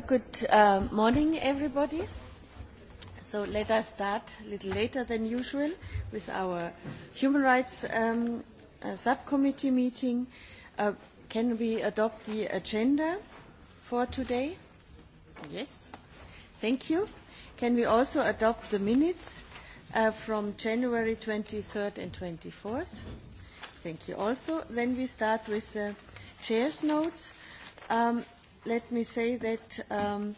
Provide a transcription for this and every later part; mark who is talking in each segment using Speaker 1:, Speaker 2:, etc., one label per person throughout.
Speaker 1: good uh, morning, everybody. So let us start a little later than usual with our human rights um, uh, subcommittee meeting. Uh, can we adopt the agenda for today? Yes. Thank you. Can we also adopt the minutes uh, from January 23rd and 24th? Thank you also. Then we start with the chair's notes. Um, let me say that um,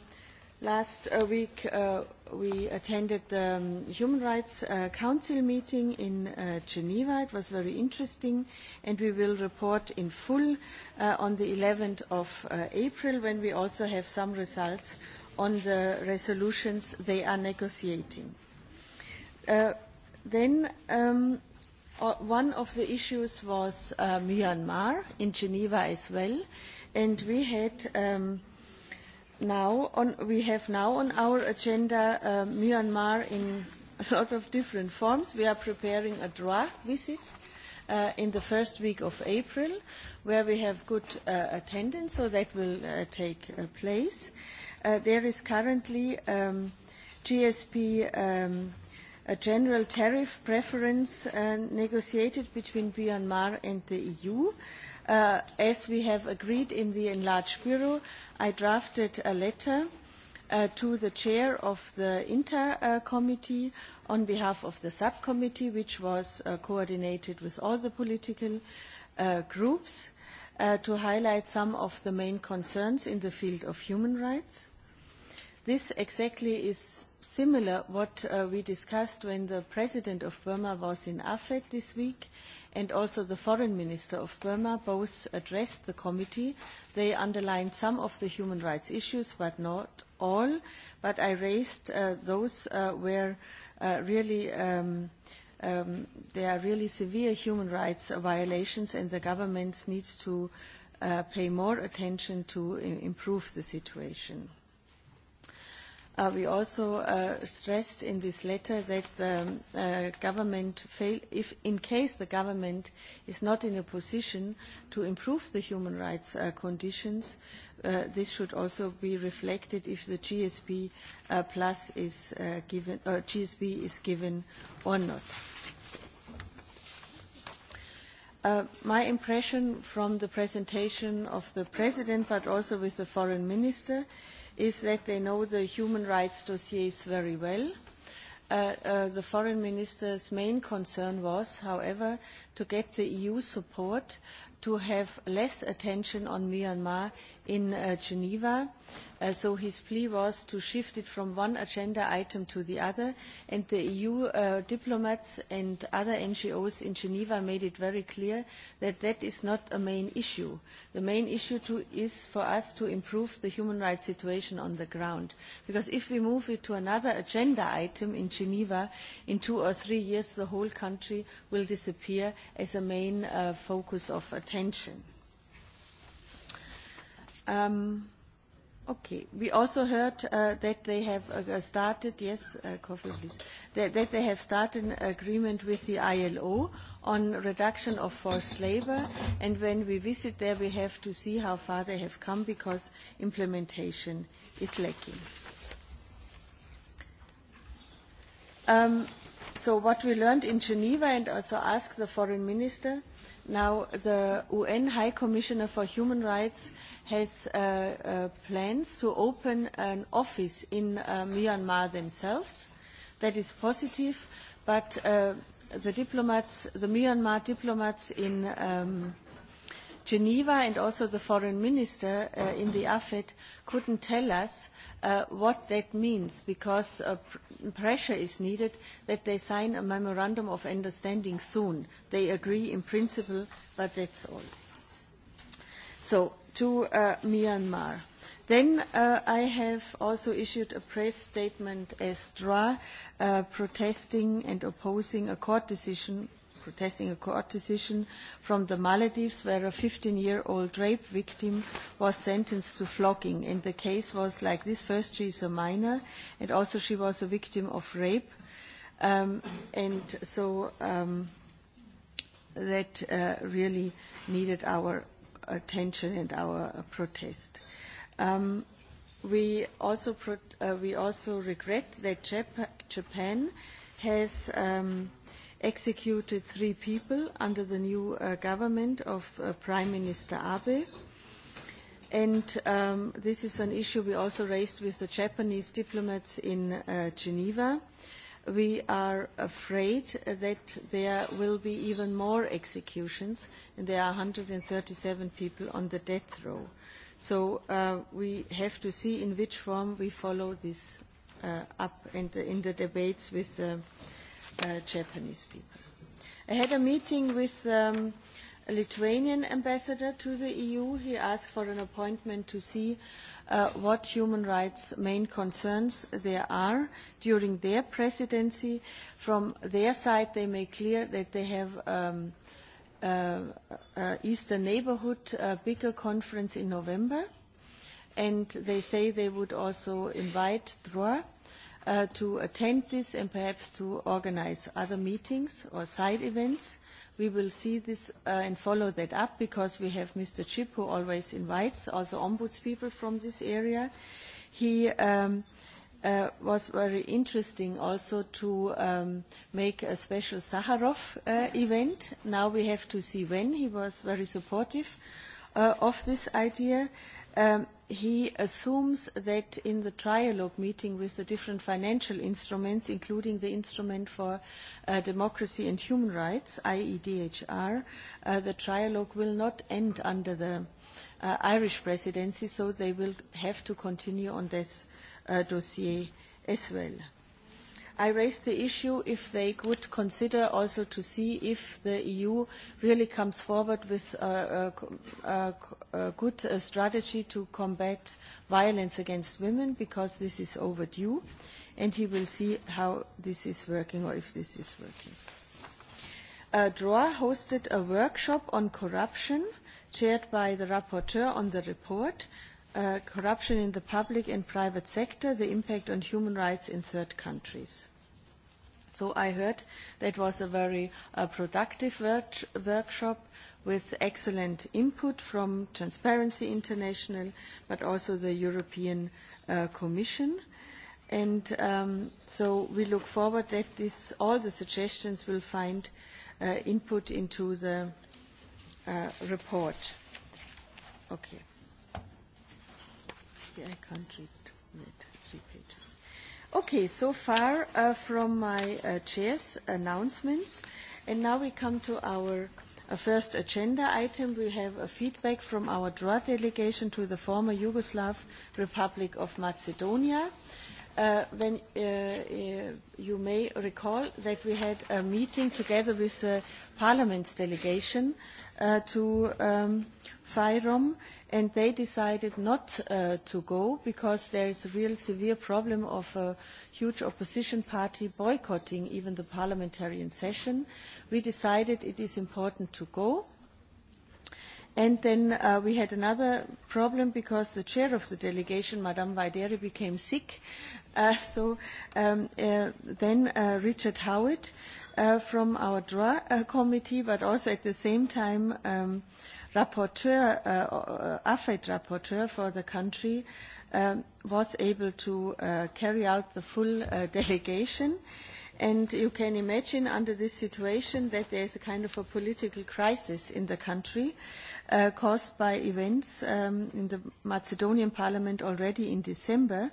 Speaker 1: last uh, week uh, we attended the um, Human Rights uh, Council meeting in uh, Geneva. It was very interesting, and we will report in full uh, on the 11th of uh, April when we also have some results on the resolutions they are negotiating. Uh, then um, uh, one of the issues was uh, Myanmar in Geneva as well. Uh, and we had um, now on we have now on our agenda uh, Myanmar in a lot of different forms. We are preparing a DROA visit uh, in the first week of April, where we have good uh, attendance, so that will uh, take uh, place. Uh, there is currently um, GSP. Um, a general tariff preference uh, negotiated between Myanmar and the EU. Uh, Uh, as we have agreed in the enlarged bureau, I drafted a letter uh, to the chair of the inter uh, committee on behalf of the subcommittee, which was uh, coordinated with all the political uh, groups, uh, to highlight some of the main concerns in the field of human rights. This exactly is similar what uh, we discussed when the president of Burma was in AFED this week and also the foreign minister of Burma both addressed the committee. They underlined some of the human rights issues but not all. But I raised uh, those uh, where uh, really um, um, there are really severe human rights violations and the government needs to uh, pay more attention to uh, improve the situation. Uh, we also uh, stressed in this letter that the um, uh, government fail, if in case the government is not in a position to improve the human rights uh, conditions, uh, this should also be reflected if the GSP uh, plus is uh, given, uh, GSP is given or not. Uh, my impression from the presentation of the President, but also with the Foreign Minister, uh, is that they know the human rights dossiers very well. Uh, uh, the foreign minister's main concern was, however, to get the EU support to have less attention on Myanmar in uh, Geneva Uh, so his plea was to shift it from one agenda item to the other, and the EU uh, diplomats and other NGOs in Geneva made it very clear that that is not a main issue. The main issue to, is for us to improve the human rights situation on the ground, because if we move it to another agenda item in Geneva, in two or three years the whole country will disappear as a main uh, focus of attention. Um, Okay. We also heard uh, that they have uh, uh, started, yes, uh, coffee please, that, that they have started an agreement with the ILO on reduction of forced labor, and when we visit there we have to see how far they have come because implementation is lacking. Um, so what we learned in Geneva and also asked the foreign minister Now, the UN High Commissioner for Human Rights has uh, uh, plans to open an office in uh, Myanmar themselves. That is positive, but uh, the diplomats, the Myanmar diplomats in um, Geneva and also the foreign minister uh, in the AFET couldn't tell us uh, what that means because uh, pr pressure is needed that they sign a memorandum of understanding soon. They agree in principle, but that's all. So, to uh, Myanmar. Then uh, I have also issued a press statement as DRA uh, protesting and opposing a court decision protesting a court decision from the Maldives where a 15-year-old rape victim was sentenced to flogging. And the case was like this. First, she is a minor, and also she was a victim of rape. Um, and so um, that uh, really needed our attention and our uh, protest. Um, we also, pro uh, we also regret that Jap Japan has um, executed three people under the new uh, government of uh, Prime Minister Abe. And um, this is an issue we also raised with the Japanese diplomats in uh, Geneva. We are afraid that there will be even more executions, and there are one hundred and thirty seven people on the death row. So uh, we have to see in which form we follow this uh, up and uh, in the debates with the uh, uh, Japanese people. I had a meeting with um, a Lithuanian ambassador to the EU. He asked for an appointment to see uh, what human rights main concerns there are during their presidency. From their side, they make clear that they have um, uh, uh, Eastern Neighborhood uh, bigger conference in November, and they say they would also invite DROA uh, to attend this and perhaps to organise other meetings or side events. We will see this uh, and follow that up because we have Mr. Chip who always invites also ombudspeople from this area. He um, uh, was very interesting also to um, make a special Sakharov uh, event. Now we have to see when. He was very supportive uh, of this idea. Um, he assumes that in the trialogue meeting with the different financial instruments, including the Instrument for uh, Democracy and Human Rights, IEDHR, uh, the trialogue will not end under the uh, Irish presidency, so they will have to continue on this uh, dossier as well. I raised the issue if they could consider also to see if the EU really comes forward with a, a, a, a good strategy to combat violence against women because this is overdue and he will see how this is working or if this is working. Uh, DROA hosted a workshop on corruption chaired by the rapporteur on the report Uh, corruption in the public and private sector, the impact on human rights in third countries. So I heard that was a very uh, productive work workshop with excellent input from Transparency International, but also the European uh, Commission. And um, so we look forward that this, all the suggestions will find uh, input into the uh, report. Okay. Maybe I can't read that three pages. Okay, so far uh, from my uh, chair's announcements. And now we come to our uh, first agenda item. We have a feedback from our DRA delegation to the former Yugoslav Republic of Macedonia. Uh, when uh, uh, you may recall that we had a meeting together with the Parliament's delegation uh, to um, FIROM, and they decided not uh, to go because there is a real severe problem of a huge opposition party boycotting even the parliamentarian session. We decided it is important to go. And then uh, we had another problem because the chair of the delegation, Madame Vaideri, became sick. Uh, so um, uh, then uh, Richard Howitt uh, from our DRA uh, committee, but also at the same time um, rapporteur, uh, uh, AFED rapporteur for the country, um, was able to uh, carry out the full uh, delegation. And you can imagine under this situation that there is a kind of a political crisis in the country uh, caused by events um, in the Macedonian parliament already in December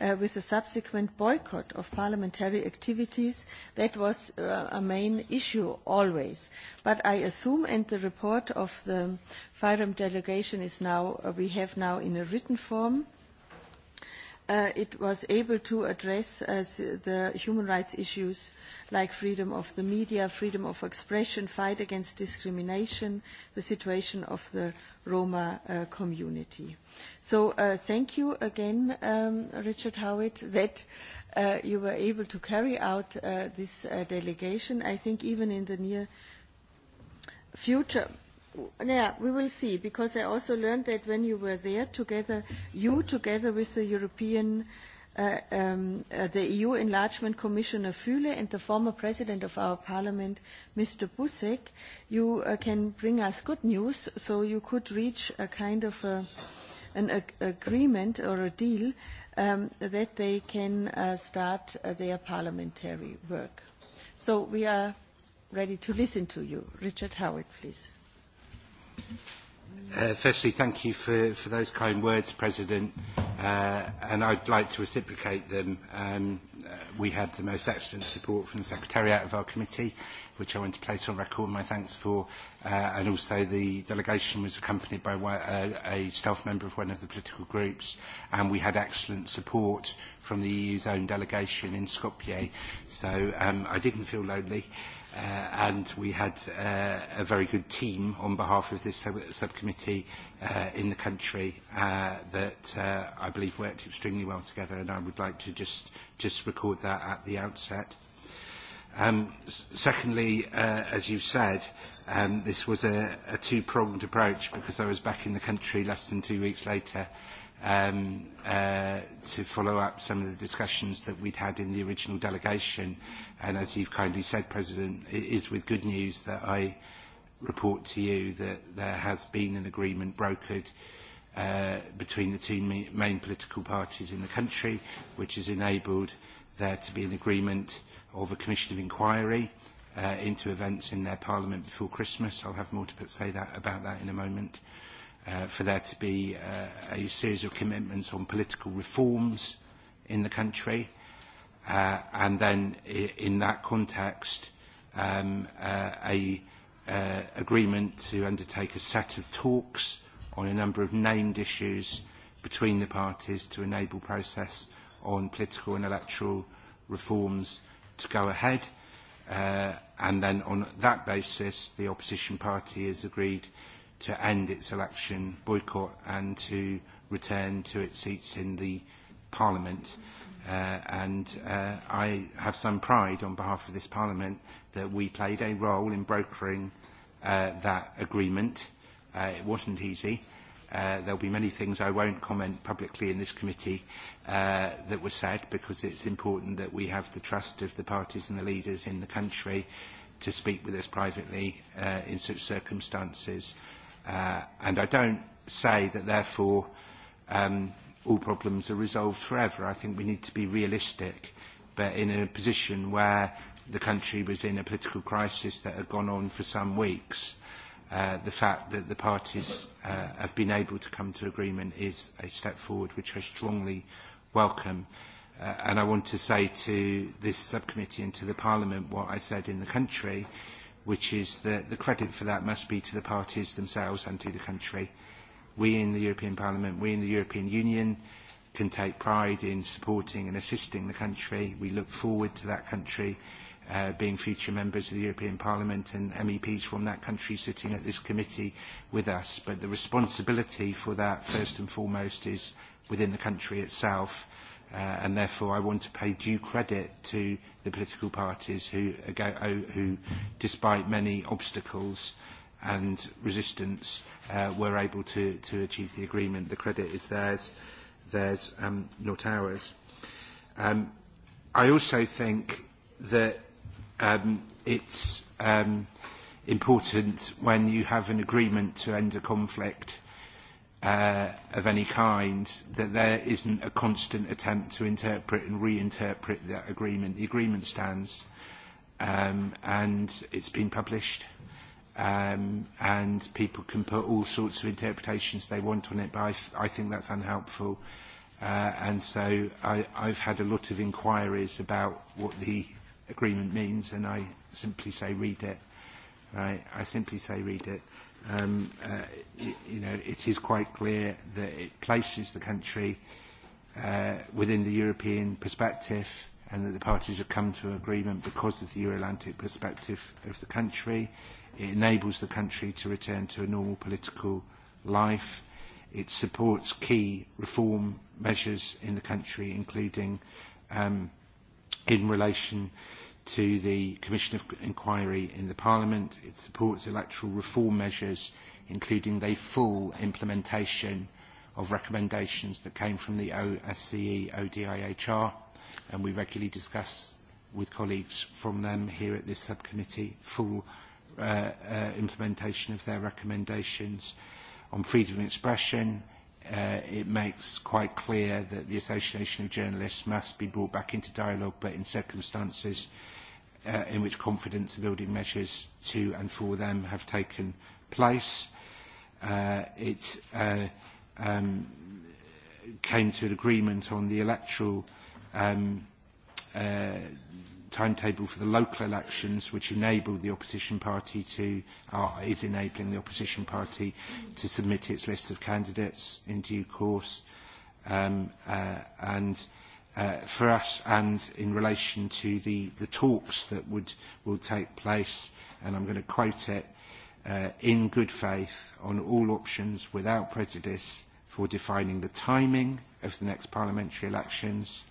Speaker 1: uh, with a subsequent boycott of parliamentary activities. That was uh, a main issue always. But I assume, and the report of the FIREM delegation is now, uh, we have now in a written form, Uh, it was able to address uh, the human rights issues like freedom of the media, freedom of expression, fight against discrimination, the situation of the Roma uh, community. So uh, thank you again, um, Richard Howitt, that uh, you were able to carry out uh, this delegation. I think even in the near future, yeah, we will see, because I also learned that when you were there together, you together with the European, uh, um, uh, the EU Enlargement Commissioner Füle and the former President of our Parliament, Mr. Busek, you uh, can bring us good news, so you could reach a kind of a, an ag agreement or a deal um, that they can uh, start uh, their parliamentary work. So we are ready to listen to you. Richard Howitt, please.
Speaker 2: Uh, firstly, thank you for, for those kind words, President, uh, and I'd like to reciprocate them. Um, uh, we had the most excellent support from the Secretariat of our committee, which I want to place on record my thanks for, uh, and also the delegation was accompanied by one, uh, a staff member of one of the political groups, and we had excellent support from the EU's own delegation in Skopje, so um, I didn't feel lonely. Uh, uh, and we had uh, a very good team on behalf of this sub subcommittee uh, in the country uh, that uh, I believe worked extremely well together and I would like to just, just record that at the outset. Um, secondly, uh, as you said, um, this was a, a two-pronged approach because I was back in the country less than two weeks later um, uh, to follow up some of the discussions that we'd had in the original delegation And as you've kindly said, President, it is with good news that I report to you that there has been an agreement brokered uh, between the two main political parties in the country, which has enabled there to be an agreement of a commission of inquiry uh, into events in their parliament before Christmas. I'll have more to say that, about that in a moment. Uh, for there to be uh, a series of commitments on political reforms in the country Uh, and then in that context, um, uh, a uh, agreement to undertake a set of talks on a number of named issues between the parties to enable process on political and electoral reforms to go ahead. Uh, and then on that basis, the opposition party has agreed to end its election boycott and to return to its seats in the parliament. Mm -hmm. Uh, and uh, I have some pride on behalf of this Parliament that we played a role in brokering uh, that agreement. Uh, it wasn't easy. Uh, there'll be many things I won't comment publicly in this committee uh, that were said because it's important that we have the trust of the parties and the leaders in the country to speak with us privately uh, in such circumstances. Uh, and I don't say that therefore um, all problems are resolved forever. I think we need to be realistic, but in a position where the country was in a political crisis that had gone on for some weeks, uh, the fact that the parties uh, have been able to come to agreement is a step forward, which I strongly welcome. Uh, and I want to say to this subcommittee and to the Parliament what I said in the country, which is that the credit for that must be to the parties themselves and to the country we in the European Parliament, we in the European Union can take pride in supporting and assisting the country. We look forward to that country uh, being future members of the European Parliament and MEPs from that country sitting at this committee with us. But the responsibility for that, first and foremost, is within the country itself. Uh, and therefore, I want to pay due credit to the political parties who, who despite many obstacles, uh, and resistance uh, were able to, to achieve the agreement. The credit is theirs, theirs um, not ours. Um, I also think that um, it's um, important when you have an agreement to end a conflict uh, of any kind that there isn't a constant attempt to interpret and reinterpret that agreement. The agreement stands um, and it's been published um, and people can put all sorts of interpretations they want on it, but I, I think that's unhelpful. Uh, and so I, I've had a lot of inquiries about what the agreement means, and I simply say read it. Right? I simply say read it. Um, uh, it, you know, it is quite clear that it places the country uh, within the European perspective and that the parties have come to an agreement because of the Euro-Atlantic perspective of the country. Uh, It enables the country to return to a normal political life. It supports key reform measures in the country, including um, in relation to the Commission of Inquiry in the Parliament. It supports electoral reform measures, including the full implementation of recommendations that came from the OSCE ODIHR, and we regularly discuss with colleagues from them here at this subcommittee full uh, uh, implementation of their recommendations. On freedom of expression, uh, it makes quite clear that the Association of Journalists must be brought back into dialogue, but in circumstances uh, in which confidence building measures to and for them have taken place. Uh, it uh, um, came to an agreement on the electoral um, uh, timetable for the local elections, which enable the opposition party to, uh, is enabling the opposition party to submit its list of candidates in due course. Um, uh, and uh, for us, and in relation to the, the talks that would, will take place, and I'm going to quote it, uh, in good faith on all options without prejudice for defining the timing of the next parliamentary elections,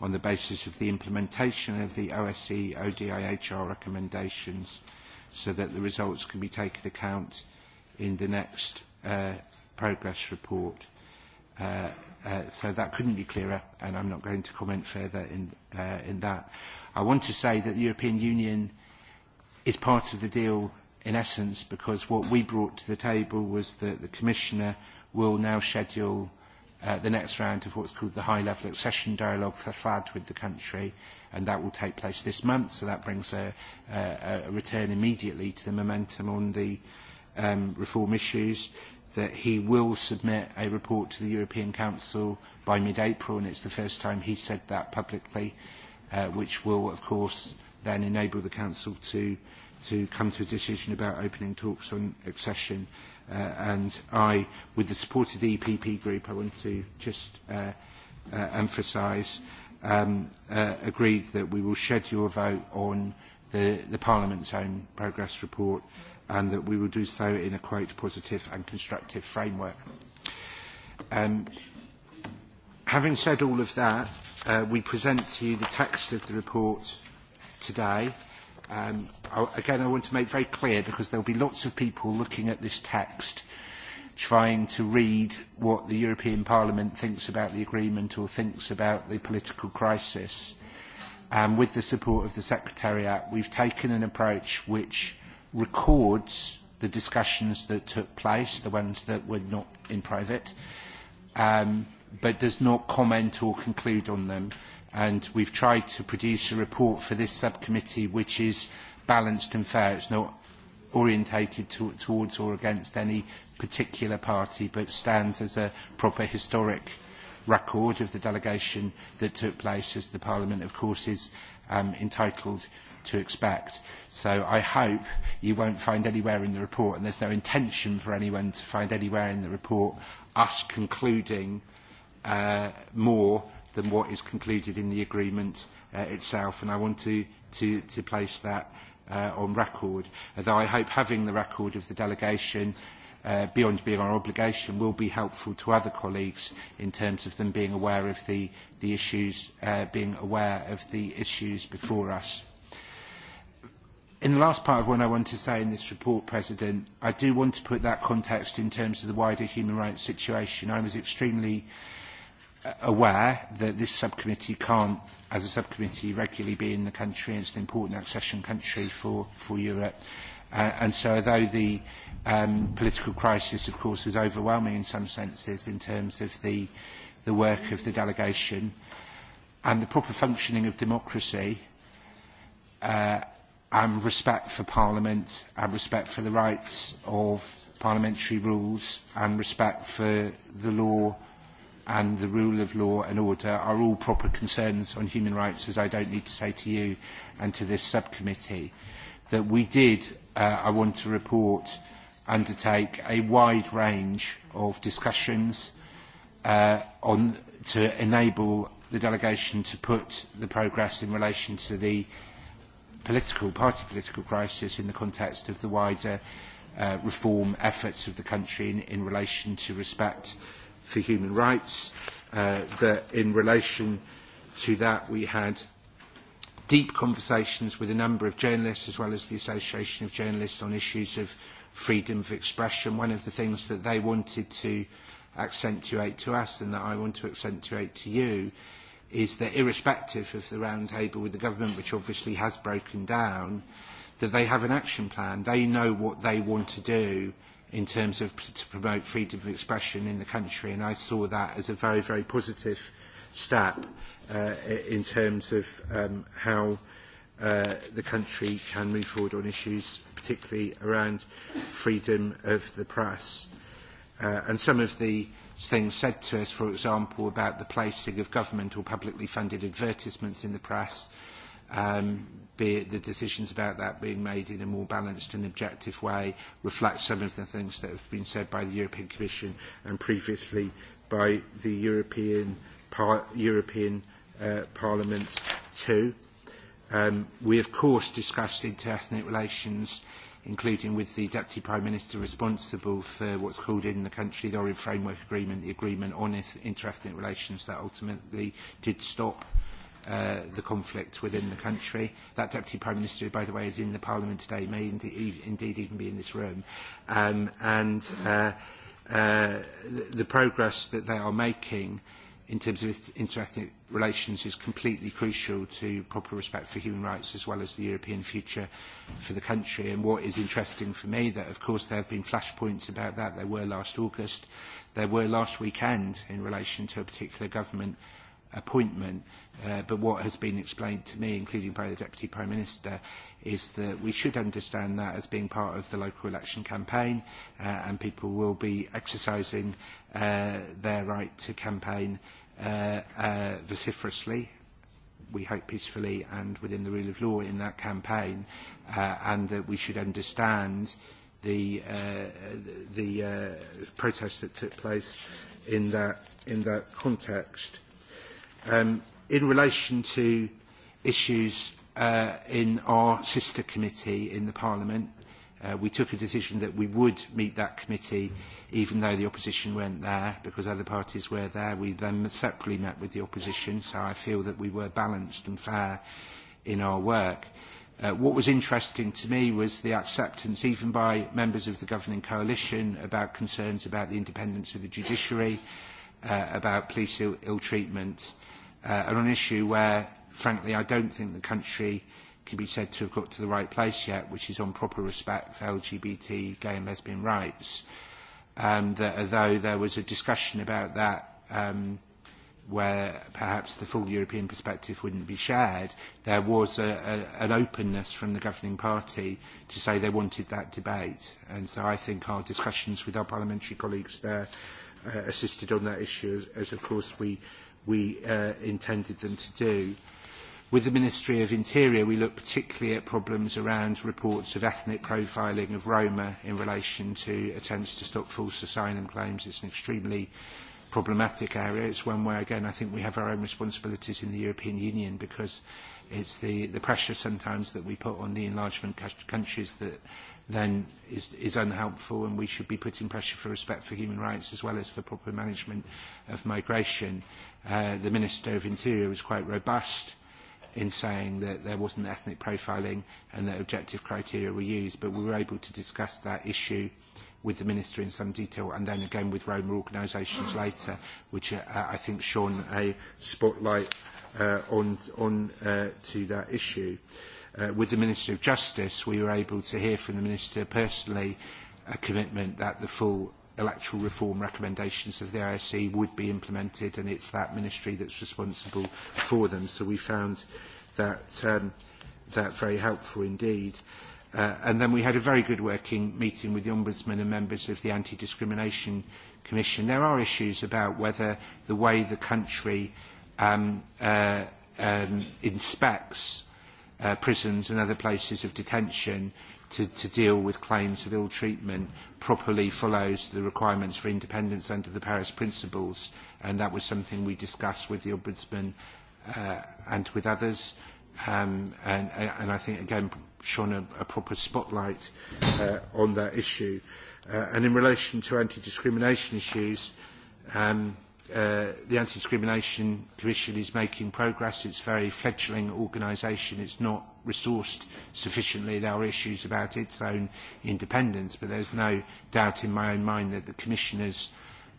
Speaker 2: on the basis of the implementation of the OSCE ODIHR recommendations so that the results can be taken account in the next uh, progress report. Uh, uh, so that couldn't be clearer, and I'm not going to comment further in, uh, in that. I want to say that the European Union is part of the deal in essence because what we brought to the table was that the Commissioner will now schedule Uh, the next round of what's called the high-level accession dialogue for FLAD with the country, and that will take place this month, so that brings a, a, a return immediately to the momentum on the um, reform issues, that he will submit a report to the European Council by mid-April, and it's the first time he said that publicly, uh, which will, of course, then enable the Council to, to come to a decision about opening talks on accession Uh, and I, with the support of the EPP group, I want to just uh, uh, emphasise, um, uh, agreed that we will schedule a vote on the, the Parliament's own progress report and that we will do so in a quote positive and constructive framework. Um, having said all of that, uh, we present to you the text of the report today. Um, I, again, I want to make very clear, because there will be lots of people looking at this text trying to read what the European Parliament thinks about the agreement or thinks about the political crisis. Um, with the support of the Secretariat, we've taken an approach which records the discussions that took place, the ones that were not in private, um, but does not comment or conclude on them and have tried to produce a report for this subcommittee which is balanced and fair. It is not orientated to, towards or against any particular party, but stands as a proper historic record of the delegation that took place, as the Parliament, of course, is um, entitled to expect. So I hope you won't find anywhere in the report, and there's no intention for anyone to find anywhere in the report, us concluding uh, more than what is concluded in the agreement uh, itself, and I want to, to, to place that uh, on record. Although I hope having the record of the delegation uh, beyond being our obligation will be helpful to other colleagues in terms of them being aware of the, the issues, uh, being aware of the issues before us. In the last part of what I want to say in this report, President, I do want to put that context in terms of the wider human rights situation. I was extremely uh, aware that this subcommittee can't, as a subcommittee, regularly be in the country. It's an important accession country for, for Europe. Uh, and so although the um, political crisis, of course, was overwhelming in some senses in terms of the, the work of the delegation and the proper functioning of democracy uh, and respect for Parliament and respect for the rights of parliamentary rules and respect for the law and the rule of law and order are all proper concerns on human rights, as I don't need to say to you and to this subcommittee, that we did, uh, I want to report, undertake a wide range of discussions uh, on, to enable the delegation to put the progress in relation to the political, party political crisis in the context of the wider uh, reform efforts of the country in, in relation to respect uh, for Human Rights, uh, that in relation to that we had deep conversations with a number of journalists as well as the Association of Journalists on issues of freedom of expression. One of the things that they wanted to accentuate to us and that I want to accentuate to you is that irrespective of the round table with the government, which obviously has broken down, that they have an action plan. They know what they want to do in terms of to promote freedom of expression in the country and I saw that as a very very positive step uh, in terms of um, how uh, the country can move forward on issues particularly around freedom of the press uh, and some of the things said to us for example about the placing of government or publicly funded advertisements in the press um, be it the decisions about that being made in a more balanced and objective way reflect some of the things that have been said by the European Commission and previously by the European, Par European uh, Parliament too. Um, we of course discussed inter-ethnic relations including with the Deputy Prime Minister responsible for what's called in the country the Orient Framework Agreement, the agreement on inter-ethnic relations that ultimately did stop Uh, the conflict within the country. That Deputy Prime Minister, by the way, is in the Parliament today, may indeed, indeed even be in this room. Um, and uh, uh, the, the progress that they are making in terms of interethnic relations is completely crucial to proper respect for human rights as well as the European future for the country. And what is interesting for me that, of course, there have been flashpoints about that. There were last August. There were last weekend in relation to a particular government appointment Uh, but what has been explained to me, including by the Deputy Prime Minister, is that we should understand that as being part of the local election campaign uh, and people will be exercising uh, their right to campaign uh, uh, vociferously, we hope peacefully and within the rule of law in that campaign uh, and that we should understand the, uh, the uh, protest that took place in that, in that context. Um, in relation to issues uh, in our sister committee in the Parliament. Uh, we took a decision that we would meet that committee even though the opposition weren't there because other parties were there. We then separately met with the opposition so I feel that we were balanced and fair in our work. Uh, what was interesting to me was the acceptance even by members of the governing coalition about concerns about the independence of the judiciary, uh, about police ill-treatment ill, Ill treatment uh, and on an issue where, frankly, I don't think the country can be said to have got to the right place yet, which is on proper respect for LGBT, gay and lesbian rights. Um, that although there was a discussion about that um, where perhaps the full European perspective wouldn't be shared, there was a, a, an openness from the governing party to say they wanted that debate. And so I think our discussions with our parliamentary colleagues there uh, assisted on that issue, as, as of course we we uh, intended them to do. With the Ministry of Interior, we look particularly at problems around reports of ethnic profiling of Roma in relation to attempts to stop false asylum claims. It's an extremely problematic area. It's one where, again, I think we have our own responsibilities in the European Union because it's the, the pressure sometimes that we put on the enlargement countries that then is, is unhelpful and we should be putting pressure for respect for human rights as well as for proper management of migration. Uh, the Minister of Interior was quite robust in saying that there wasn't ethnic profiling and that objective criteria were used, but we were able to discuss that issue with the Minister in some detail and then again with Roma organisations later, which uh, uh I think shone a spotlight uh, on, on uh, to that issue. Uh, with the Minister of Justice, we were able to hear from the Minister personally a commitment that the full electoral reform recommendations of the ISE would be implemented and it's that ministry that's responsible for them. So we found that, um, that very helpful indeed. Uh, and then we had a very good working meeting with the Ombudsman and members of the Anti-Discrimination Commission. There are issues about whether the way the country um, uh, um, inspects uh, prisons and other places of detention to, to deal with claims of ill treatment properly follows the requirements for independence under the Paris Principles, and that was something we discussed with the Ombudsman uh, and with others. Um, and, and I think, again, shone a, a proper spotlight uh, on that issue. Uh, and in relation to anti-discrimination issues, um, uh, the Anti-Discrimination Commission is making progress. It's a very fledgling organisation. It's not resourced sufficiently. There are issues about its own independence, but there's no doubt in my own mind that the commissioners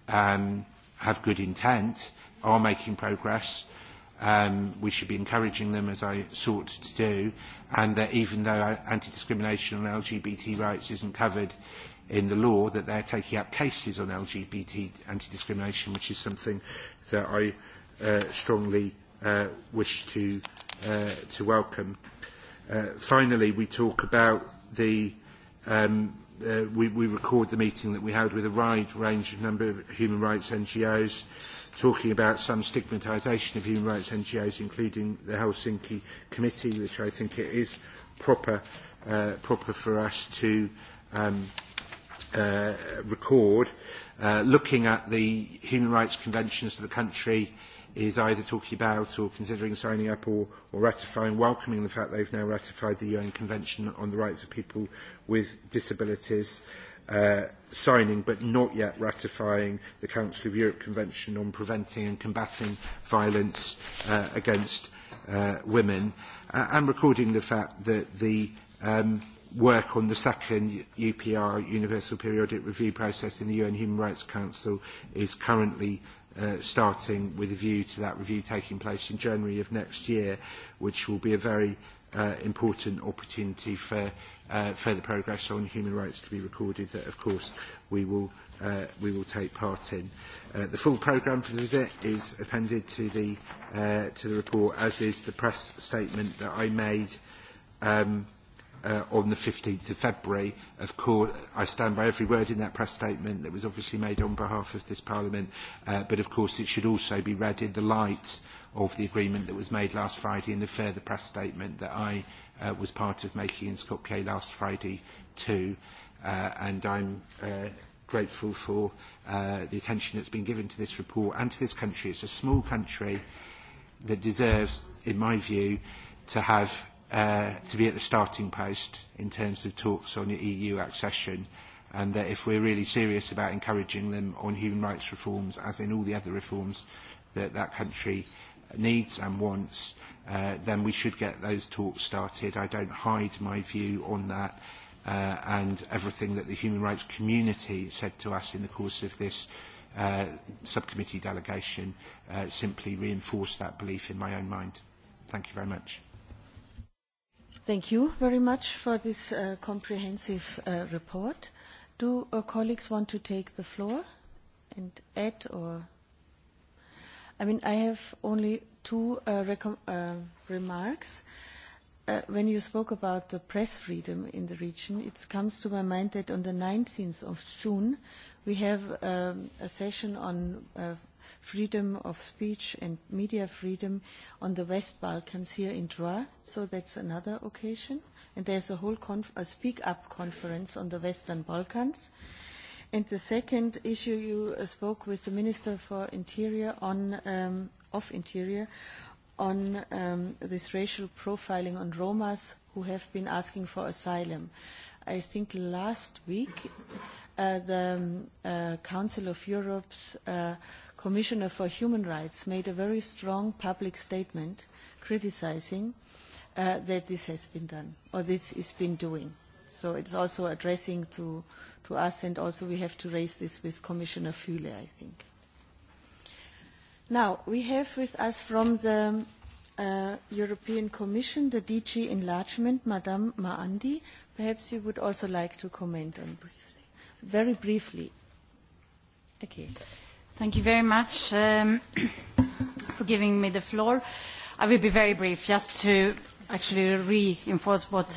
Speaker 2: um, have good intent, are making progress. Um, we should be encouraging them, as I sought to do, and that even though anti-discrimination on LGBT rights isn't covered in the law, that they're taking up cases on LGBT anti-discrimination, which is something that I uh, strongly uh, wish to, uh, to welcome. Uh, finally, we talk about the um, uh, we, we record the meeting that we had with a wide range of number of human rights NGOs, talking about some stigmatisation of human rights NGOs, including the Helsinki Committee, which I think it is proper, uh, proper for us to um, uh, record, uh, looking at the human rights conventions of the country is either talking about or considering signing up or, or ratifying, welcoming the fact they've now ratified the UN Convention on the Rights of People with Disabilities, uh, signing but not yet ratifying the Council of Europe Convention on Preventing and Combating Violence uh, Against uh, Women, uh, and recording the fact that the um, work on the second UPR, Universal Periodic Review Process in the UN Human Rights Council, is currently uh, starting with a view to that review taking place in January of next year, which will be a very uh, important opportunity for uh, further progress on human rights to be recorded that, of course, we will, uh, we will take part in. Uh, the full programme for the visit is appended to the, uh, to the report, as is the press statement that I made um, uh, on the 15th of February. Of course, I stand by every word in that press statement that was obviously made on behalf of this Parliament, uh, but of course it should also be read in the light of the agreement that was made last Friday and the further press statement that I uh, was part of making in Skopje last Friday too. Uh, and I'm uh, grateful for uh, the attention that's been given to this report and to this country. It's a small country that deserves, in my view, to have uh, to be at the starting post in terms of talks on EU accession and that if we're really serious about encouraging them on human rights reforms, as in all the other reforms that that country needs and wants, uh, then we should get those talks started. I don't hide my view on that uh, and everything that the human rights community said to us in the course of this uh, subcommittee delegation uh, simply reinforced that belief in my own mind. Thank you very much.
Speaker 1: Thank you very much for this uh, comprehensive uh, report. Do uh, colleagues want to take the floor and add or? I mean, I have only two uh, uh, remarks. Uh, when you spoke about the press freedom in the region, it comes to my mind that on the 19th of June, we have um, a session on uh, freedom of speech and media freedom on the West Balkans here in Dra. So that's another occasion. And there's a whole conf a Speak Up conference on the Western Balkans. And the second issue, you uh, spoke with the Minister for Interior on, um, of Interior on um, this racial profiling on Romas who have been asking for asylum. I think last week uh, the um, uh, Council of Europe's uh, Commissioner for Human Rights made a very strong public statement criticising uh, that this has been done, or this is been doing. So it's also addressing to, to us, and also we have to raise this with Commissioner Füle, I think. Now, we have with us from the uh, European Commission, the DG Enlargement, Madame Maandi. Perhaps you would also like to comment on this. Very briefly.
Speaker 3: Okay. Thank you very much um, for giving me the floor. I will be very brief, just to actually reinforce what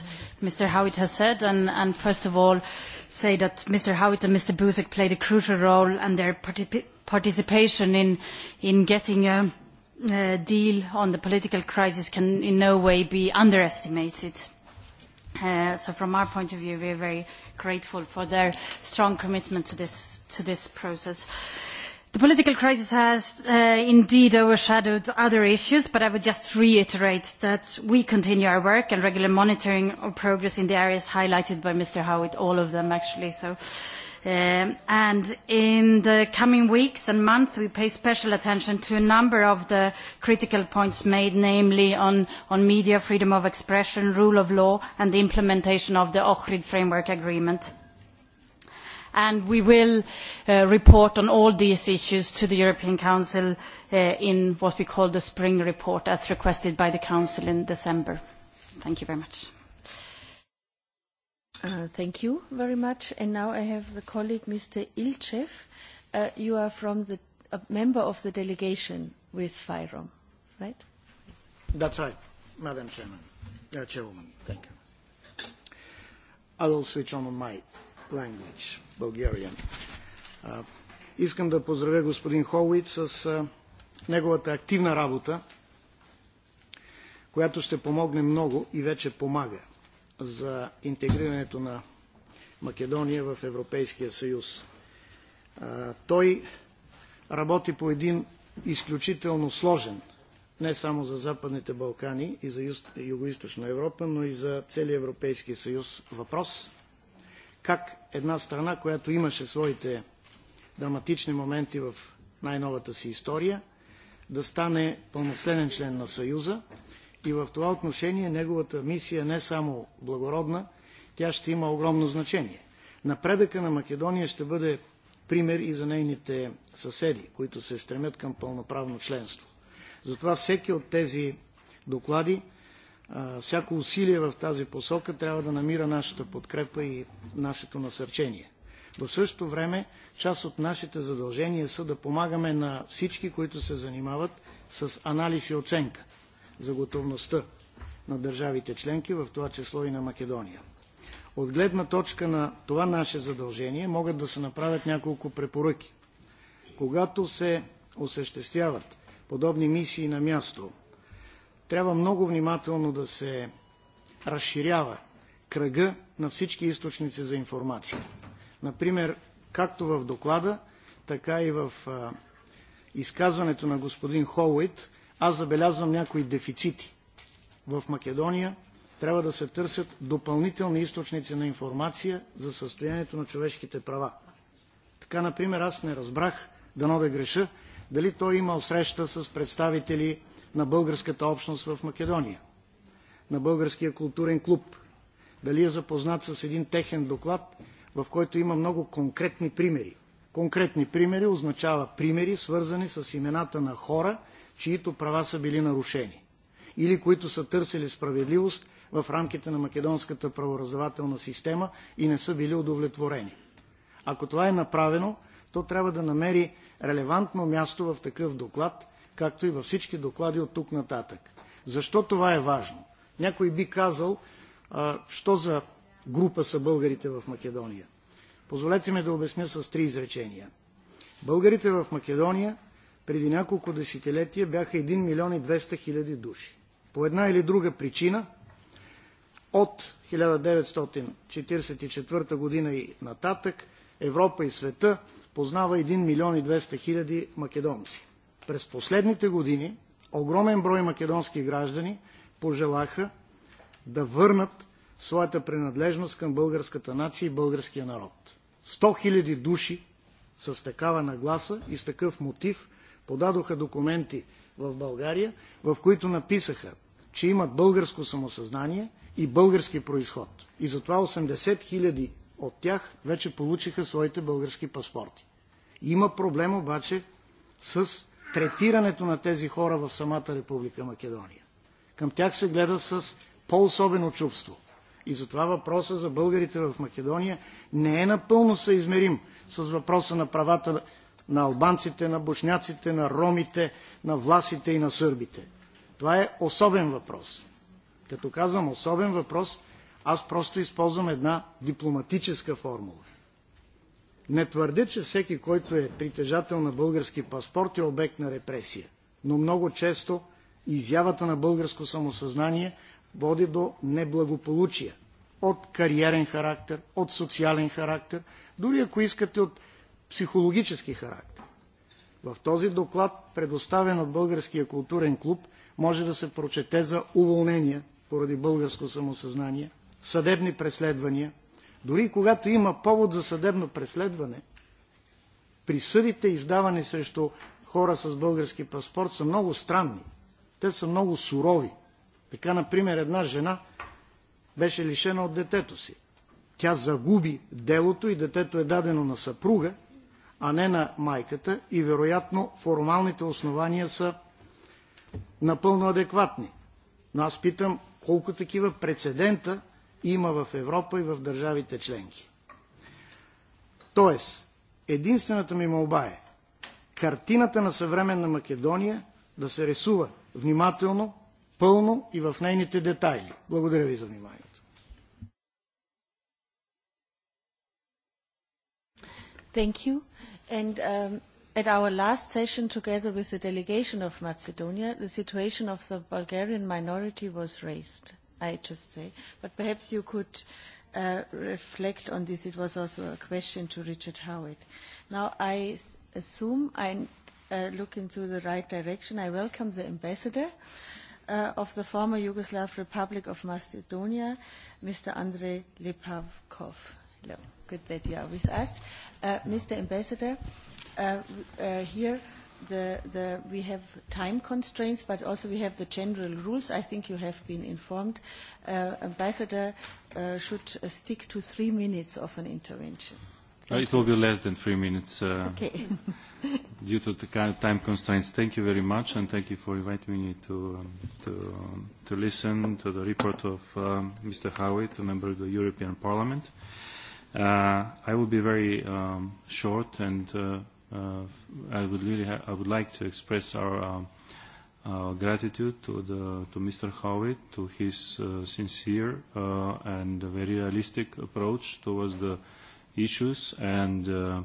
Speaker 3: Mr. Howitt has said, and, and first of all, say that Mr. Howitt and Mr. Buzek played a crucial role, and their particip participation in, in getting a, a deal on the political crisis can in no way be underestimated. Uh, so from our point of view, we are very grateful for their strong commitment to this, to this process. The political crisis has uh, indeed overshadowed other issues, but I would just reiterate that we continue our work and regular monitoring of progress in the areas highlighted by Mr. Howitt, all of them actually. So, um, and in the coming weeks and months, we pay special attention to a number of the critical points made, namely on, on media, freedom of expression, rule of law, and the implementation of the Ohrid Framework Agreement and we will uh, report on all these issues to the European Council uh, in what we call the spring report as requested by the Council in December. Thank you very much. Uh, thank you very much. And now I have the colleague, Mr. Ilchev.
Speaker 1: Uh, you are from the, a member of the delegation with FIROM, right?
Speaker 4: That's right, Madam Chairman, uh, Chairwoman. Thank you. I will switch on my language, Bulgarian. А, искам да поздравя господин Холуит с а, неговата активна работа, която ще помогне много и вече помага за интегрирането на Македония в Европейския съюз. А, той работи по един изключително сложен, не само за Западните Балкани и за Юго-Источна Европа, но и за целия Европейски съюз въпрос – как една страна, която имаше своите драматични моменти в най-новата си история, да стане пълноценен член на Съюза. И в това отношение неговата мисия не само благородна, тя ще има огромно значение. Напредъка на Македония ще бъде пример и за нейните съседи, които се стремят към пълноправно членство. Затова всеки от тези доклади всяко усилие в тази посока трябва да намира нашата подкрепа и нашето насърчение. В същото време, част от нашите задължения са да помагаме на всички, които се занимават с анализ и оценка за готовността на държавите членки, в това число и на Македония. От гледна точка на това наше задължение могат да се направят няколко препоръки. Когато се осъществяват подобни мисии на място, трябва много внимателно да се разширява кръга на всички източници за информация. Например, както в доклада, така и в изказването на господин Холуит, аз забелязвам някои дефицити. В Македония трябва да се търсят допълнителни източници на информация за състоянието на човешките права. Така, например, аз не разбрах, дано да греша, дали той имал среща с представители на българската общност в Македония, на българския културен клуб. Дали е запознат с един техен доклад, в който има много конкретни примери. Конкретни примери означава примери, свързани с имената на хора, чието права са били нарушени или които са търсили справедливост в рамките на македонската правораздавателна система и не са били удовлетворени. Ако това е направено, то трябва да намери релевантно място в такъв доклад както и във всички доклади от тук нататък. Защо това е важно? Някой би казал, а, що за група са българите в Македония. Позволете ми да обясня с три изречения. Българите в Македония преди няколко десетилетия бяха 1 милион и 200 хиляди души. По една или друга причина от 1944 година и нататък Европа и света познава 1 милион и 200 хиляди македонци. През последните години огромен брой македонски граждани пожелаха да върнат своята принадлежност към българската нация и българския народ. 100 хиляди души с такава нагласа и с такъв мотив подадоха документи в България, в които написаха, че имат българско самосъзнание и български происход. И затова 80 хиляди от тях вече получиха своите български паспорти. Има проблем обаче с третирането на тези хора в самата Република Македония. Към тях се гледа с по-особено чувство. И затова въпроса за българите в Македония не е напълно съизмерим с въпроса на правата на албанците, на бошняците, на ромите, на власите и на сърбите. Това е особен въпрос. Като казвам особен въпрос, аз просто използвам една дипломатическа формула. Не твърдя, че всеки, който е притежател на български паспорт е обект на репресия, но много често изявата на българско самосъзнание води до неблагополучия от кариерен характер, от социален характер, дори ако искате от психологически характер. В този доклад, предоставен от Българския културен клуб, може да се прочете за уволнения поради българско самосъзнание, съдебни преследвания – Дори когато има повод за съдебно преследване, присъдите, издавани срещу хора с български паспорт, са много странни. Те са много сурови. Така, например, една жена беше лишена от детето си. Тя загуби делото и детето е дадено на съпруга, а не на майката и вероятно формалните основания са напълно адекватни. Но аз питам колко такива прецедента има в Европа и в държавите членки. Тоест, единствената ми молба е картината на съвременна Македония да се рисува внимателно, пълно и в нейните детайли. Благодаря ви за внимание.
Speaker 1: Thank you. And um, at our last session, together with the delegation of Macedonia, the situation of the Bulgarian minority was raised i just say. But perhaps you could uh, reflect on this. It was also a question to Richard Howitt. Now, I assume I uh, look into the right direction. I welcome the ambassador uh, of the former Yugoslav Republic of Macedonia, Mr. Andrei Lipavkov. Hello. Good that you are with us. Uh, Mr. Ambassador, uh, uh, here the, the, we have time constraints, but also we have the general rules. I think you have been informed. Uh, ambassador uh, should uh, stick to three minutes of an intervention. Uh, it will be
Speaker 5: less than three minutes uh, okay. due to the time constraints. Thank you very much, and thank you for inviting me to, um, to, um, to listen to the report of um, uh, Mr. Howitt, a member of the European Parliament. Uh, I will be very um, short and uh, uh, I would really ha- I would like to express our, um, our gratitude to the to Mr. Howitt to his uh, sincere uh, and very realistic approach towards the issues and uh,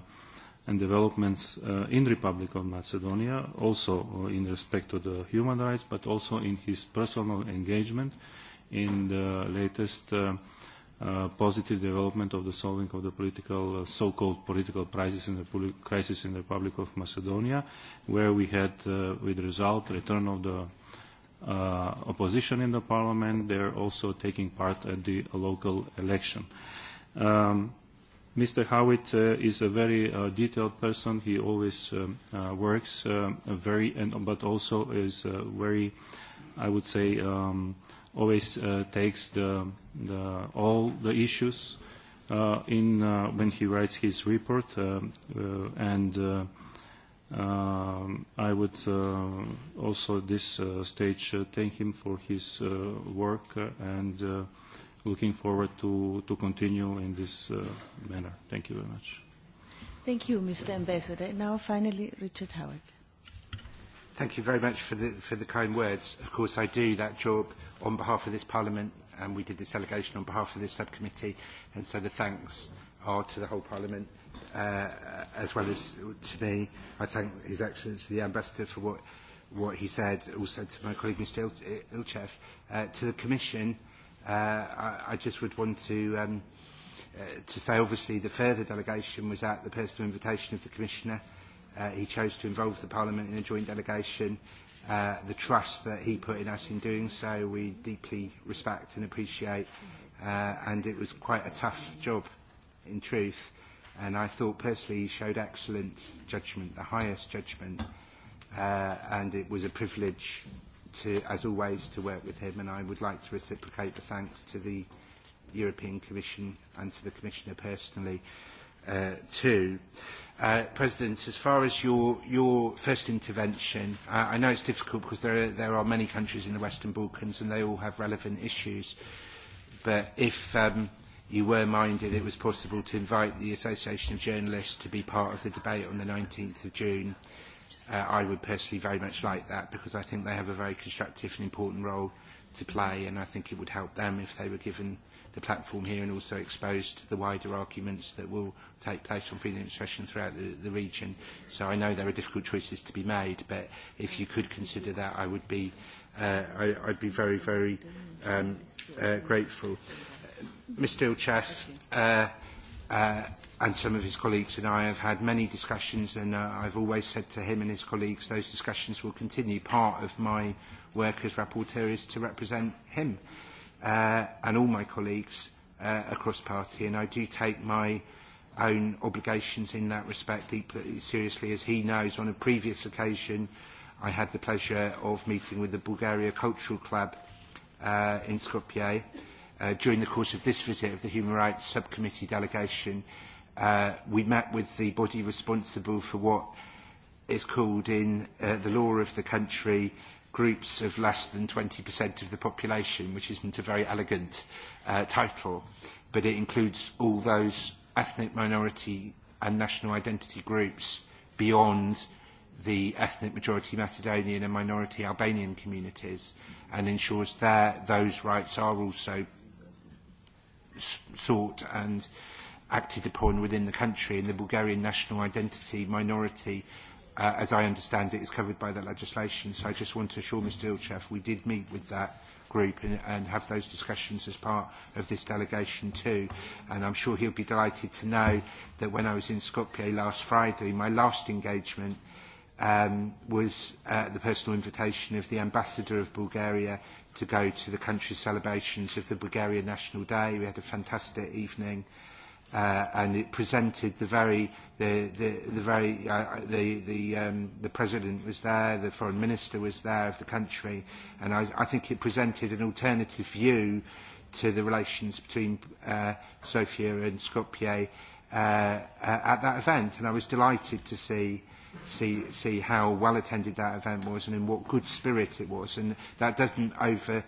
Speaker 5: and developments uh, in Republic of Macedonia, also uh, in respect to the human rights, but also in his personal engagement in the latest. Uh, uh, positive development of the solving of the political, uh, so-called political crisis in, the crisis in the Republic of Macedonia, where we had, uh, with result, return of the uh, opposition in the parliament. They are also taking part at the local election. Um, Mr. Howitt uh, is a very uh, detailed person. He always um, uh, works uh very, and, but also is uh, very, I would say, um, always uh, takes the, the, all the issues uh, in, uh, when he writes his report, uh, uh, and uh, uh, I would uh, also at this uh, stage uh, thank him for his uh, work uh, and uh, looking forward to, to continue in this uh, manner. Thank you very much.
Speaker 1: Thank you, Mr. Ambassador. Now, finally, Richard Howard.
Speaker 2: Thank you very much for the, for the kind words. Of course, I do that job on behalf of this Parliament, and we did this delegation on behalf of this subcommittee, and so the thanks are to the whole Parliament, uh, as well as to me. I thank His Excellency the Ambassador for what, what he said, also to my colleague Mr Il Ilchev. Uh, to the Commission, uh, I, I just would want to... Um, Uh, to say obviously the further delegation was at the personal invitation of the Commissioner. Uh, he chose to involve the Parliament in a joint delegation uh, the trust that he put in us in doing so. We deeply respect and appreciate, uh, and it was quite a tough job in truth. And I thought personally he showed excellent judgment, the highest judgment, uh, and it was a privilege to, as always, to work with him. And I would like to reciprocate the thanks to the European Commission and to the Commissioner personally uh, too. Uh, President, as far as your, your first intervention, uh, I know it's difficult because there are, there are many countries in the Western Balkans and they all have relevant issues. But if um, you were minded, it was possible to invite the Association of Journalists to be part of the debate on the 19th of June. Uh, I would personally very much like that because I think they have a very constructive and important role to play and I think it would help them if they were given uh, the platform here and also exposed to the wider arguments that will take place on freedom of expression throughout the, the region. So I know there are difficult choices to be made, but if you could consider that, I would be, uh, I, I'd be very, very um, uh, grateful. Uh, Mr Ilchef uh, uh, and some of his colleagues and I have had many discussions and uh, I've always said to him and his colleagues those discussions will continue. Part of my work as rapporteur is to represent him uh, and all my colleagues uh, across party, and I do take my own obligations in that respect deeply uh, seriously. As he knows, on a previous occasion, I had the pleasure of meeting with the Bulgaria Cultural Club uh, in Skopje uh, during the course of this visit of the Human Rights Subcommittee delegation. Uh, we met with the body responsible for what is called in uh, the law of the country groups of less than 20% of the population, which isn't a very elegant uh, title, but it includes all those ethnic minority and national identity groups beyond the ethnic majority Macedonian and minority Albanian communities and ensures that those rights are also sought and acted upon within the country and the Bulgarian national identity minority uh, as I understand it, is covered by that legislation. So I just want to assure Mr Ilchev we did meet with that group and, and have those discussions as part of this delegation too. And I'm sure he'll be delighted to know that when I was in Skopje last Friday, my last engagement um, was uh, the personal invitation of the ambassador of Bulgaria to go to the country's celebrations of the Bulgarian National Day. We had a fantastic evening uh, and it presented the very the, the, the, very, uh, the, the, um, the president was there, the foreign minister was there of the country, and I, I think it presented an alternative view to the relations between uh, Sofia and Skopje uh, uh, at that event, and I was delighted to see see see how well attended that event was and in what good spirit it was, and that doesn't over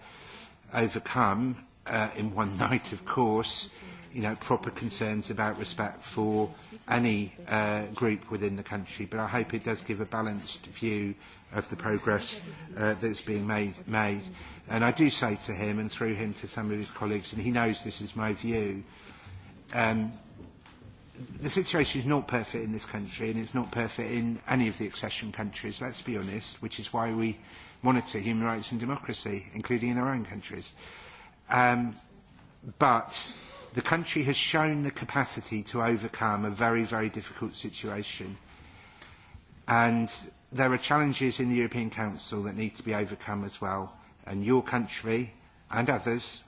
Speaker 2: overcome uh, in one night, of course. Mm you know, proper concerns about respect for any uh, group within the country. But I hope it does give a balanced view of the progress uh, that's being made, made. And I do say to him, and through him to some of his colleagues, and he knows this is my view, um, the situation is not perfect in this country, and it's not perfect in any of the accession countries, let's be honest, which is why we monitor human rights and democracy, including in our own countries. Um, but the country has shown the capacity to overcome a very, very difficult situation. And there are challenges in the European Council that need to be overcome as well. And your country and others,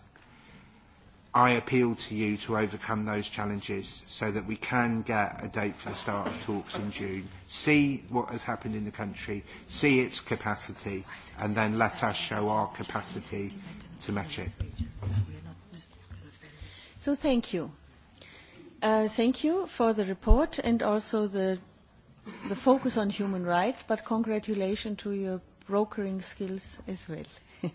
Speaker 2: I appeal to you to overcome those challenges so that we can get a date for the start of talks in June. See what has happened in the country, see its capacity, and then let us show our capacity to match it.
Speaker 1: So thank you. Uh, thank you for the report and also the, the focus on human rights, but congratulations to your brokering skills as well.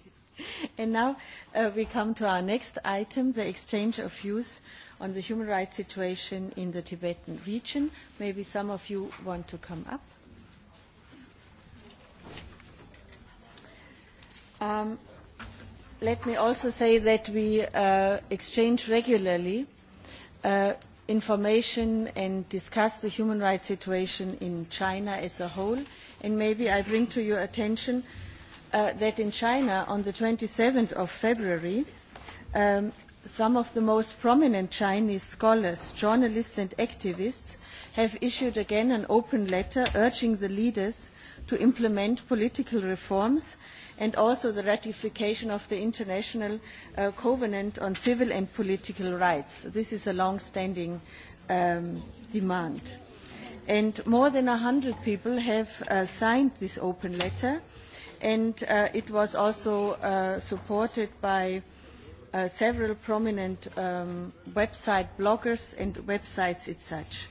Speaker 1: and now uh, we come to our next item, the exchange of views on the human rights situation in the Tibetan region. Maybe some of you want to come up. Um, let me also say that we uh, exchange regularly uh, information and discuss the human rights situation in China as a whole. And maybe I bring to your attention uh, that in China, on the 27th of February, um, some of the most prominent Chinese scholars, journalists and activists have issued again an open letter urging the leaders to implement political reforms and also the ratification of the International uh, Covenant on Civil and Political Rights. This is a long-standing um, demand. And more than one hundred people have uh, signed this open letter, and uh, it was also uh, supported by uh, several prominent um, website bloggers and websites as such.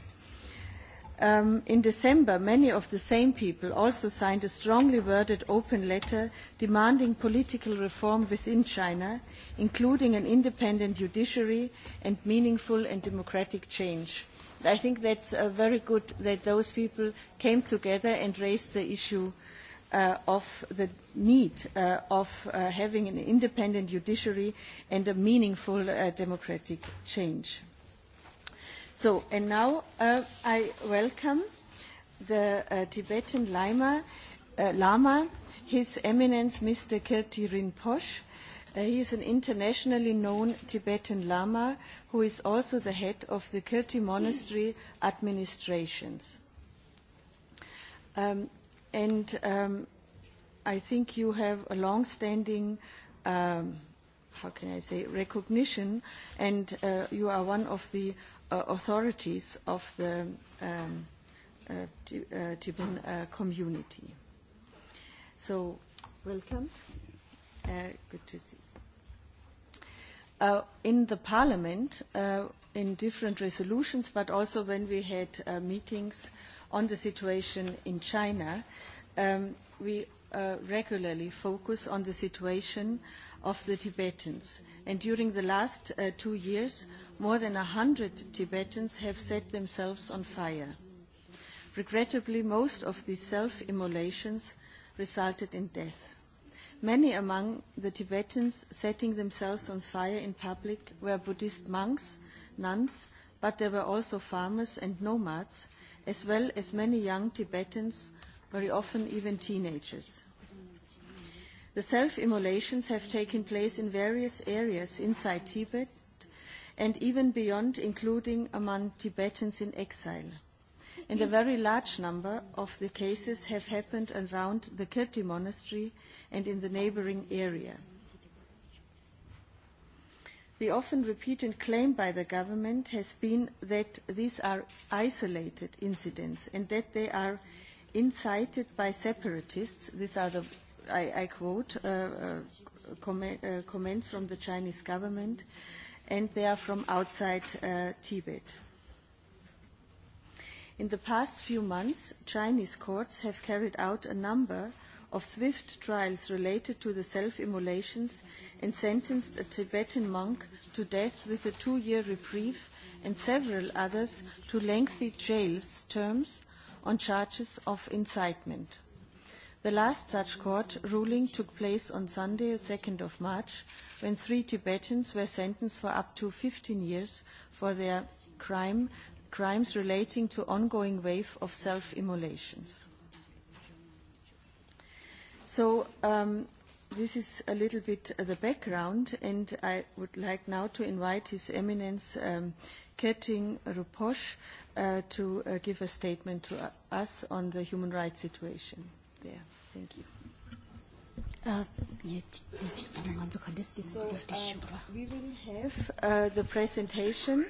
Speaker 1: Um, in December, many of the same people also signed a strongly worded open letter demanding political reform within China, including an independent judiciary and meaningful and democratic change. I think that is uh, very good that those people came together and raised the issue uh, of the need uh, of uh, having an independent judiciary and a meaningful uh, democratic change. So, and now uh, I welcome the uh, Tibetan Lama, uh, Lama, His Eminence Mr. Kirti Rinpoche. Uh, he is an internationally known Tibetan Lama who is also the head of the Kirti Monastery Administrations. Um, and um, I think you have a long-standing um, how can I say, recognition, and uh, you are one of the Uh, authorities of the um, uh, uh, Tibetan uh, community. So, welcome. Uh, good to see. Uh, in the Parliament, uh, in different resolutions, but also when we had uh, meetings on the situation in China, um, we uh, regularly focus on the situation of the Tibetans. And during the last uh, two years, more than a hundred Tibetans have set themselves on fire. Regrettably, most of these self-immolations resulted in death. Many among the Tibetans setting themselves on fire in public were Buddhist monks, nuns, but there were also farmers and nomads, as well as many young Tibetans, very often even teenagers. The self-immolations have taken place in various areas inside Tibet and even beyond, including among Tibetans in exile. And a very large number of the cases have happened around the Kirti monastery and in the neighboring area. The often repeated claim by the government has been that these are isolated incidents and that they are incited by separatists, these are the i, I quote uh, uh, com uh, comments from the Chinese government, and they are from outside uh, Tibet. In the past few months, Chinese courts have carried out a number of swift trials related to the self-immolations and sentenced a Tibetan monk to death with a two-year reprieve and several others to lengthy jail terms on charges of incitement. The last such court ruling took place on Sunday, 2nd of March, when three Tibetans were sentenced for up to 15 years for their crime, crimes relating to ongoing wave of self-immolations. So um, this is a little bit the background, and I would like now to invite His Eminence um, Keting Ruposh uh, to uh, give a statement to uh, us on the human rights situation there. Thank you. Uh, so, uh, we will have uh, the presentation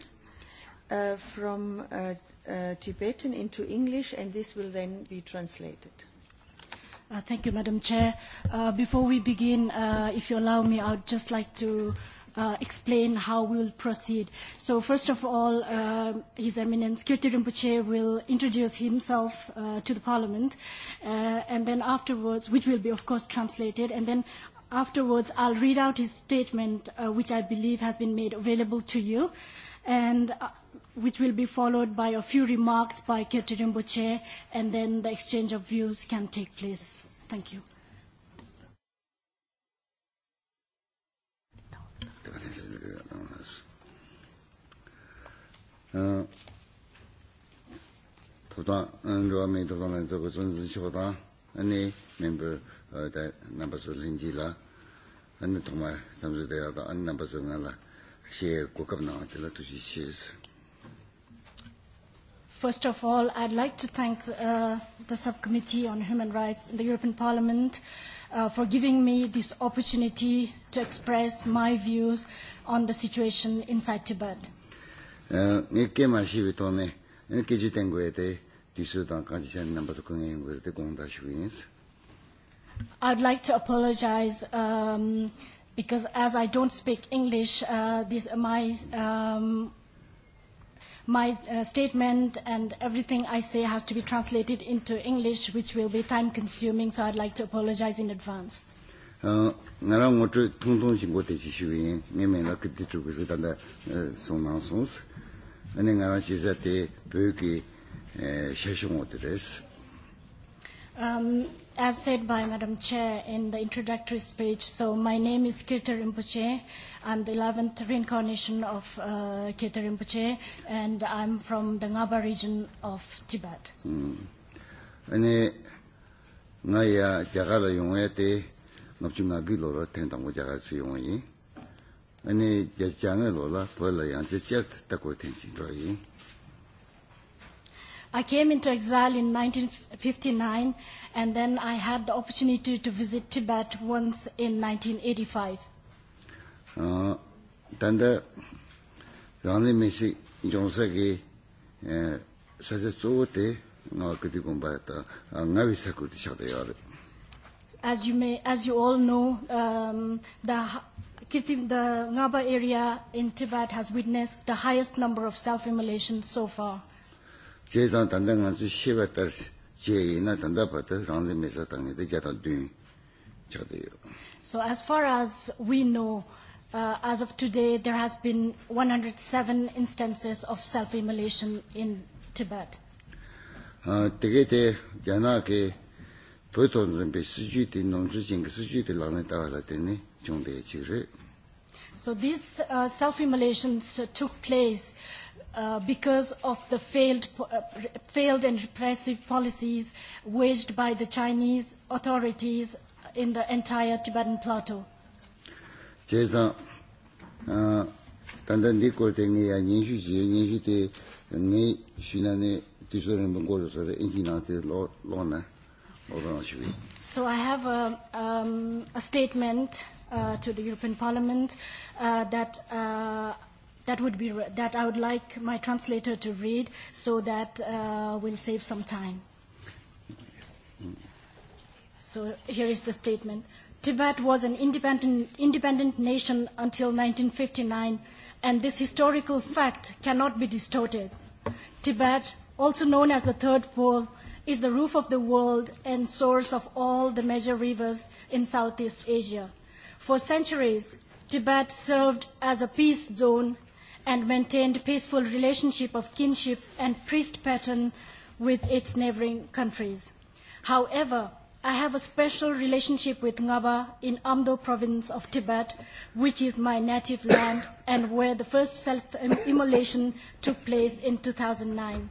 Speaker 1: uh, from uh, uh, Tibetan into English, and this will then be translated.
Speaker 6: Uh, thank you, Madam Chair. Uh, before we begin, uh, if you allow me, I would just like to uh, Uh, explain how we will proceed. So first of all, uh, His Eminence Kirti Rinpoche will introduce himself uh, to the Parliament, uh, and then afterwards, which will be of course translated, and then afterwards I'll read out his statement, uh, which I believe has been made available to you, and uh, which will be followed by a few remarks by Kirti Rinpoche, and then the exchange of views can take place. Thank you. on this.
Speaker 7: toda nruwa mi toda na zogo zon zin shi hoda ani member da namba so zin ji la ani tongma samzu da ya da ani namba so nga la she kukab na wa tila tushi she is
Speaker 6: First of all, I'd like to thank uh, the Subcommittee on Human Rights in the European Parliament uh, uh, for giving me this opportunity to express my views on the situation inside Tibet. I'd like to apologize um, because as I don't speak English, uh, this, my um, my uh, statement and everything I say has to be translated into English, which will be time consuming, so I'd like to apologize in advance. Um, as said by Madam Chair in the introductory speech, so my name is Kirta Rinpoche. I'm the 11th reincarnation of uh, Keter Rinpoche, and I'm from the Ngaba region of Tibet. Mm. I came into exile in 1959 and then I had the opportunity to visit Tibet once in 1985.
Speaker 7: Uh, tanda
Speaker 6: As you, may, as you all know, um, the Kirtim, the Ngaba area in Tibet has witnessed the highest number of self-immolations so far.
Speaker 7: 제상 단단한 수 10에 시베터 제이나 단다버터 상대면서 당에 대자던 된 저도요.
Speaker 6: So as far as we know uh, as of today there has been 107 instances of self-immolation in Tibet.
Speaker 7: 아 되게 대 야나게 보통은 비수주의 농수진 수주의 라는 따라 되네
Speaker 6: 정도의 지를 So these uh, self-immolations uh, took place uh, Uh, because of the failed, uh, failed and repressive policies waged by the Chinese authorities in the entire Tibetan plateau.
Speaker 7: 这上，嗯，单单的过程呀，连续节、连续的，你去那呢，对所人们过着说的，印度那些老老难，老难去。
Speaker 6: So I have a, um, a statement uh, to the European Parliament uh, that. Uh, that would be re- that I would like my translator to read so that uh, we'll save some time. So here is the statement. Tibet was an independent, independent nation until 1959, and this historical fact cannot be distorted. Tibet, also known as the Third Pole, is the roof of the world and source of all the major rivers in Southeast Asia. For centuries, Tibet served as a peace zone and maintained peaceful relationship of kinship and priest pattern with its neighbouring countries. However, I have a special relationship with Ngaba in Amdo province of Tibet, which is my native land and where the first self-immolation took place in two thousand nine.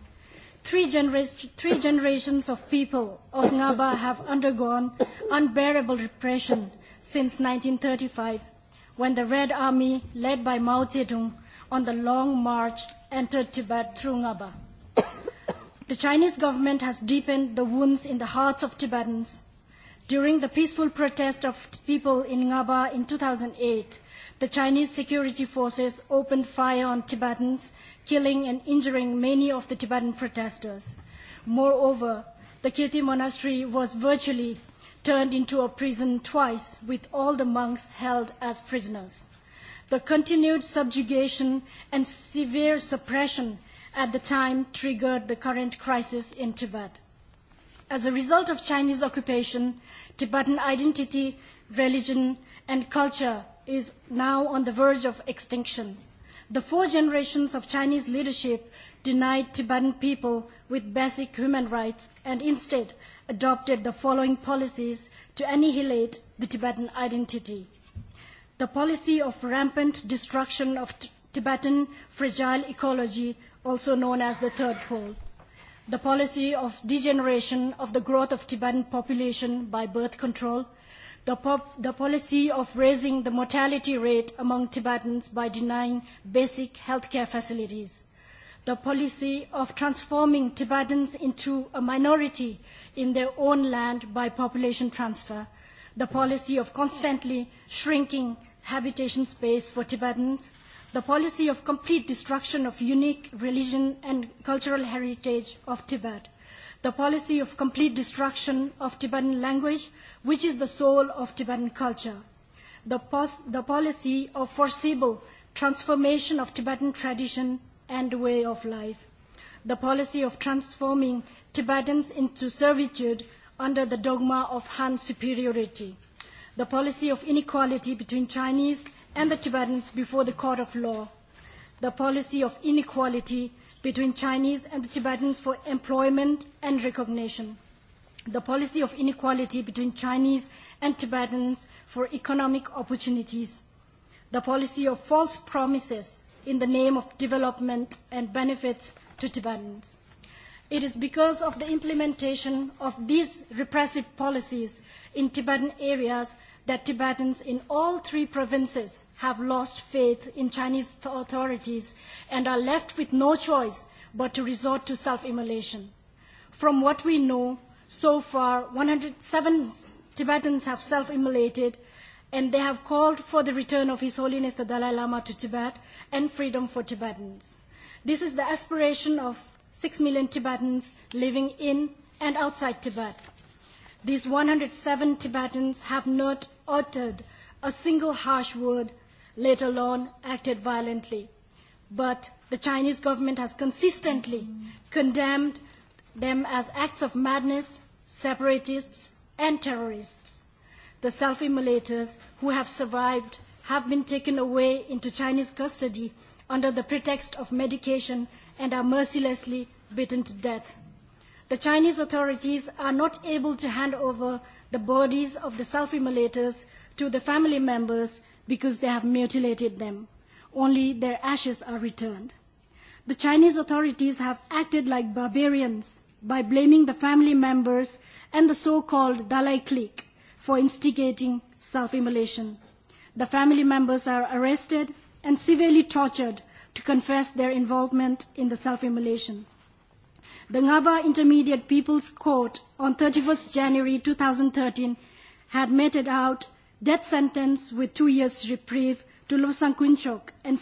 Speaker 6: Three generations of people of Ngaba have undergone unbearable repression since thirty five, when the Red Army, led by Mao Zedong, on the long march entered Tibet through Ngaba. the Chinese government has deepened the wounds in the hearts of Tibetans. During the peaceful protest of people in Ngaba in two thousand eight, the Chinese security forces opened fire on Tibetans, killing and injuring many of the Tibetan protesters. Moreover, the Kirti monastery was virtually turned into a prison twice, with all the monks held as prisoners. The continued subjugation and severe suppression at the time triggered the current crisis in Tibet. As a result of Chinese occupation, Tibetan identity, religion, and culture is now on the verge of extinction. The four generations of Chinese leadership denied Tibetan people with basic human rights and instead adopted the following policies to annihilate the Tibetan identity the policy of rampant destruction of Tibetan fragile ecology, also known as the Third Pole, the policy of degeneration of the growth of Tibetan population by birth control, the, the policy of raising the mortality rate among Tibetans by denying basic healthcare facilities, the policy of transforming Tibetans into a minority in their own land by population transfer, the policy of constantly shrinking habitation space for Tibetans, the policy of complete destruction of unique religion and cultural heritage of Tibet, the policy of complete destruction of Tibetan language, which is the soul of Tibetan culture, the, the policy of foreseeable transformation of Tibetan tradition and way of life, the policy of transforming Tibetans into servitude under the dogma of Han superiority, the policy of inequality between Chinese and the Tibetans before the court of law, the policy of inequality between Chinese and the Tibetans for employment and recognition, the policy of inequality between Chinese and Tibetans for economic opportunities, the policy of false promises in the name of development and benefits to Tibetans. It is because of the implementation of these repressive policies in Tibetan areas that Tibetans in all three provinces have lost faith in Chinese authorities and are left with no choice but to resort to self-immolation. From what we know, so far one hundred and seven Tibetans have self-immolated and they have called for the return of His Holiness the Dalai Lama to Tibet and freedom for Tibetans. This is the aspiration of 6 million Tibetans living in and outside Tibet. These 107 Tibetans have not uttered a single harsh word, let alone acted violently. But the Chinese government has consistently condemned them as acts of madness, separatists, and terrorists. The self-immolators who have survived have been taken away into Chinese custody under the pretext of medication and are mercilessly beaten to death. The Chinese authorities are not able to hand over the bodies of the self-immolators to the family members because they have mutilated them. Only their ashes are returned. The Chinese authorities have acted like barbarians by blaming the family members and the so-called Dalai clique for instigating self-immolation. The family members are arrested and severely tortured to confess their involvement in the self-immolation. The Ngaba Intermediate People's Court on 31st January 2013 had meted out death sentence with two years reprieve to Lusang Kunchok and,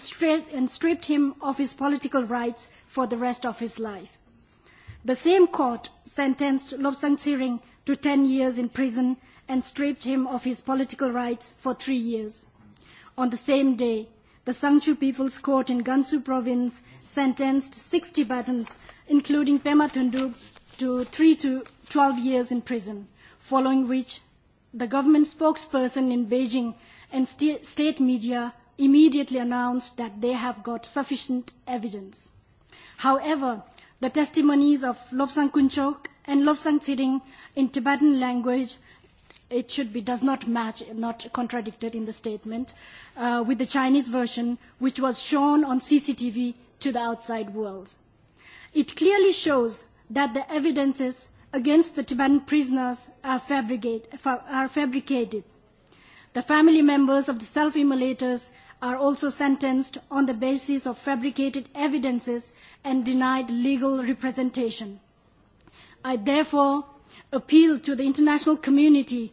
Speaker 6: and stripped him of his political rights for the rest of his life. The same court sentenced Lobsang Tsering to 10 years in prison and stripped him of his political rights for three years. On the same day, the Sangchu People's Court in Gansu province sentenced six Tibetans, including Pema Thundu, to three to twelve years in prison, following which the government spokesperson in Beijing and st state media immediately announced that they have got sufficient evidence. However, the testimonies of Lobsang Kunchok and Lobsang Tsering in Tibetan language it should be does not match, not contradicted in the statement, uh, with the Chinese version, which was shown on CCTV to the outside world. It clearly shows that the evidences against the Tibetan prisoners are, fabricate, are fabricated. The family members of the self-immolators are also sentenced on the basis of fabricated evidences and denied legal representation. I therefore appeal to the international community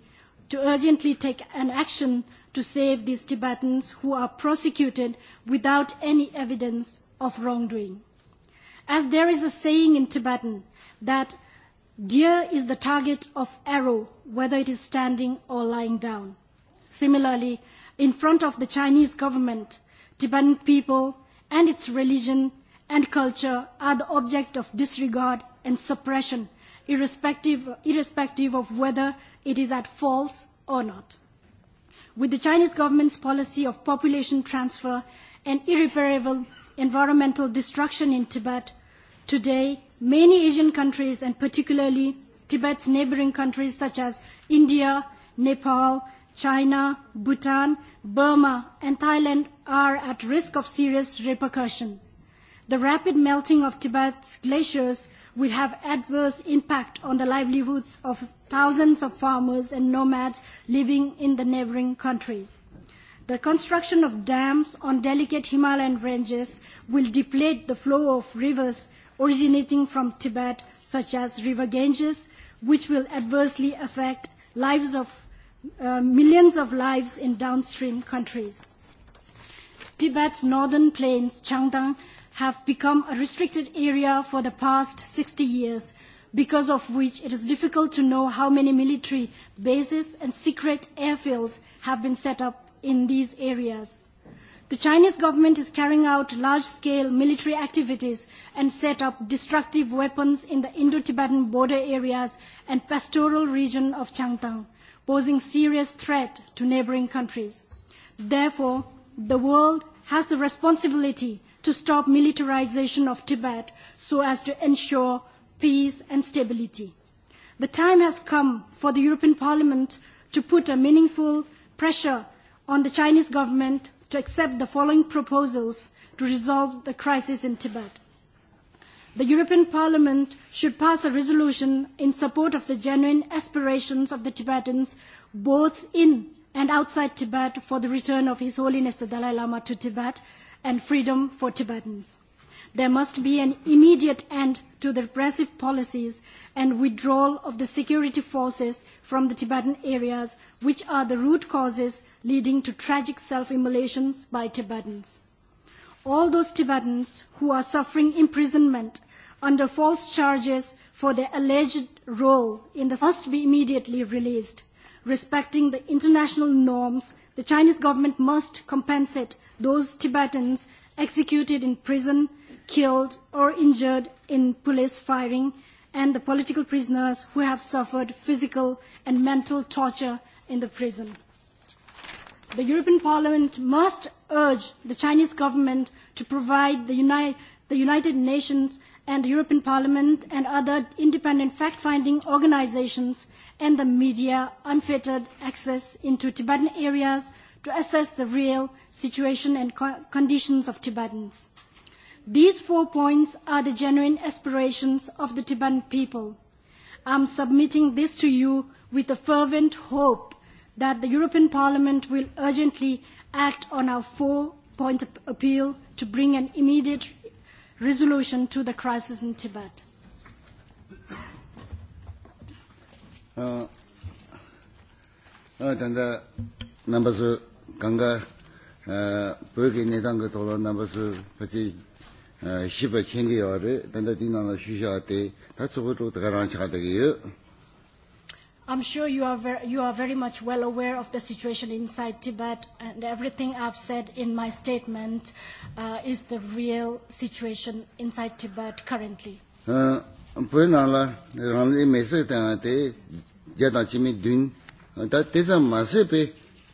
Speaker 6: to urgently take an action to save these Tibetans who are prosecuted without any evidence of wrongdoing. As there is a saying in Tibetan that deer is the target of arrow, whether it is standing or lying down. Similarly, in front of the Chinese government, Tibetan people and its religion and culture are the object of disregard and suppression, irrespective, irrespective of whether it is at false or not. With the Chinese government's policy of population transfer and irreparable environmental destruction in Tibet, today many Asian countries and particularly Tibet's neighbouring countries such as India, Nepal, China, Bhutan, Burma and Thailand are at risk of serious repercussion. The rapid melting of Tibet's glaciers will have adverse impact on the livelihoods of thousands of farmers and nomads living in the neighbouring countries. The construction of dams on delicate Himalayan ranges will deplete the flow of rivers originating from Tibet, such as River Ganges, which will adversely affect lives of uh, millions of lives in downstream countries. Tibet's northern plains, Changdang, have become a restricted area for the past 60 years, because of which it is difficult to know how many military bases and secret airfields have been set up in these areas. The Chinese government is carrying out large-scale military activities and set up destructive weapons in the Indo-Tibetan border areas and pastoral region of Changtang, posing serious threat to neighbouring countries. Therefore, the world has the responsibility to stop militarisation of Tibet so as to ensure peace and stability. The time has come for the European Parliament to put a meaningful pressure on the Chinese government to accept the following proposals to resolve the crisis in Tibet. The European Parliament should pass a resolution in support of the genuine aspirations of the Tibetans, both in and outside Tibet, for the return of His Holiness the Dalai Lama to Tibet, and freedom for Tibetans. There must be an immediate end to the repressive policies and withdrawal of the security forces from the Tibetan areas, which are the root causes leading to tragic self-immolations by Tibetans. All those Tibetans who are suffering imprisonment under false charges for their alleged role in the must be immediately released. Respecting the international norms, the Chinese government must compensate those Tibetans executed in prison, killed or injured in police firing, and the political prisoners who have suffered physical and mental torture in the prison. The European Parliament must urge the Chinese government to provide the, Uni the United Nations and the European Parliament and other independent fact-finding organisations and the media unfettered access into Tibetan areas to assess the real situation and co conditions of Tibetans. These four points are the genuine aspirations of the Tibetan people. I am submitting this to you with a fervent hope that the European Parliament will urgently act on our four point appeal to bring an immediate resolution to the crisis in Tibet.
Speaker 7: Uh, uh, nambazu shiba
Speaker 6: I'm sure you are, very, you are very much well aware of the situation inside Tibet, and everything I've said in my statement uh, is the real situation inside Tibet currently. Uh,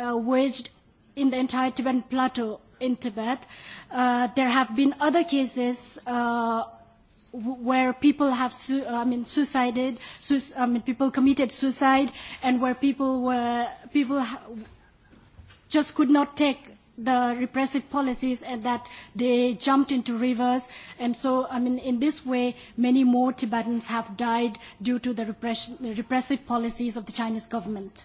Speaker 6: uh, waged in the entire Tibetan plateau in Tibet. Uh, there have been other cases uh, where people have, su- uh, I mean, suicided. Su- I mean, people committed suicide, and where people were people ha- just could not take the repressive policies and that they jumped into rivers and so i mean in this way many more tibetans have died due to the repression, repressive policies of the chinese government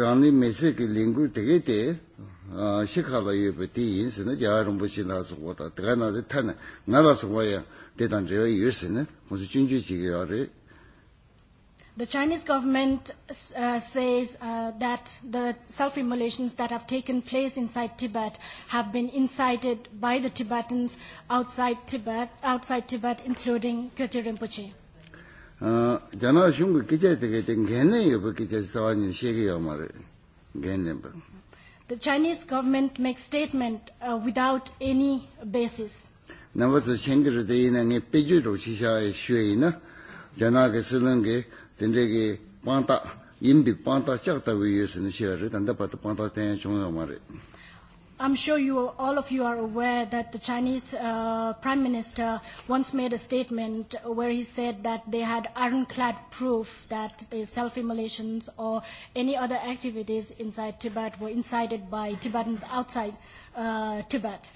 Speaker 7: rāni mēsē kī līngu tēkē tē shikāla yu bē tē yin sē nā yā rōmbu shī nā sō wā tā tē kā nā tē tā nā rā sō wā yā tē tān sē sō chūn chū chī kī yā rē
Speaker 6: The Chinese government uh, says uh, that the self-immolations that have taken place inside Tibet have been incited by the Tibetans outside Tibet, outside Tibet including Kirti Rinpoche
Speaker 7: janā shūngu kichay tiga iti ngēnē yobu kichay sāwa nī
Speaker 6: The Chinese government makes statement uh, without any basis. I'm sure you, all of you are aware that the Chinese uh, Prime Minister once made a statement where he said that they had ironclad proof that the self-immolations or any other activities inside Tibet were incited by Tibetans outside uh, Tibet.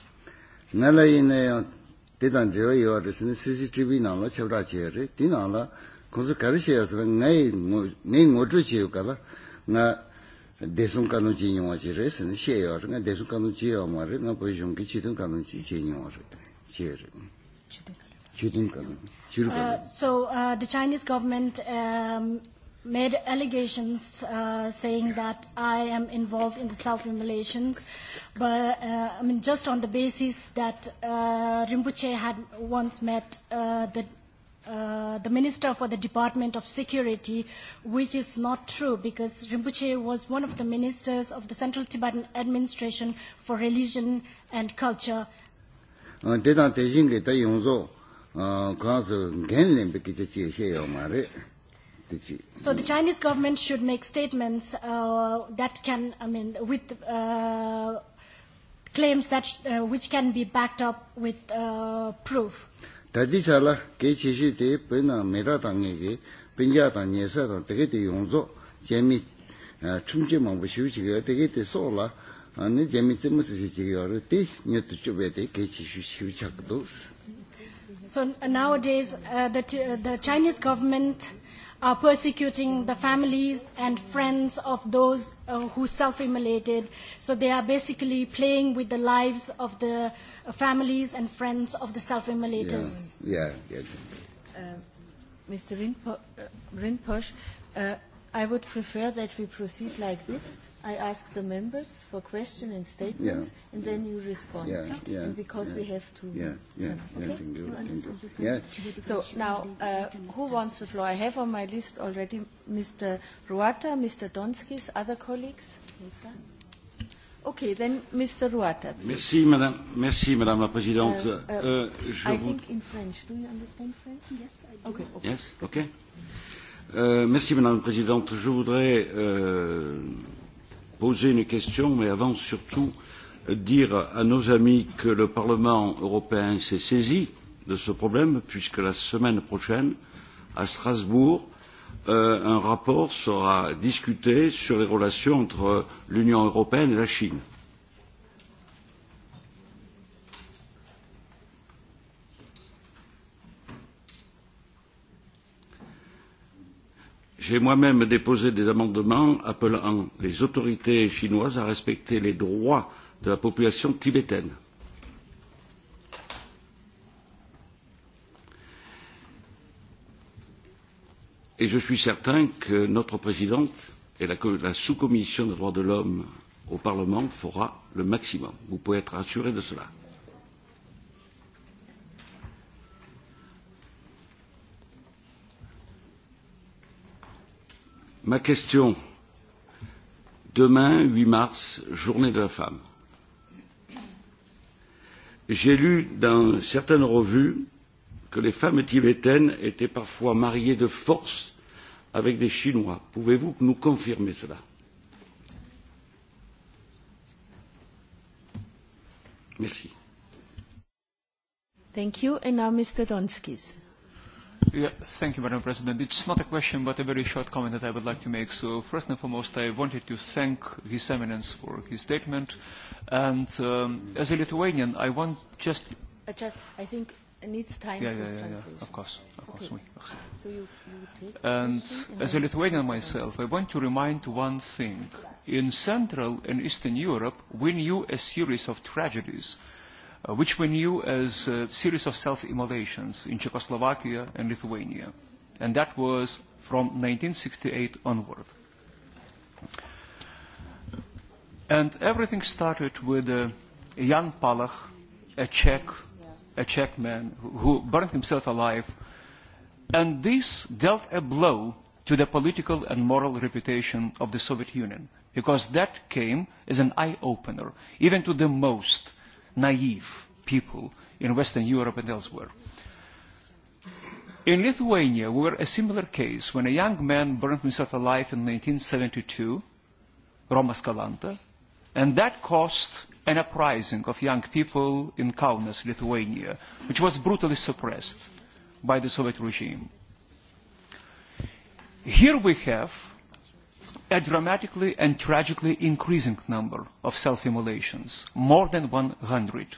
Speaker 7: 시에요. 그러니까 나 지든 지든
Speaker 6: so uh, the Chinese government um, made allegations uh, saying that I am involved in the self-immolations, but uh, I mean just on the basis that uh, Rinpoche had once met uh, the uh, the minister for the Department of Security, which is not true because Rinpoche was one of the ministers of the Central Tibetan Administration for Religion and Culture. so the Chinese government should make statements uh, that can, I mean, with uh, claims that uh, which can be backed up with uh, proof
Speaker 7: so So uh,
Speaker 6: nowadays uh, the, uh, the Chinese government are persecuting the families and friends of those uh, who self-immolated. So they are basically playing with the lives of the uh, families and friends of the self-immolators.
Speaker 7: Yeah, yeah. yeah.
Speaker 1: Uh, Mr. Rinpo- uh, Rinpoche, uh, I would prefer that we proceed like this i ask the members for question and statements, yeah. and then you respond. Yeah, Okay. yeah, and because yeah. we have to. Yeah, yeah, Yeah. okay? yeah, can do, you can do. Yeah. So now, uh, who wants the floor? I have on my list already Mr. Ruata, Mr. Donskis, other colleagues. Okay, then Mr. Ruata. Merci,
Speaker 8: Madame. Merci, Madame la Présidente. Um, uh, uh, uh, je I think
Speaker 1: in French. Do you understand French? Yes, I do. Okay. okay.
Speaker 8: Yes, okay. Uh, merci, Madame la Présidente. Je voudrais Uh, poser une question, mais avant surtout euh, dire à nos amis que le Parlement européen s'est saisi de ce problème, puisque la semaine prochaine, à Strasbourg, euh, un rapport sera discuté sur les relations entre euh, l'Union européenne et la Chine. J'ai moi-même déposé des amendements appelant les autorités chinoises à respecter les droits de la population tibétaine. Et je suis certain que notre présidente et la, la sous-commission des droits de l'homme au Parlement fera le maximum. Vous pouvez être assuré de cela. Ma question. Demain, 8 mars, journée de la femme. J'ai lu dans certaines revues que les femmes tibétaines étaient parfois mariées de force avec des Chinois. Pouvez-vous nous confirmer cela
Speaker 9: Merci.
Speaker 1: Thank you. And now Mr. Donskis.
Speaker 9: Yeah, thank you, Madam President. It's not a question, but a very short comment that I would like to make. So first and foremost, I wanted to thank His Eminence for his statement. And um, as a Lithuanian, I want just...
Speaker 1: Uh, Jeff, I think it needs time yeah, for yeah, yeah, translation.
Speaker 9: Yeah, of course. and as a Lithuanian myself, I want to remind one thing. In Central and Eastern Europe, we knew a series of tragedies – Uh, which we knew as a uh, series of self-immolations in Czechoslovakia and Lithuania. And that was from 1968 onward. And everything started with uh, a young Palach, a Czech, a Czech man who burned himself alive. And this dealt a blow to the political and moral reputation of the Soviet Union, because that came as an eye-opener, even to the most naive people in Western Europe and elsewhere. In Lithuania, we were a similar case when a young man burned himself alive in 1972, Romas Kalanta, and that caused an uprising of young people in Kaunas, Lithuania, which was brutally suppressed by the Soviet regime. Here we have a dramatically and tragically increasing number of self-immolations, more than one hundred.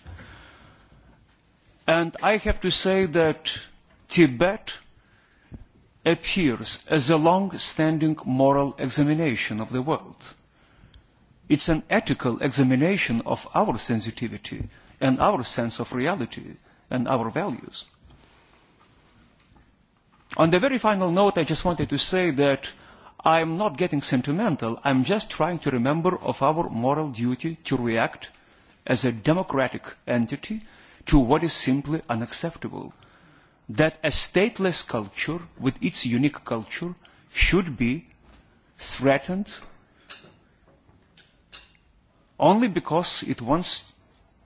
Speaker 9: And I have to say that Tibet appears as a long-standing moral examination of the world. It's an ethical examination of our sensitivity and our sense of reality and our values. On the very final note, I just wanted to say that i am not getting sentimental. I am just trying to remember of our moral duty to react as a democratic entity to what is simply unacceptable. That a stateless culture with its unique culture should be threatened only because it wants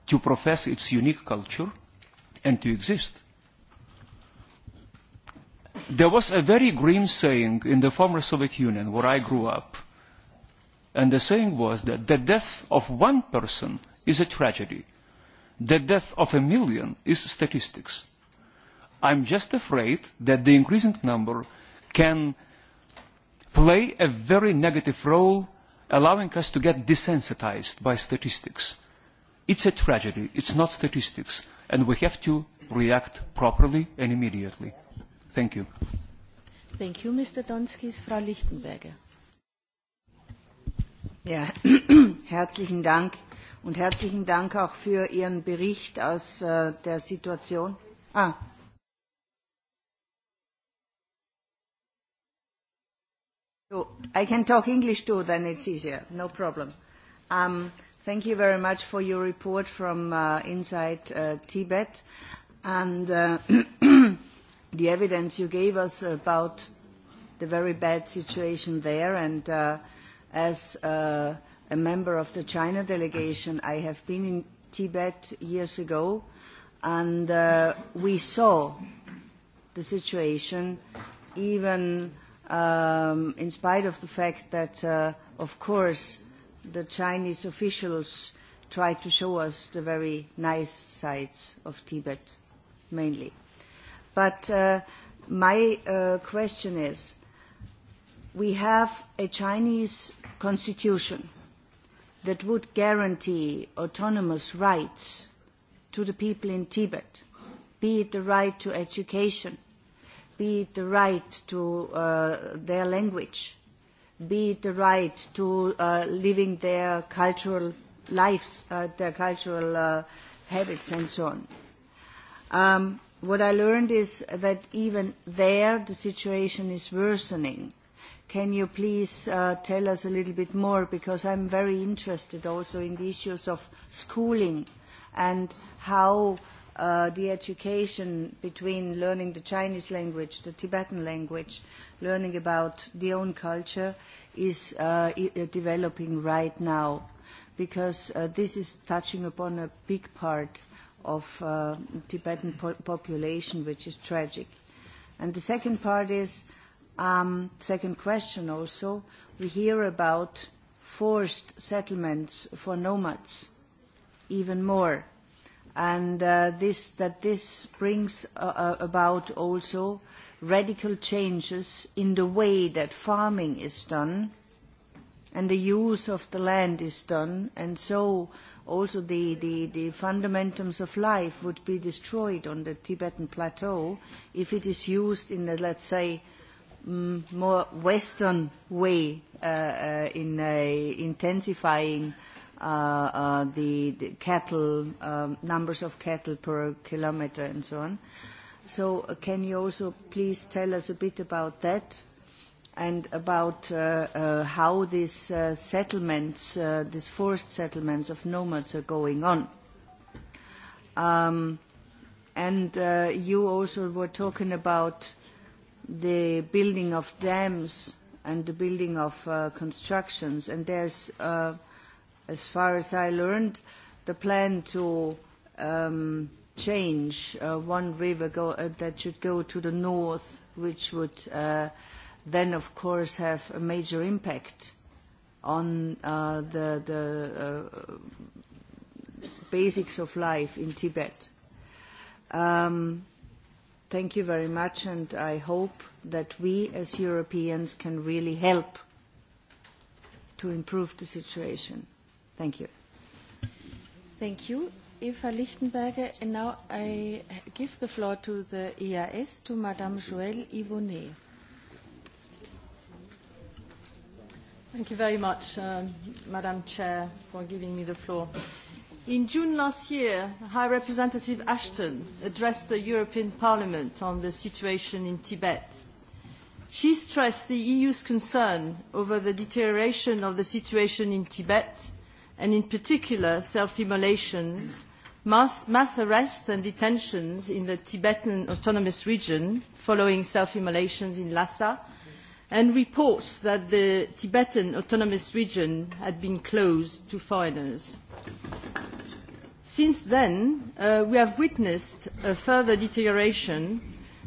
Speaker 9: to profess its unique culture and to exist. There was a very grim saying in the former Soviet Union where I grew up. And the saying was that the death of one person is a tragedy. The death of a million is statistics. I'm just afraid that the increasing number can play a very negative role, allowing us to get desensitized by statistics. It's a tragedy. It's not statistics. And we have to react properly and immediately. Thank you.
Speaker 1: Thank you, Mr. Donskis. Frau Lichtenberger.
Speaker 10: Ja, herzlichen Dank und herzlichen Dank auch für Ihren Bericht aus äh, der Situation. Ah, So I can talk English too, then it's easier, no problem. Um, thank you very much for your report from uh, Inside uh, Tibet. And uh, the evidence you gave us about the very bad situation there. And uh, as uh, a member of the China delegation, I have been in Tibet years ago, and uh, we saw the situation, even um, in spite of the fact that, uh, of course, the Chinese officials tried to show us the very nice sides of Tibet, mainly. But uh, my uh, question is, we have a Chinese constitution that would guarantee autonomous rights to the people in Tibet, be it the right to education, be it the right to uh, their language, be it the right to uh, living their cultural lives, uh, their cultural uh, habits and so on. Um, what I learned is that even there the situation is worsening. Can you please uh, tell us a little bit more? Because I'm very interested also in the issues of schooling and how uh, the education between learning the Chinese language, the Tibetan language, learning about their own culture is uh, uh, developing right now. Because uh, this is touching upon a big part of uh, Tibetan po population, which is tragic. And the second part is, um, second question also, we hear about forced settlements for nomads even more. And uh, this, that this brings uh, uh about also radical changes in the way that farming is done and the use of the land is done. And so also the, the, the fundamentums of life would be destroyed on the Tibetan plateau if it is used in the, let's say, mm, more Western way uh, uh, in uh, intensifying uh, uh, the, the cattle, um, numbers of cattle per kilometer and so on. So uh, can you also please tell us a bit about that? and about uh, uh, how these uh, settlements, uh, these forced settlements of nomads are going on. Um, and uh, you also were talking about the building of dams and the building of uh, constructions. And there's, uh, as far as I learned, the plan to um, change uh, one river go, uh, that should go to the north, which would uh, then of course have a major impact on uh, the, the uh, basics of life in Tibet. Um, thank you very much, and I hope that we as Europeans can really help to improve the
Speaker 1: situation. Thank you. Thank you, Eva Lichtenberger. And now I give the floor to the EAS, to Madame Joëlle Yvonnet.
Speaker 11: Thank you very much, um, Madam Chair, for giving me the floor. In June last year, High Representative Ashton addressed the European Parliament on the situation in Tibet. She stressed the EU's concern over the deterioration of the situation in Tibet, and in particular self-immolations, mass, mass arrests and detentions in the Tibetan Autonomous Region following self-immolations in Lhasa and reports that the Tibetan Autonomous Region had been closed to foreigners. Since then, uh, we have witnessed a further deterioration,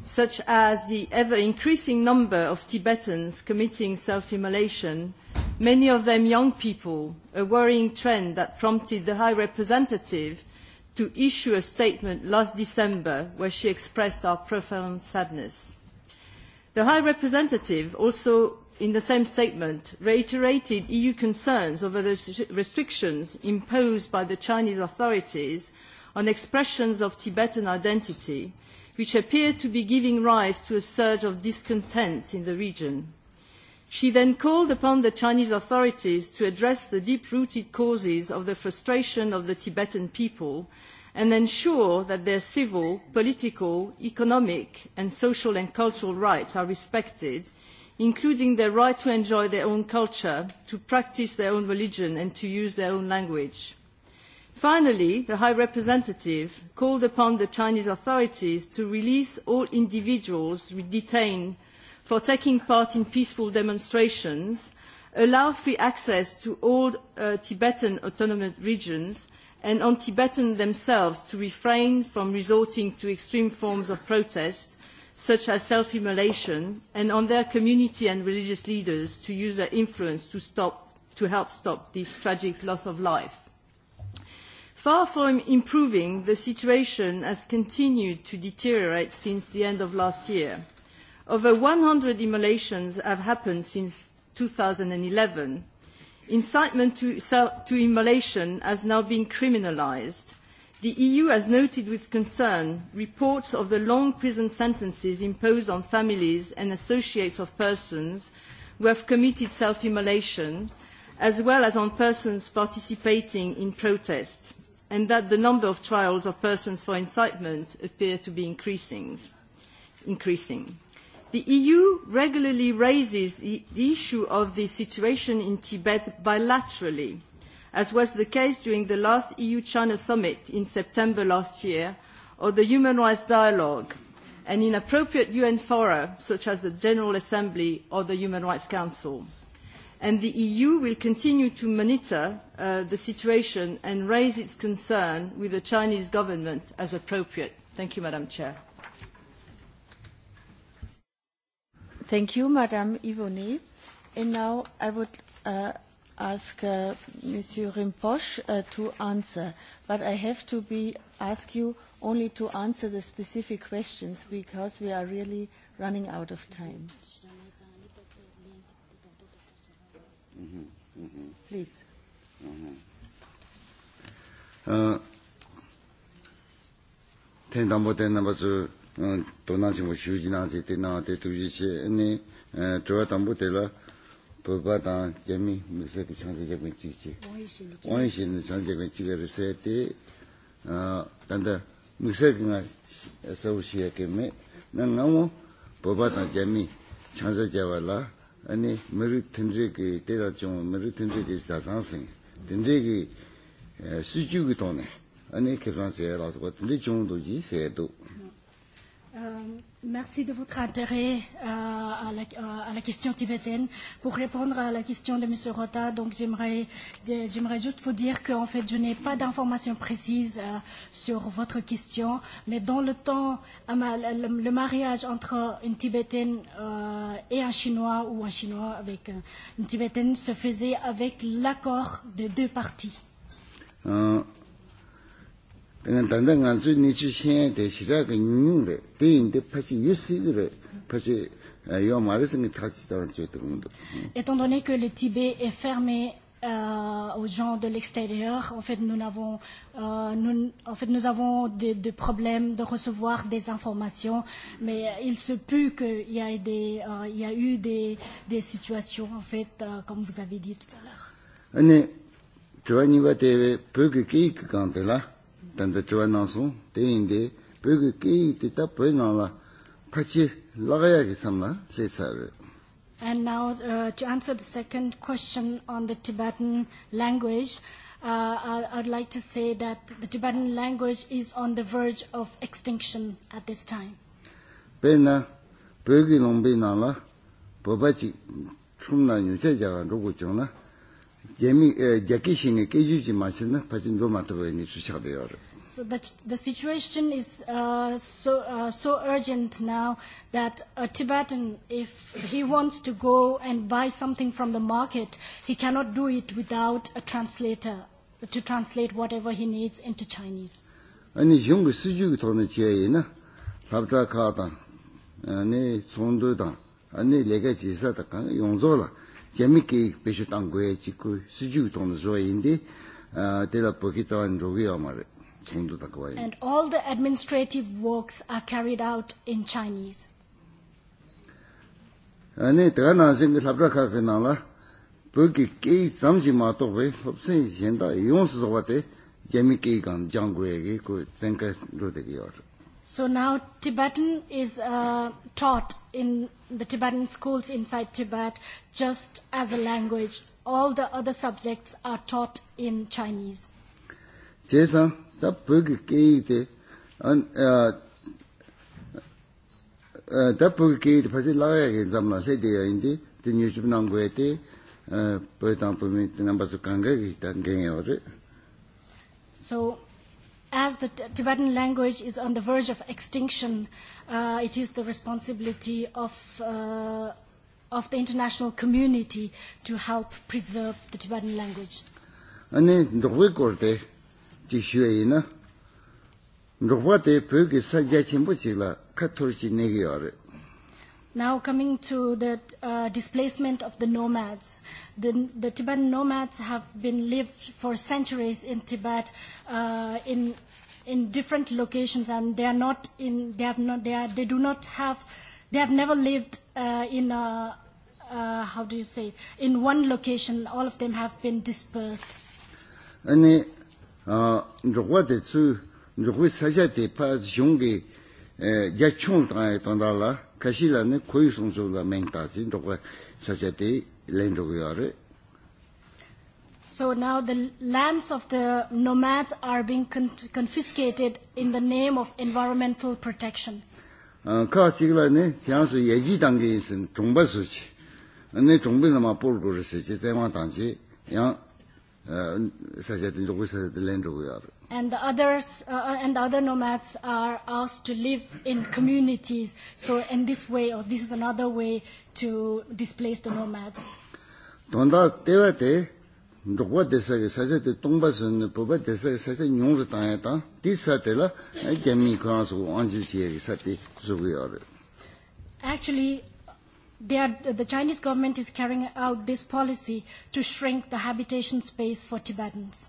Speaker 11: such as the ever-increasing number of Tibetans committing self-immolation, many of them young people, a worrying trend that prompted the High Representative to issue a statement last December where she expressed our profound sadness. The High Representative also, in the same statement, reiterated EU concerns over the restrictions imposed by the Chinese authorities on expressions of Tibetan identity, which appear to be giving rise to a surge of discontent in the region. She then called upon the Chinese authorities to address the deep-rooted causes of the frustration of the Tibetan people and ensure that their civil, political, economic and social and cultural rights are respected, including their right to enjoy their own culture, to practice their own religion and to use their own language. Finally, the High Representative called upon the Chinese authorities to release all individuals detained for taking part in peaceful demonstrations, allow free access to all uh, Tibetan autonomous regions, and on Tibetans themselves to refrain from resorting to extreme forms of protest, such as self-immolation, and on their community and religious leaders to use their influence to, stop, to help stop this tragic loss of life. Far from improving, the situation has continued to deteriorate since the end of last year. Over one hundred immolations have happened since eleven Incitement to, to immolation has now been criminalised. The EU has noted with concern reports of the long prison sentences imposed on families and associates of persons who have committed self-immolation, as well as on persons participating in protest, and that the number of trials of persons for incitement appear to be increasing. increasing. The EU regularly raises the, the issue of the situation in Tibet bilaterally, as was the case during the last EU-China summit in September last year, or the human rights dialogue, and in appropriate UN fora such as the General Assembly or the Human Rights Council. And the EU will continue to monitor uh, the situation and raise its concern with the Chinese government as appropriate. Thank you, Madam Chair.
Speaker 1: Thank you, Madame Yvonne. now I would uh, ask uh, Monsieur Rimpoche uh, to answer, I have to ask you only to answer the specific questions because we are really running out of time. Mm Mm -hmm.
Speaker 7: Mm -hmm tō nā shīmō shū jī nā tē tē nā tē tū jī shē nē tō wā tāmbū tē lā pō bā tā kia mī mī sē tē shāng tē kia kuñ chī chī wāng shī nē shāng tē kuñ chī kia rī sē tē tāndā mī sē kī ngā sā wū shī yā mē nā ngā mō pō tā mī sā wā lā rū tēn tē tā chōng rū tēn sāng sēng tēn sī chū kī tō nē sāng sē yā lā sō tēn chōng jī sē
Speaker 6: Euh, merci de votre intérêt euh, à, la, euh, à la question tibétaine. Pour répondre à la question de M. Rota, donc j'aimerais, juste vous dire que en fait, je n'ai pas d'informations précises sur votre question, mais dans le temps, le, mariage entre une Tibétaine et un Chinois ou un Chinois avec une Tibétaine se faisait avec l'accord des deux parties.
Speaker 7: Euh, 그냥 단단 안주 니주 신에 대시라 그 뉴레 대인데 파지 유스이그레 파지 요 말에서 다치다 저도
Speaker 6: Étant donné que le Tibet est fermé euh, aux gens de l'extérieur, en fait nous avons, euh, nous, en fait, nous avons des, des problèmes de recevoir des informations, mais il se peut qu'il y, a des, euh, il y a eu des, des situations en fait euh, comme vous avez dit tout à
Speaker 7: l'heure tanda chiwa nansung, te indi, pegu kei ti ta pui nangla, pachi lagaya ki samla, le sari.
Speaker 6: And now uh, to answer the second question on the Tibetan language, uh, uh I would like to say that the Tibetan language is on the verge of extinction at this time.
Speaker 7: Pena, pegu lombi nangla, boba chik, chumna nyuse jaga rugu na, Yemi eh, ni
Speaker 6: So the, the situation is uh, so, uh, so urgent now that a Tibetan, if he wants to go and buy something from the market, he cannot do it without a translator to translate whatever he needs into Chinese.
Speaker 7: 재밌게 배셨던 거에 지고 수주 돈 소인데 아 대다 보기던 로기야 말 정도 다 거야. And
Speaker 6: all the administrative works are carried out in Chinese.
Speaker 7: 아니 내가 나생 그 랍라카 페나라 보기 게 잠지 마도 왜 없으니 현다 용수서 와대 재밌게 간 장고에게 그 생각으로 되기요.
Speaker 6: So now Tibetan is uh, taught in the Tibetan schools inside Tibet just as a language. All the other subjects are taught in Chinese.
Speaker 7: uh uh
Speaker 6: so as the Tibetan language is on the verge of extinction, uh, it is the responsibility of, uh, of the international community to help preserve the Tibetan language. Now coming to the uh, displacement of the nomads. The, the Tibetan nomads have been lived for centuries in Tibet uh, in, in different locations and they are not in, they have not, they, are, they do not have, they have never lived uh, in a, uh, how do you say, it? in one location. All of them have been dispersed.
Speaker 7: And, uh, kashila ne koi sung la meng yore.
Speaker 6: So now the lands of the nomads are being con confiscated in the name of environmental protection.
Speaker 7: Uh, Ka chigla ne jiang yeji dangi insin chungpa su Ne chungpa nama pol kuru si chi yang yore
Speaker 6: and the others uh, and the other nomads are asked to live in communities. So in this way, or this is another way to displace the nomads.
Speaker 7: Tanda tewa te desa ke sacha te tongpa sun pupa desa ke sacha nyung ru tanya te la anju ke sa te
Speaker 6: Actually, they are, the Chinese government is carrying out this policy to shrink the habitation space for Tibetans.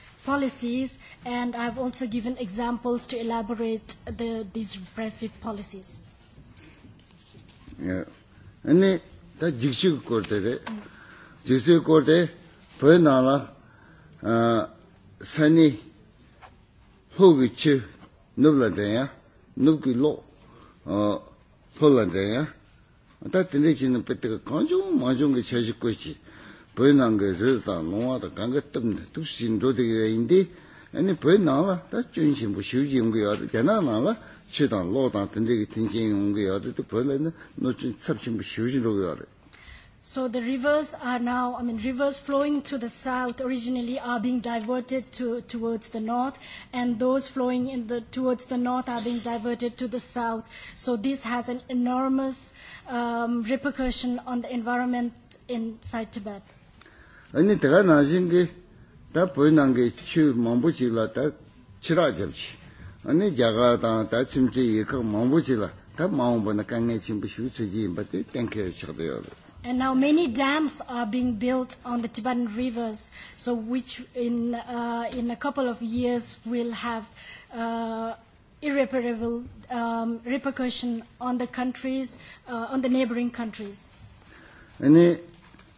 Speaker 6: policies, and I've also given examples to elaborate the, these repressive policies.
Speaker 7: Yeah. 아니 so the
Speaker 6: rivers are now, I mean, rivers flowing to the south originally are being diverted to, towards the north, and those flowing in the, towards the north are being diverted to the south. So this has an enormous um, repercussion on the environment inside Tibet.
Speaker 7: 아니 내가 나신 게다 보이는 게추 몸부지라 다 치라잡지 아니 자가다 다 침지 이거 몸부지라 다 마음보나 강에 침부 슈치지 임바데 땡케 쳐도요
Speaker 6: And now many dams are being built on the Tibetan rivers, so which in, uh, in a couple of years will have uh, irreparable um, repercussion on the countries, uh, on the neighboring countries.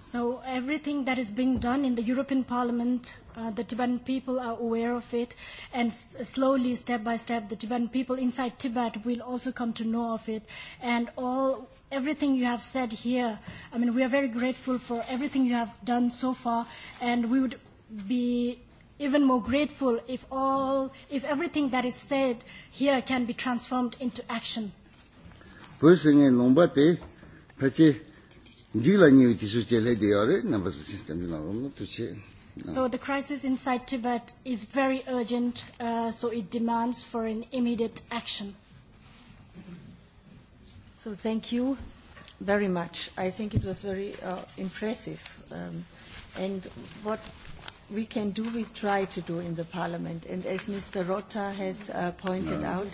Speaker 6: So everything that is being done in the European Parliament, uh, the Tibetan people are aware of it, and s slowly, step by step, the Tibetan people inside Tibet will also come to know of it. And all everything you have said here, I mean, we are very grateful for everything you have done so far, and we would be even more grateful if all, if everything that is said here can be transformed into action.
Speaker 7: Eh, No no.
Speaker 6: So the crisis inside Tibet is very urgent, uh, so it demands for an immediate
Speaker 1: action. So thank you very much. I think it was very uh, impressive. Um, and what we can do, we try to do in the Parliament. And as Mr. Rotta has uh, pointed out,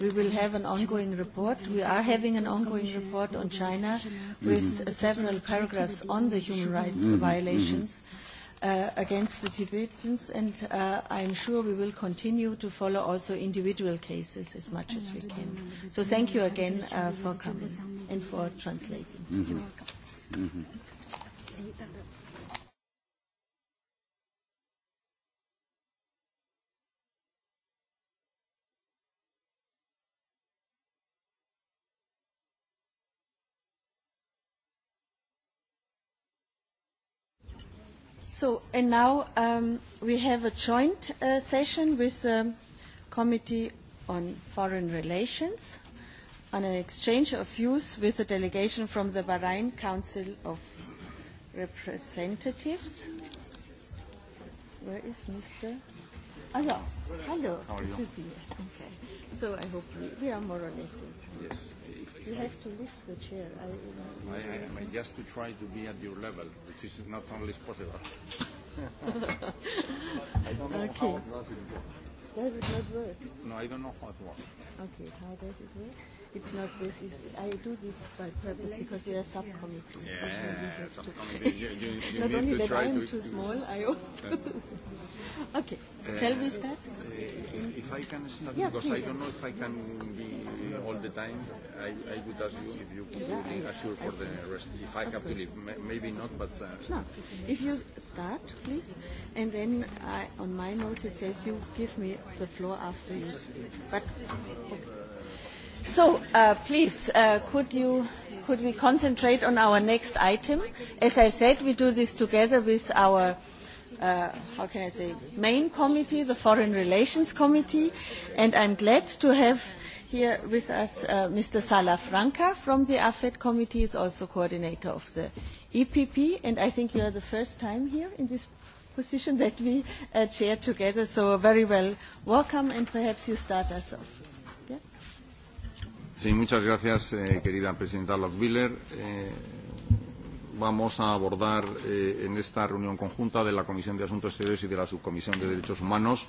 Speaker 1: we will have an ongoing report. We are having an ongoing report on China with mm-hmm. several paragraphs on the human rights mm-hmm. violations mm-hmm. uh, against the Tibetans, and uh, I'm sure we will continue to follow also individual cases as much as we can. So thank you again uh, for coming and for translating.
Speaker 12: Mm -hmm.
Speaker 13: Mm -hmm.
Speaker 1: So, and now um, we have a joint uh, session with the Committee on Foreign Relations on an exchange of views with a delegation from the Bahrain Council of Representatives. Where is Mr. Hello. Hello. How are you? Good to see you. Okay. So I hope we, we are more or less in
Speaker 11: time.
Speaker 14: Yes. If, if you I, have
Speaker 1: to lift the chair. I, you know, I, I, I,
Speaker 14: just to try to be at your level, which is not only possible.
Speaker 15: I
Speaker 14: don't know okay. how it work.
Speaker 15: Does it not work?
Speaker 14: No, I don't know how it works.
Speaker 1: Okay. How does it work? it's not good it's, I do this by purpose because we are subcommittee. Yeah, subcommittee.
Speaker 2: not only that I am to, too small, I also.
Speaker 6: okay, uh, shall we start? Uh,
Speaker 2: if I can start, yeah, because please. I don't know if I
Speaker 14: can be all the time, I, I would ask you if you could yeah, be assured for the rest, if I of have course. to leave. maybe not, but. Uh, no,
Speaker 1: if you start, please, and then I, on my notes it says you give me the floor after you speak. But, okay. So, uh, please, uh, could, you, could we concentrate on our next item? As I said, we do this together with our uh, how can I say, main committee, the Foreign Relations Committee, and I'm glad to have here with us uh, Mr. Salafranca from the AFED Committee, is also coordinator of the EPP, and I think you are the first time here in this position that we uh, chair together, so very well welcome, and perhaps you start us off.
Speaker 14: Sí, muchas gracias, eh, querida presidenta Lockbiller. Eh, vamos a abordar eh, en esta reunión conjunta de la Comisión de Asuntos Exteriores y de la Subcomisión de Derechos Humanos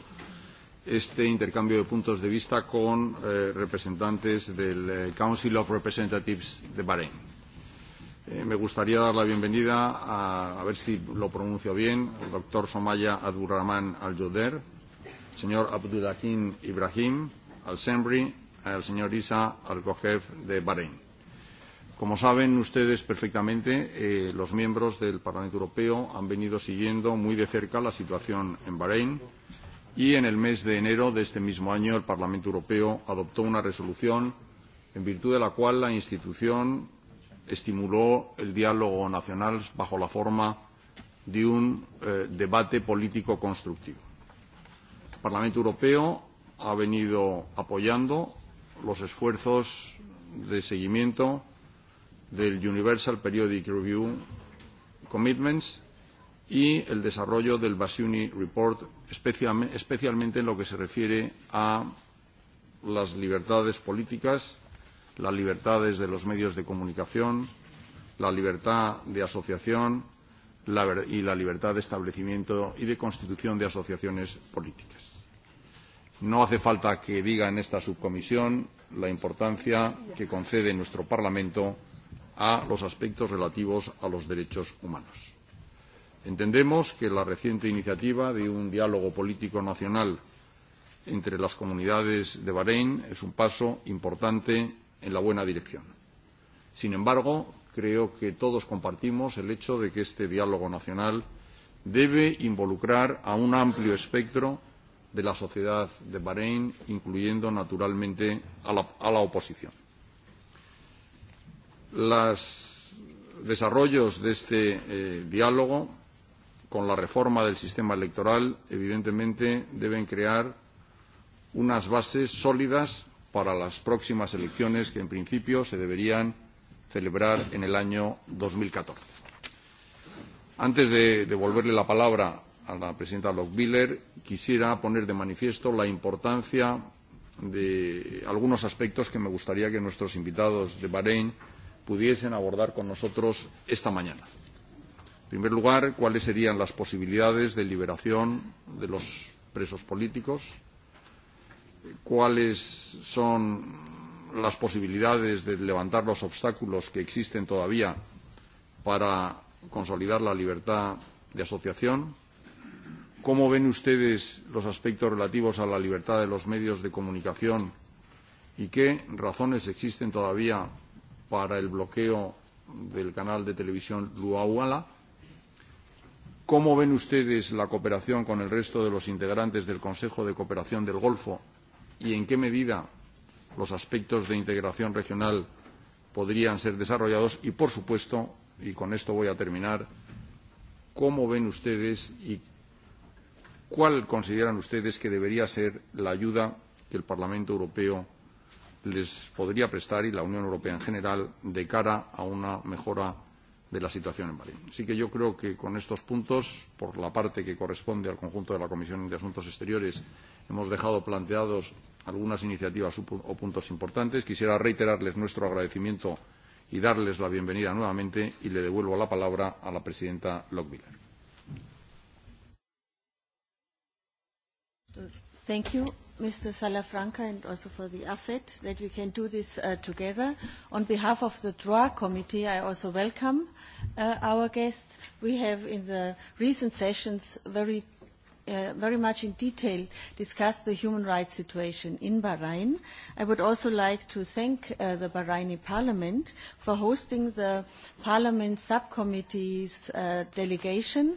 Speaker 14: este intercambio de puntos de vista con eh, representantes del eh, Council of Representatives de Bahrein. Eh, me gustaría dar la bienvenida a, a ver si lo pronuncio bien, al doctor Somaya Abdurrahman Al-Joder, señor Abdulakim Ibrahim Al-Semri al señor Isa al de Bahrein. Como saben ustedes perfectamente, eh, los miembros del Parlamento Europeo han venido siguiendo muy de cerca la situación en Bahrein y en el mes de enero de este mismo año el Parlamento Europeo adoptó una resolución en virtud de la cual la institución estimuló el diálogo nacional bajo la forma de un eh, debate político constructivo. El Parlamento Europeo ha venido apoyando los esfuerzos de seguimiento del Universal Periodic Review Commitments y el desarrollo del Basuni Report, especialmente en lo que se refiere a las libertades políticas, las libertades de los medios de comunicación, la libertad de asociación y la libertad de establecimiento y de constitución de asociaciones políticas. No hace falta que diga en esta subcomisión la importancia que concede nuestro Parlamento a los aspectos relativos a los derechos humanos. Entendemos que la reciente iniciativa de un diálogo político nacional entre las comunidades de Bahrein es un paso importante en la buena dirección. Sin embargo, creo que todos compartimos el hecho de que este diálogo nacional debe involucrar a un amplio espectro de la sociedad de Bahrein, incluyendo naturalmente a la, a la oposición. Los desarrollos de este eh, diálogo con la reforma del sistema electoral, evidentemente, deben crear unas bases sólidas para las próximas elecciones que, en principio, se deberían celebrar en el año dos mil catorce. Antes de devolverle la palabra a la presidenta Lochbihler, quisiera poner de manifiesto la importancia de algunos aspectos que me gustaría que nuestros invitados de Bahrein pudiesen abordar con nosotros esta mañana. En primer lugar, cuáles serían las posibilidades de liberación de los presos políticos, cuáles son las posibilidades de levantar los obstáculos que existen todavía para consolidar la libertad de asociación, ¿Cómo ven ustedes los aspectos relativos a la libertad de los medios de comunicación y qué razones existen todavía para el bloqueo del canal de televisión Luauala? ¿Cómo ven ustedes la cooperación con el resto de los integrantes del Consejo de Cooperación del Golfo y en qué medida los aspectos de integración regional podrían ser desarrollados? Y, por supuesto, y con esto voy a terminar, ¿cómo ven ustedes y cuál consideran ustedes que debería ser la ayuda que el Parlamento Europeo les podría prestar y la Unión Europea en general de cara a una mejora de la situación en Mali. Así que yo creo que con estos puntos, por la parte que corresponde al conjunto de la Comisión de Asuntos Exteriores, hemos dejado planteados algunas iniciativas o puntos importantes. Quisiera reiterarles nuestro agradecimiento y darles la bienvenida nuevamente y le devuelvo la palabra a la presidenta Lockbiller.
Speaker 1: Thank you, Mr. Salafranca, and also for the effort that we can do this uh, together. On behalf of the DROA committee, I also welcome uh, our guests. We have in the recent sessions very Uh, very much in detail discussed the human rights situation in Bahrain. I would also like to thank uh, the Bahraini Parliament for hosting the Parliament Subcommittee's uh, delegation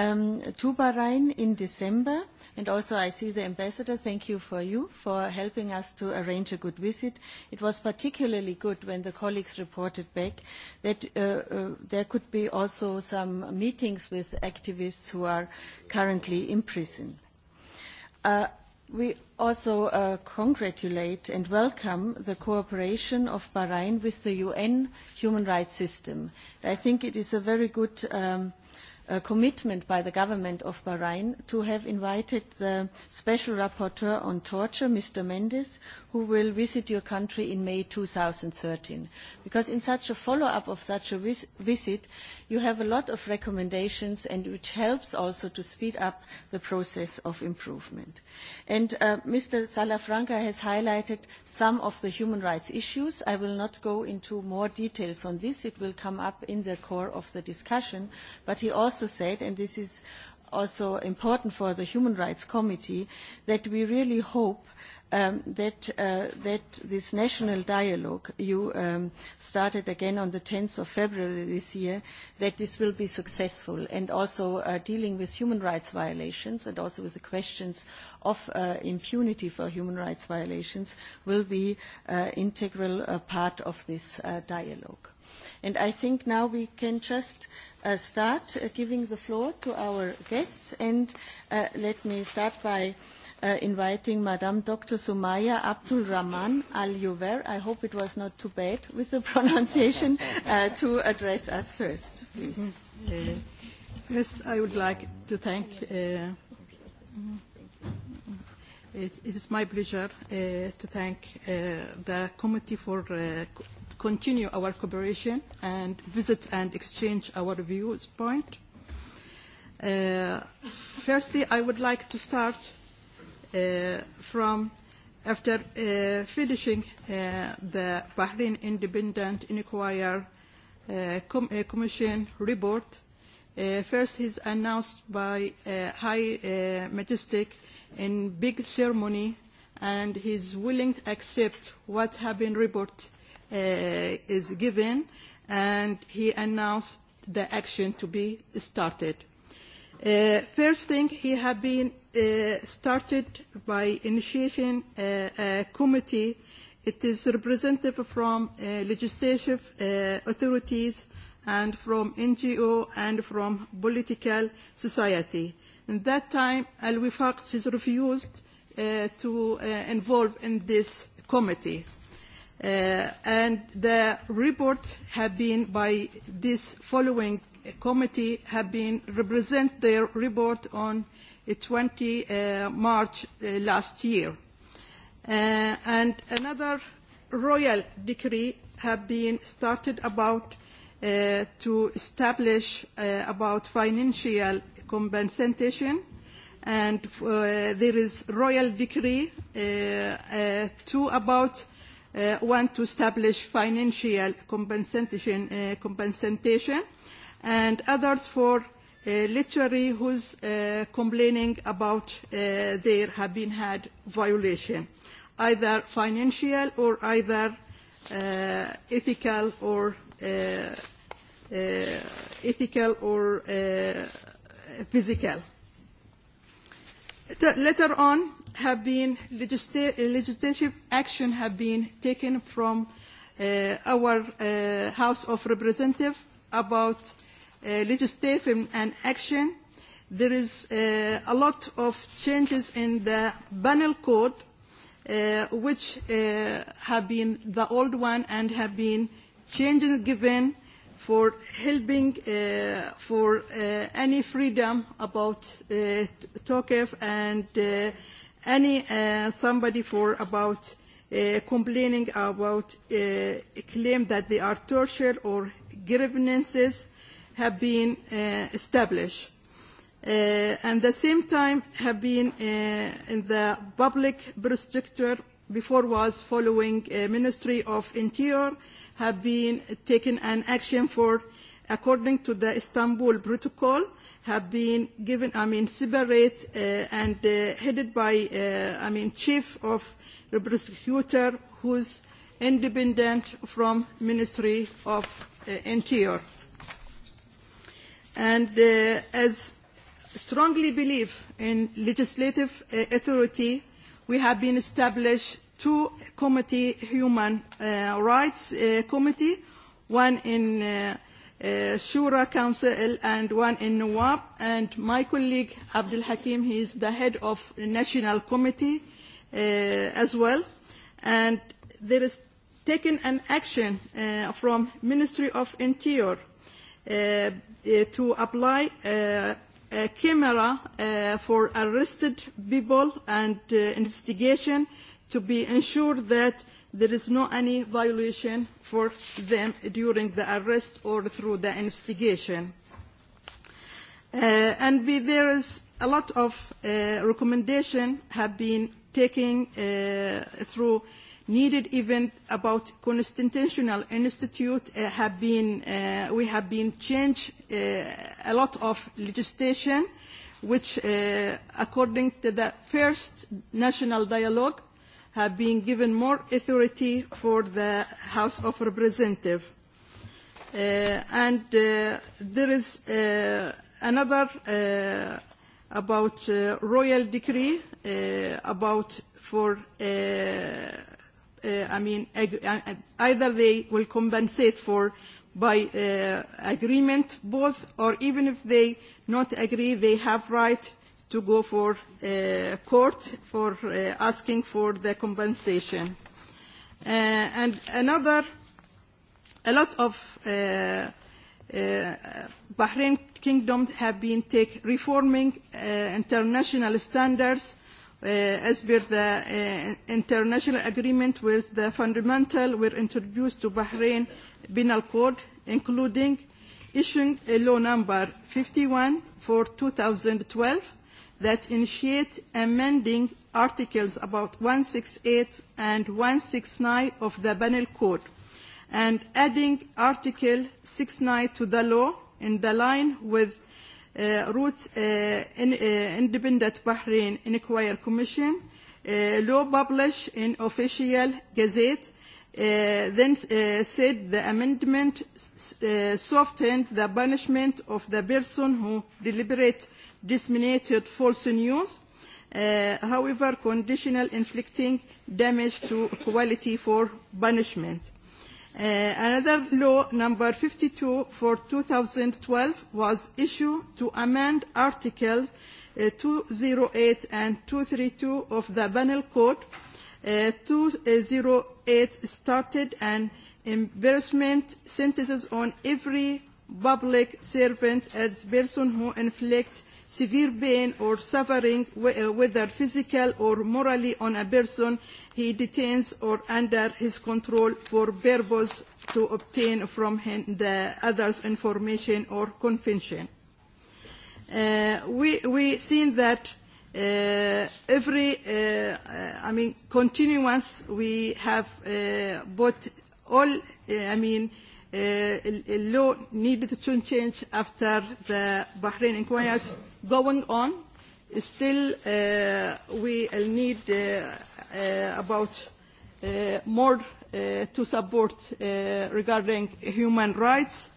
Speaker 1: um, to Bahrain in December. And also I see the ambassador. Thank you for you for helping us to arrange a good visit. It was particularly good when the colleagues reported back that uh, uh, there could be also some meetings with activists who are currently in prison. Uh, we also uh, congratulate and welcome the cooperation of Bahrain with the UN human rights system. I think it is a very good um, uh, commitment by the government of Bahrain to have invited the special rapporteur on torture, Mr. Mendes, who will visit your country in May thirteen. Because in such a follow-up of such a vis visit, you have a lot of recommendations and which helps also to speed up the process of improvement. And uh, Mr. Salafranca has highlighted some of the human rights issues. I will not go into more details on this. It will come up in the core of the discussion. But he also also said, and this is also important for the Human Rights Committee, that we really hope um, that, uh, that this national dialogue you um, started again on the 10th of February this year, that this will be successful and also uh, dealing with human rights violations and also with the questions of uh, impunity for human rights violations will be an uh, integral uh, part of this uh, dialogue. And I think now we can just uh, start uh, giving the floor to our guests. And uh, let me start by uh, inviting Madame Dr. Sumaya Abdul Rahman Al Yuver. I hope it was not too bad with the pronunciation uh, to address us first, please. Mm-hmm. uh, first, I would like to thank. Uh,
Speaker 13: mm-hmm. it, it is my pleasure uh, to thank uh, the committee for uh, continue our cooperation and visit and exchange our point. Uh, firstly, I would like to start uh, from after uh, finishing uh, the Bahrain Independent Inquirer uh, Com uh, Commission report. Uh, first is announced by uh, High uh, Majestic in big ceremony and he is willing to accept what has been reported Uh, is given, and he announced the action to be started. Uh, first thing, he has been uh, started by initiating a, uh, a committee. It is representative from uh, legislative uh, authorities and from NGO and from political society. In that time, Al-Wifaq is refused to involve in this committee. Uh, and the report have been by this following committee have been represent their report on 20 uh, uh, March uh, last year. Uh, and another royal decree have been started about uh, to establish uh, about financial compensation and uh, there is royal decree uh, uh, to about Uh, want to establish financial compensation, uh, compensation and others for uh, literary who's uh, complaining about uh, there have been had violation, either financial or either uh, ethical or uh, uh, ethical or uh, physical. Later on, have been legislative action have been taken from uh, our uh, House of Representatives about uh, legislation and action. There is uh, a lot of changes in the panel code, uh, which uh, have been the old one and have been changes given for helping uh, for uh, any freedom about uh, and uh, any uh, somebody for about uh, complaining about uh, claim that they are tortured or grievances have been uh, established. Uh, and at the same time have been uh, in the public prosecutor before was following uh, Ministry of Interior have been taken an action for according to the Istanbul Protocol have been given, I mean, separate uh, and uh, headed by, uh, I mean, chief of the prosecutor who's independent from Ministry of uh, Interior. And uh, as strongly believe in legislative uh, authority, we have been established two committee, Human uh, Rights uh, Committee, one in uh, Uh, Shura Council and one in Nawab. And my colleague, Abdul Hakim, he is the head of the National Committee uh, as well. And there is taken an action uh, from Ministry of Interior uh, uh, to apply uh, a camera uh, for arrested people and uh, investigation to be ensured that uh, there is no any violation for them during the arrest or through the investigation. Uh, and we, there is a lot of uh, recommendation have been taken uh, through needed event about Constitutional Institute uh, have been, uh, we have been changed uh, a lot of legislation which uh, according to the first national dialogue have been given more authority for the House of Representatives. Uh, and uh, there is uh, another uh, about uh, royal decree uh, about for uh, uh, I mean ag uh, either they will compensate for by uh, agreement both or even if they not agree they have right to go for uh, court for uh, asking for the compensation. Uh, and another, a lot of uh, uh, Bahrain Kingdom have been take reforming uh, international standards uh, as per the uh, international agreement with the fundamental were introduced to Bahrain Penal Code, including issuing a law number 51 for 2012 that initiate amending articles about 168 and 169 of the Penal Code and adding Article 69 to the law in the line with uh, Roots uh, in, uh, Independent Bahrain Inquiry Commission, uh, law published in official gazette, uh, then uh, said the amendment uh, softened the punishment of the person who deliberate disseminated false news, uh, however conditional inflicting damage to quality for punishment. Uh, another law, number 52 for 2012, was issued to amend Articles uh, 208 and 232 of the Banal Code. Uh, 208 started an embarrassment sentences on every public servant as person who inflicts severe pain or suffering, uh, whether physical or morally, on a person he detains or under his control for purpose to obtain from him the other's information or confession. Uh, we we seen that uh, every uh, I mean continuous, we have uh, bought all uh, I mean uh, law needed to change after the Bahrain inquiries going on. Still, uh, we need uh, uh, about uh, more uh, to support uh, regarding human rights.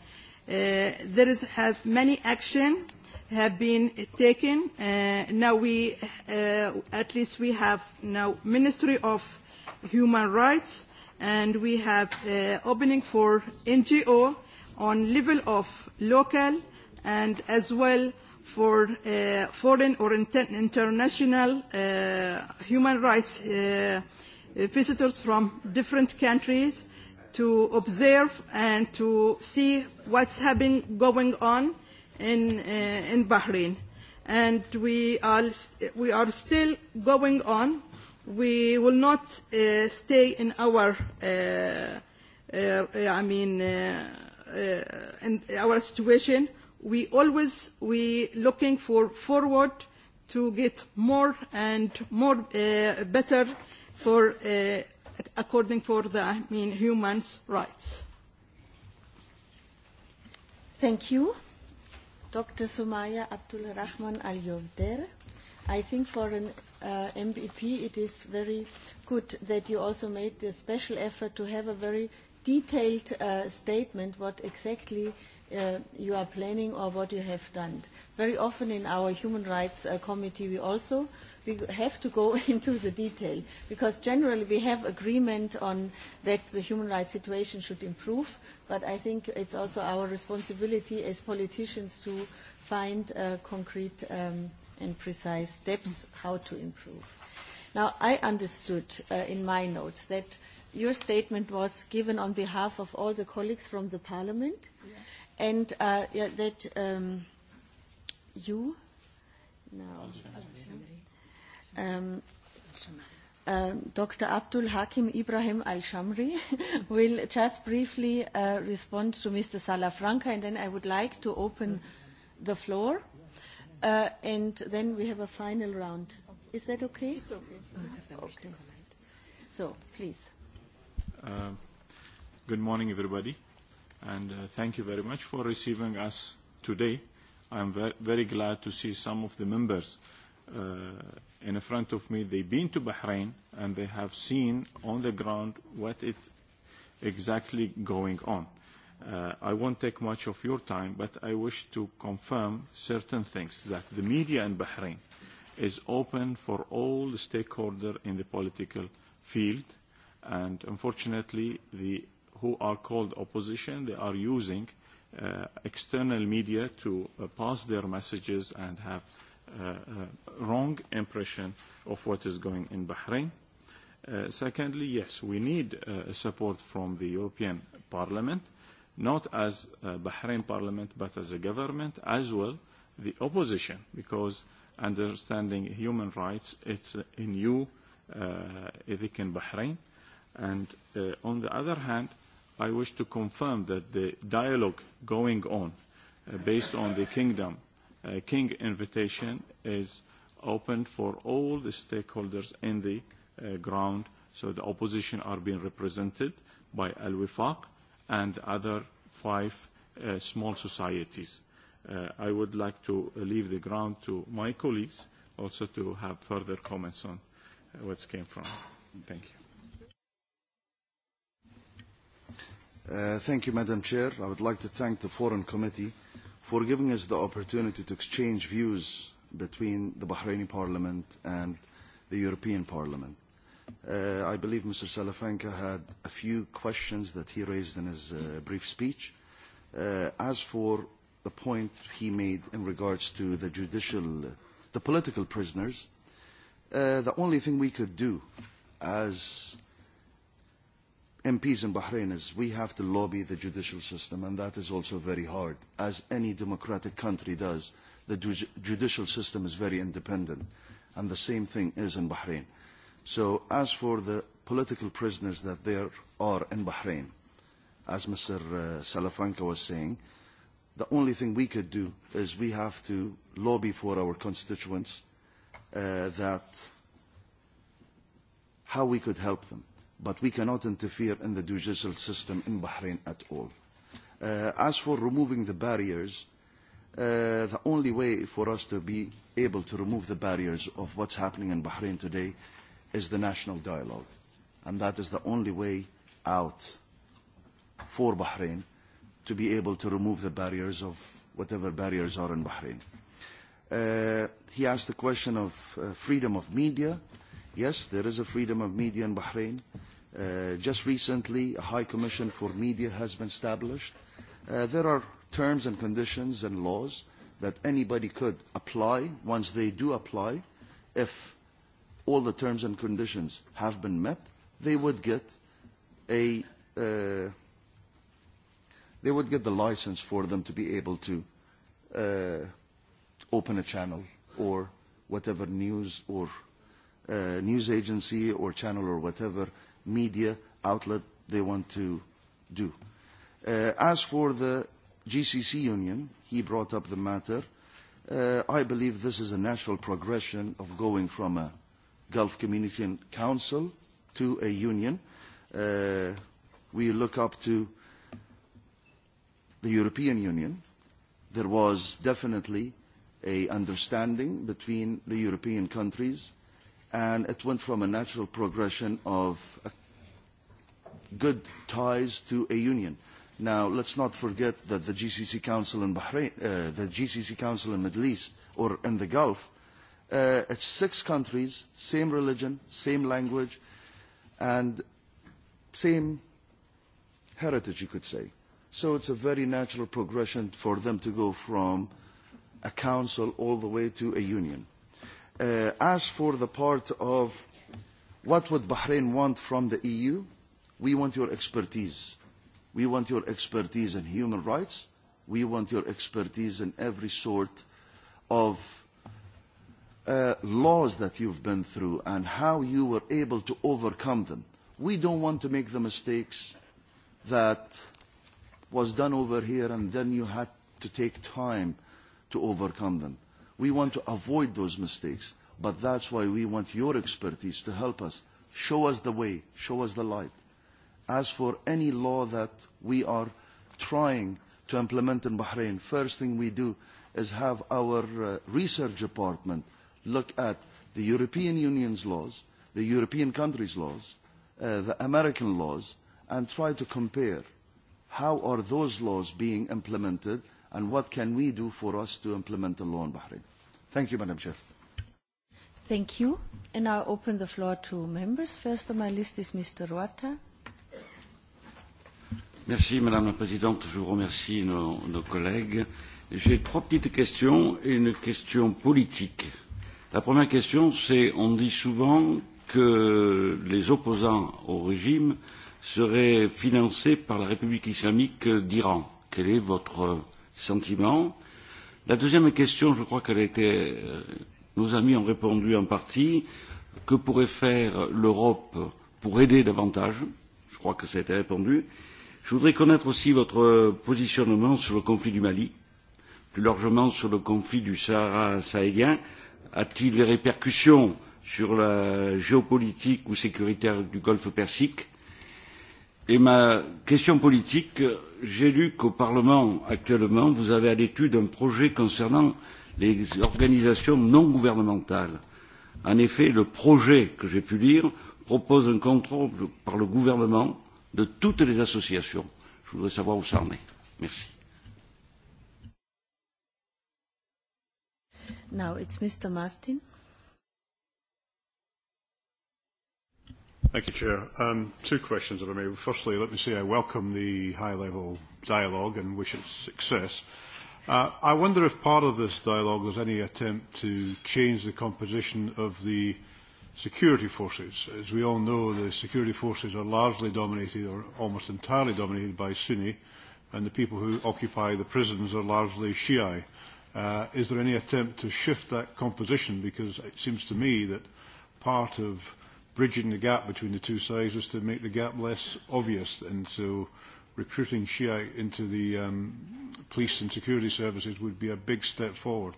Speaker 13: Uh, there is have many action have been taken. Uh, now we, uh, at least we have now Ministry of Human Rights, and we have uh, opening for NGO on level of local and as well for uh, foreign or inter international uh, human rights uh, uh, visitors from different countries to observe and to see what's happening going on in, uh, in Bahrain. And we are, st we are still going on. We will not uh, stay in our, uh, uh, I mean, uh, uh, in our situation we always we looking for forward to get more and more uh, better for uh, according for the I mean human rights.
Speaker 1: Thank you, Dr. Sumaya Abdul Rahman Al Yovder. I think for an uh, MEP it is very good that you also made the special effort to have a very detailed uh, statement what exactly uh, you are planning or what you have done. Very often in our Human Rights uh, Committee we also we have to go into the detail because generally we have agreement on that the human rights situation should improve but I think it's also our responsibility as politicians to find uh, concrete um, and precise steps how to improve. Now I understood uh, in my notes that your statement was given on behalf of all the colleagues from the parliament and uh, yeah, that um, you now um, um, Dr. Abdul Hakim Ibrahim Al Shamri will just briefly uh, respond to Mr. Salafranca, and then I would like to open the floor, uh, and then we have a final round. Is that okay? It's okay. okay. So, please.
Speaker 15: Uh, good morning, everybody and uh, thank you very much for receiving us today. I'm ver very glad to see some of the members uh, in front of me. They've been to Bahrain, and they have seen on the ground what is exactly going on. Uh, I won't take much of your time, but I wish to confirm certain things, that the media in Bahrain is open for all the stakeholders in the political field, and unfortunately, the who are called opposition, they are using uh, external media to uh, pass their messages and have uh, uh, wrong impression of what is going in Bahrain. Uh, secondly, yes, we need uh, support from the European Parliament, not as a Bahrain Parliament, but as a government, as well the opposition, because understanding human rights, it's a new uh, ethic uh, in Bahrain. And uh, on the other hand, i wish to confirm that the dialogue going on uh, based on the Kingdom uh, King invitation is open for all the stakeholders in the uh, ground. So the opposition are being represented by Al-Wifaq and other five uh, small societies. Uh, I would like to leave the ground to my colleagues also to have further comments on uh, what's came from. Thank you.
Speaker 16: Uh, thank you, Madam Chair. I would like to thank the Foreign Committee for giving us the opportunity to exchange views between the Bahraini Parliament and the European Parliament. Uh, I believe Mr. Salafranca had a few questions that he raised in his uh, brief speech. Uh, as for the point he made in regards to the judicial, the political prisoners, uh, the only thing we could do as MPs in Bahrain is we have to lobby the judicial system, and that is also very hard, as any democratic country does. The judicial system is very independent, and the same thing is in Bahrain. So as for the political prisoners that there are in Bahrain, as Mr. Uh, Salafanka was saying, the only thing we could do is we have to lobby for our constituents uh, that how we could help them but we cannot interfere in the judicial system in Bahrain at all. Uh, as for removing the barriers, uh, the only way for us to be able to remove the barriers of what's happening in Bahrain today is the national dialogue. And that is the only way out for Bahrain to be able to remove the barriers of whatever barriers are in Bahrain. Uh, he asked the question of uh, freedom of media. Yes, there is a freedom of media in Bahrain. Uh, Uh, just recently, a High Commission for Media has been established. Uh, there are terms and conditions and laws that anybody could apply once they do apply. If all the terms and conditions have been met, they would get a uh, they would get the license for them to be able to uh, open a channel or whatever news or uh, news agency or channel or whatever media outlet they want to do. Uh, as for the GCC Union, he brought up the matter. Uh, I believe this is a natural progression of going from a Gulf Community Council to a union. Uh, we look up to the European Union. There was definitely an understanding between the European countries and it went from a natural progression of good ties to a union. Now, let's not forget that the GCC Council in Bahrain, uh, the GCC Council in the Middle East, or in the Gulf, uh, it's six countries, same religion, same language, and same heritage, you could say. So it's a very natural progression for them to go from a council all the way to a union. Uh, as for the part of what would Bahrain want from the EU, we want your expertise. We want your expertise in human rights. We want your expertise in every sort of uh, laws that you've been through and how you were able to overcome them. We don't want to make the mistakes that was done over here and then you had to take time to overcome them. We want to avoid those mistakes, but that's why we want your expertise to help us. Show us the way, show us the light. As for any law that we are trying to implement in Bahrain, first thing we do is have our uh, research department look at the European Union's laws, the European countries' laws, uh, the American laws, and try to compare how are those laws being implemented and what can we do for us to implement the law in Bahrain. Thank you, Madam Chair.
Speaker 1: Thank you. And open the floor to members. First on my list is Mr. Ruata.
Speaker 8: Merci, Madame la Présidente. Je vous remercie, nos, nos collègues. J'ai trois petites questions et une question politique. La première question, c'est on dit souvent que les opposants au régime seraient financés par la République islamique d'Iran. Quel est votre sentiment euh, La deuxième question, je crois qu'elle a été, euh, nos amis ont répondu en partie. Que pourrait faire l'Europe pour aider davantage Je crois que ça a été répondu. Je voudrais connaître aussi votre positionnement sur le conflit du Mali, plus largement sur le conflit du Sahara sahélien. A-t-il des répercussions sur la géopolitique ou sécuritaire du golfe Persique Et ma question politique, j'ai lu qu'au Parlement actuellement, vous avez à l'étude un projet concernant les organisations non gouvernementales. En effet, le projet que j'ai pu lire propose un contrôle par le gouvernement de toutes les associations. Je voudrais savoir où ça en est. Merci.
Speaker 1: Now it's Mr. Martin.
Speaker 12: Thank you, Chair. Um, two questions, if I may. Firstly, let me say I welcome the high-level dialogue and wish it success. Uh, I wonder if part of this dialogue was any attempt to change the composition of the security forces. As we all know, the security forces are largely dominated or almost entirely dominated by Sunni, and the people who occupy the prisons are largely Shiite. Uh, is there any attempt to shift that composition? Because it seems to me that part of bridging the gap between the two sides was to make the gap less obvious. And so recruiting Shia into the um, police and security services would be a big step forward.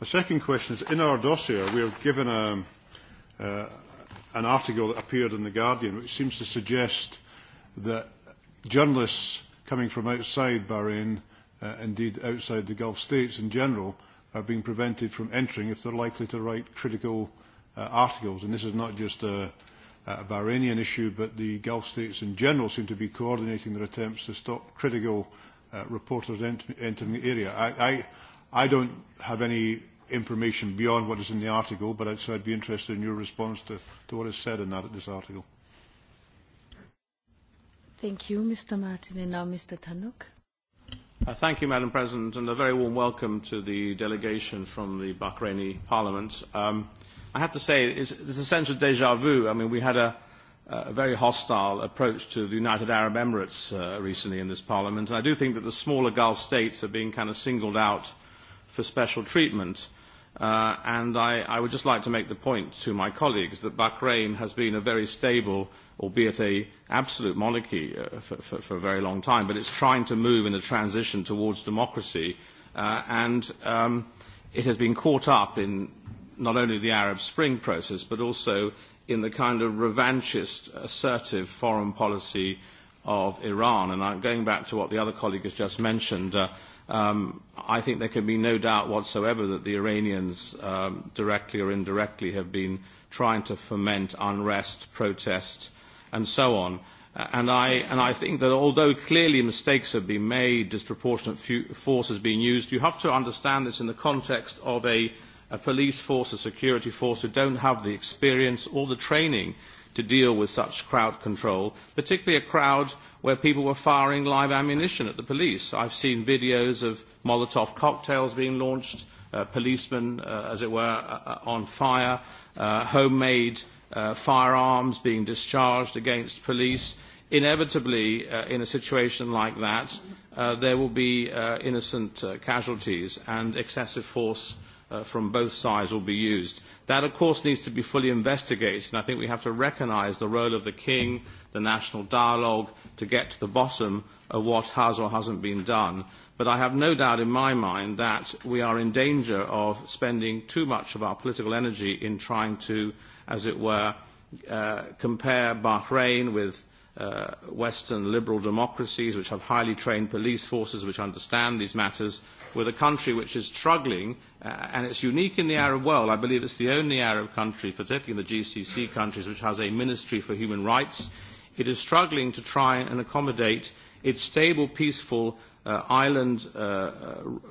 Speaker 12: The second question is, in our dossier, we have given a, um, uh, an article that appeared in The Guardian, which seems to suggest that journalists coming from outside Bahrain, uh, indeed outside the Gulf states in general, are being prevented from entering if they're likely to write critical uh, uh, articles. And this is not just a, a Bahrainian issue, but the Gulf states in general seem to be coordinating their attempts to stop critical uh, reporters ent entering the area. I, I, I don't have any information beyond what is in the article, but I'd, so I'd be interested in your response to, to what is said in that, this article.
Speaker 1: Thank you, Mr. Martin. And now Mr. Tanuk.
Speaker 17: Uh, thank you, Madam President, and a very warm welcome to the delegation from the Bahraini Parliament. Um, i have to say, it's, is a sense of deja vu. I mean, we had a, a very hostile approach to the United Arab Emirates uh, recently in this parliament, and I do think that the smaller Gulf states are being kind of singled out for special treatment. Uh, and I, I would just like to make the point to my colleagues that Bahrain has been a very stable, albeit a absolute monarchy uh, for, for, for a very long time, but it's trying to move in a transition towards democracy, uh, and um, it has been caught up in not only the Arab Spring process, but also in the kind of revanchist, assertive foreign policy of Iran. And I'm going back to what the other colleague has just mentioned, uh, um, I think there can be no doubt whatsoever that the Iranians, um, directly or indirectly, have been trying to foment unrest, protest, and so on. Uh, and I, and I think that although clearly mistakes have been made, disproportionate force has been used, you have to understand this in the context of a a police force, a security force who don't have the experience or the training to deal with such crowd control, particularly a crowd where people were firing live ammunition at the police. I've seen videos of Molotov cocktails being launched, uh, policemen, uh, as it were, uh, uh on fire, uh, homemade uh, firearms being discharged against police. Inevitably, uh, in a situation like that, uh, there will be uh, innocent uh, casualties and excessive force uh, from both sides will be used. That, of course, needs to be fully investigated, and I think we have to recognise the role of the King, the national dialogue, to get to the bottom of what has or hasn't been done. But I have no doubt in my mind that we are in danger of spending too much of our political energy in trying to, as it were, uh, compare Bahrain with uh, Western liberal democracies, which have highly trained police forces which understand these matters, with a country which is struggling, uh, and it's unique in the Arab world. I believe it's the only Arab country, particularly in the GCC countries, which has a ministry for human rights. It is struggling to try and accommodate its stable, peaceful uh, island uh, uh,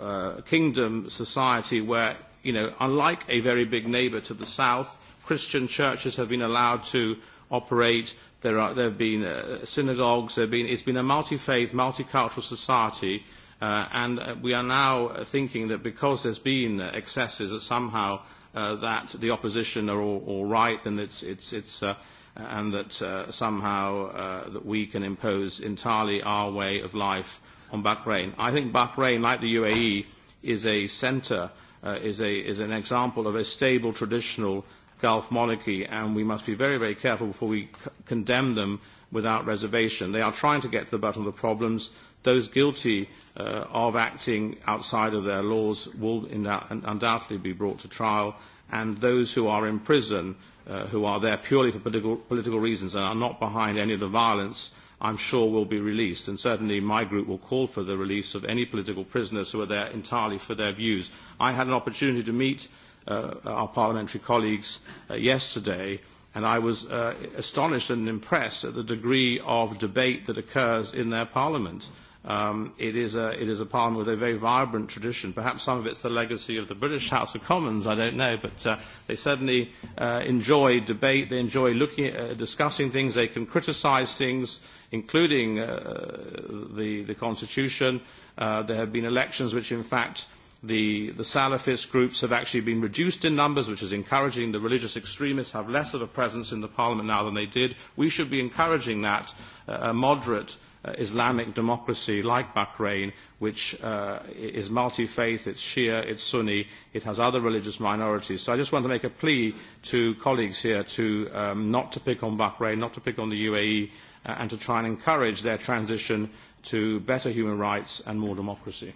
Speaker 17: uh kingdom society where, you know, unlike a very big neighbour to the south, Christian churches have been allowed to operate There, are, there have been uh, synagogues. There have been, it's been a multi-faith, multicultural society. Uh, and uh, we are now thinking that because there's been uh excesses, that somehow uh, that the opposition are all, all right and, it's, it's, it's, uh, and that uh, somehow uh, that we can impose entirely our way of life on Bahrain. I think Bahrain, like the UAE, is a centre, uh, is, a, is an example of a stable, traditional Gulf monarchy, and we must be very, very careful before we c- condemn them without reservation. They are trying to get to the bottom of the problems. Those guilty uh, of acting outside of their laws will undoubtedly be brought to trial, and those who are in prison, uh, who are there purely for political, political reasons and are not behind any of the violence, I am sure will be released. And certainly my group will call for the release of any political prisoners who are there entirely for their views. I had an opportunity to meet uh, our parliamentary colleagues uh, yesterday, and I was uh, astonished and impressed at the degree of debate that occurs in their parliament. Um, it, is a, it is a parliament with a very vibrant tradition. Perhaps some of it's the legacy of the British House of Commons, I don't know, but uh, they certainly uh, enjoy debate, they enjoy looking at, uh, discussing things, they can criticise things, including uh, the, the Constitution. Uh, there have been elections which, in fact, uh, the, the Salafist groups have actually been reduced in numbers, which is encouraging. The religious extremists have less of a presence in the parliament now than they did. We should be encouraging that uh, moderate uh, Islamic democracy like Bahrain, which uh, is multi-faith, it's Shia, it's Sunni, it has other religious minorities. So I just want to make a plea to colleagues here to um, not to pick on Bahrain, not to pick on the UAE, uh, and to try and encourage their transition to better human rights and more democracy.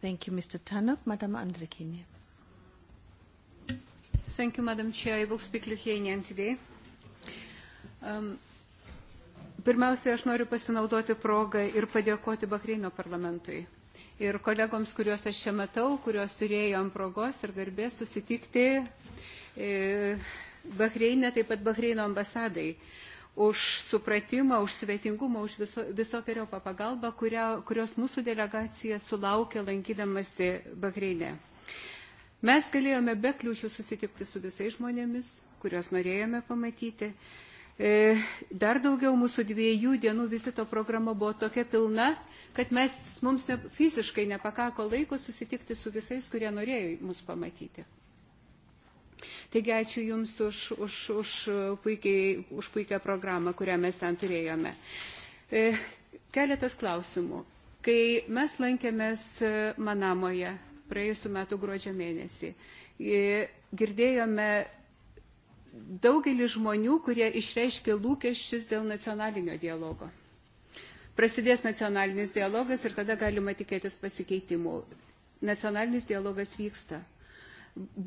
Speaker 1: Thank you, Mr. Madam
Speaker 18: Thank you, Madam Chair. I will speak Lithuanian today. Um, Pirmiausia, aš noriu pasinaudoti progą ir padėkoti Bahreino parlamentui ir kolegoms, kuriuos aš čia matau, kuriuos turėjom progos ir garbės susitikti e, Bahreine, taip pat Bahreino ambasadai už supratimą, už svetingumą, už viso, visokiojopą pagalbą, kurios mūsų delegacija sulaukė lankydamasi Bahreinė. Mes galėjome be kliūčių susitikti su visais žmonėmis, kuriuos norėjome pamatyti. E, dar daugiau mūsų dviejų dienų vizito programa buvo tokia pilna, kad mes, mums ne, fiziškai nepakako laiko susitikti su visais, kurie norėjo mus pamatyti. Taigi ačiū Jums už, už, už, puikiai, už puikią programą, kurią mes ten turėjome. E, keletas klausimų. Kai mes lankėmės Manamoje praėjusiu metu gruodžio mėnesį, e, girdėjome daugelį žmonių, kurie išreiškė lūkesčius dėl nacionalinio dialogo. Prasidės nacionalinis dialogas ir tada galima tikėtis pasikeitimų. Nacionalinis dialogas vyksta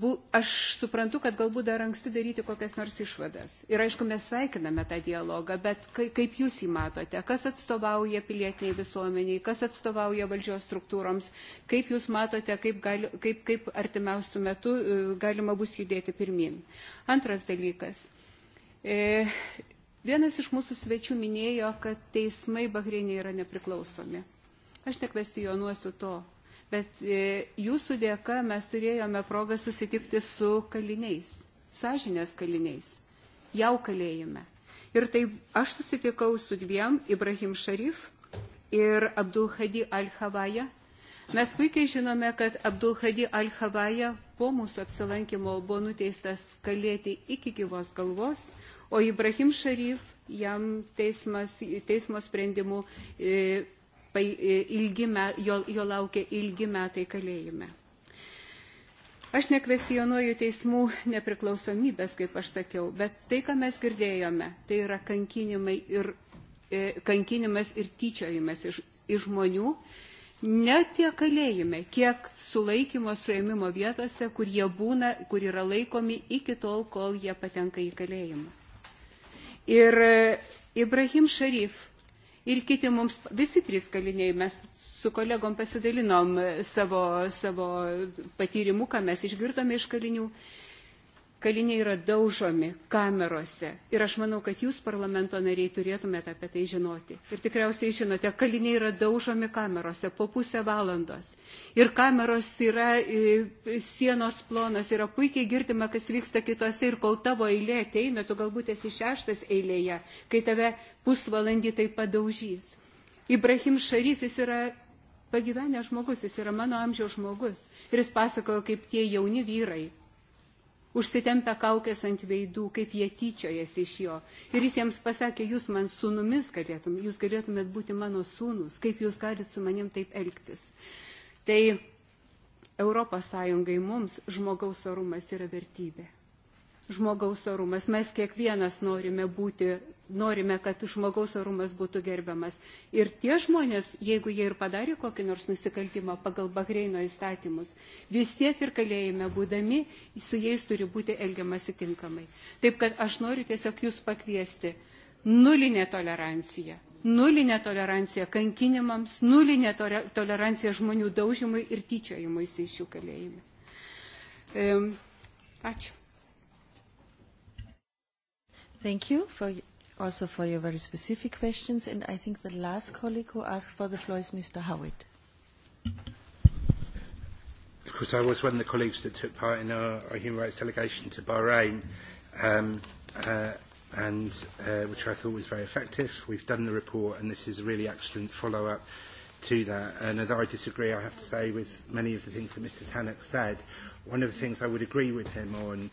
Speaker 18: bu, aš suprantu, kad galbūt dar anksti daryti kokias nors išvadas. Ir aišku, mes sveikiname tą dialogą, bet kaip, kaip jūs jį matote, kas atstovauja pilietiniai visuomeniai, kas atstovauja valdžios struktūroms, kaip jūs matote, kaip, gali, kaip, kaip artimiausių metų e, galima bus judėti pirmin. Antras dalykas. E, vienas iš mūsų svečių minėjo, kad teismai Bahreinė yra nepriklausomi. Aš nekvestionuosiu to, bet e, jūsų dėka mes turėjome progą susitikti su kaliniais, sąžinės kaliniais, jau kalėjime. Ir tai aš susitikau su dviem, Ibrahim Šarif ir Abdul Hadi Al-Havaja. Mes puikiai žinome, kad Abdul Hadi Al-Havaja po mūsų apsilankimo buvo nuteistas kalėti iki gyvos galvos, o Ibrahim Šarif jam teismas, teismo sprendimu e, E, jo, jo laukia ilgi metai kalėjime. Aš nekvesionuoju teismų nepriklausomybės, kaip aš sakiau, bet tai, ką mes girdėjome, tai yra ir, e, kankinimas ir tyčiojimas iš, iš žmonių, ne tie kalėjime, kiek sulaikymo suėmimo vietose, kur jie būna, kur yra laikomi iki tol, kol jie patenka į kalėjimą. Ir e, Ibrahim Šarif ir kiti mums, visi trys kaliniai, mes su kolegom pasidalinom savo, savo patyrimu, ką mes išgirdome iš kalinių kaliniai yra daužomi kamerose. Ir aš manau, kad jūs, parlamento nariai, turėtumėte apie tai žinoti. Ir tikriausiai žinote, kaliniai yra daužomi kamerose po pusę valandos. Ir kameros yra sienos plonos, yra puikiai girdima, kas vyksta kitose. Ir kol tavo eilė ateina, tu galbūt esi šeštas eilėje, kai tave pusvalandį tai padaužys. Ibrahim Šarifis yra pagyvenęs žmogus, jis yra mano amžiaus žmogus. Ir jis pasakojo, kaip tie jauni vyrai užsitempę kaukės ant veidų, kaip jie tyčiojasi iš jo. Ir jis jiems pasakė, jūs man sūnumis galėtum, jūs galėtumėt būti mano sūnus, kaip jūs galit su manim taip elgtis. Tai Europos Sąjungai mums žmogaus orumas yra vertybė žmogaus orumas. Mes kiekvienas norime būti, norime, kad žmogaus orumas būtų gerbiamas. Ir tie žmonės, jeigu jie ir padarė kokį nors nusikaltimą pagal Bahreino įstatymus, vis tiek ir kalėjime būdami, su jais turi būti elgiamasi tinkamai. Taip kad aš noriu tiesiog jūs pakviesti. Nulinė tolerancija nulinė tolerancija kankinimams, nulinė tolerancija žmonių daužimui ir tyčiojimui iš jų kalėjimų.
Speaker 1: Ačiū. Thank you for also for your very specific questions. And I think the last colleague who asked for the floor is Mr. Howitt.
Speaker 2: Of course, I was one of the colleagues that took part in our, our human rights delegation to Bahrain, um, uh, and uh, which I thought was very effective. We've done the report, and this is a really excellent follow-up to that. And although I disagree, I have to say, with many of the things that Mr. Tannock said, one of the things I would agree with him on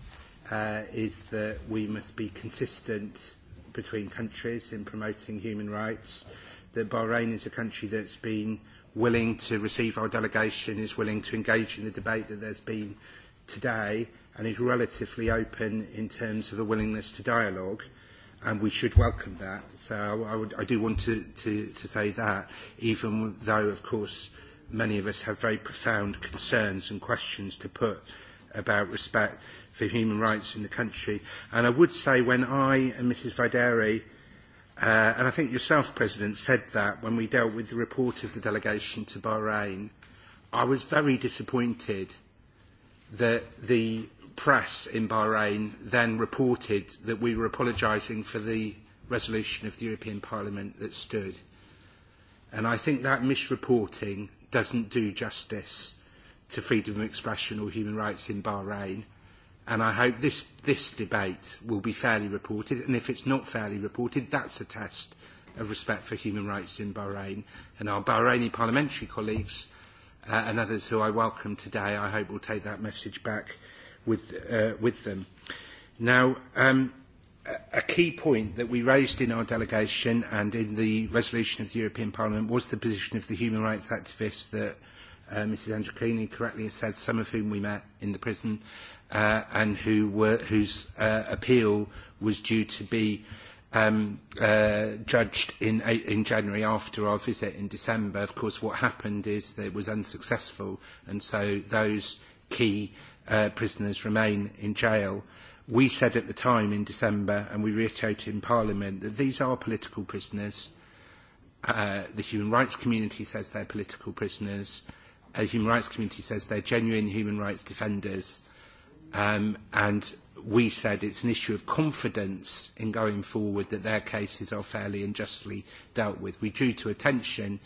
Speaker 2: uh, is that we must be consistent between countries in promoting human rights, that Bahrain is a country that's been willing to receive our delegation, is willing to engage in the debate that there's been today, and is relatively open in terms of a willingness to dialogue, and we should welcome that. So I, would, I do want to, to, to say that, even though, of course, many of us have very profound concerns and questions to put about respect for human rights in the country. And I would say when I and Mrs Videri, uh, and I think yourself, President, said that when we dealt with the report of the delegation to Bahrain, I was very disappointed that the press in Bahrain then reported that we were apologising for the resolution of the European Parliament that stood. And I think that misreporting doesn't do justice to freedom of expression or human rights in Bahrain. And I hope this, this debate will be fairly reported. And if it's not fairly reported, that's a test of respect for human rights in Bahrain. And our Bahraini parliamentary colleagues uh, and others who I welcome today, I hope will take that message back with, uh, with them. Now, um, a key point that we raised in our delegation and in the resolution of the European Parliament was the position of the human rights activists that uh, Mrs. Andrikini correctly said, some of whom we met in the prison, uh, and who were, whose uh, appeal was due to be um, uh, judged in, in January after our visit in December. Of course, what happened is that it was unsuccessful, and so those key uh, prisoners remain in jail. We said at the time in December, and we reiterated in Parliament, that these are political prisoners. Uh, the human rights community says they're political prisoners a Human Rights Community says they're genuine human rights defenders, um, and we said it's an issue of confidence in going forward that their cases are fairly and justly dealt with. We drew to attention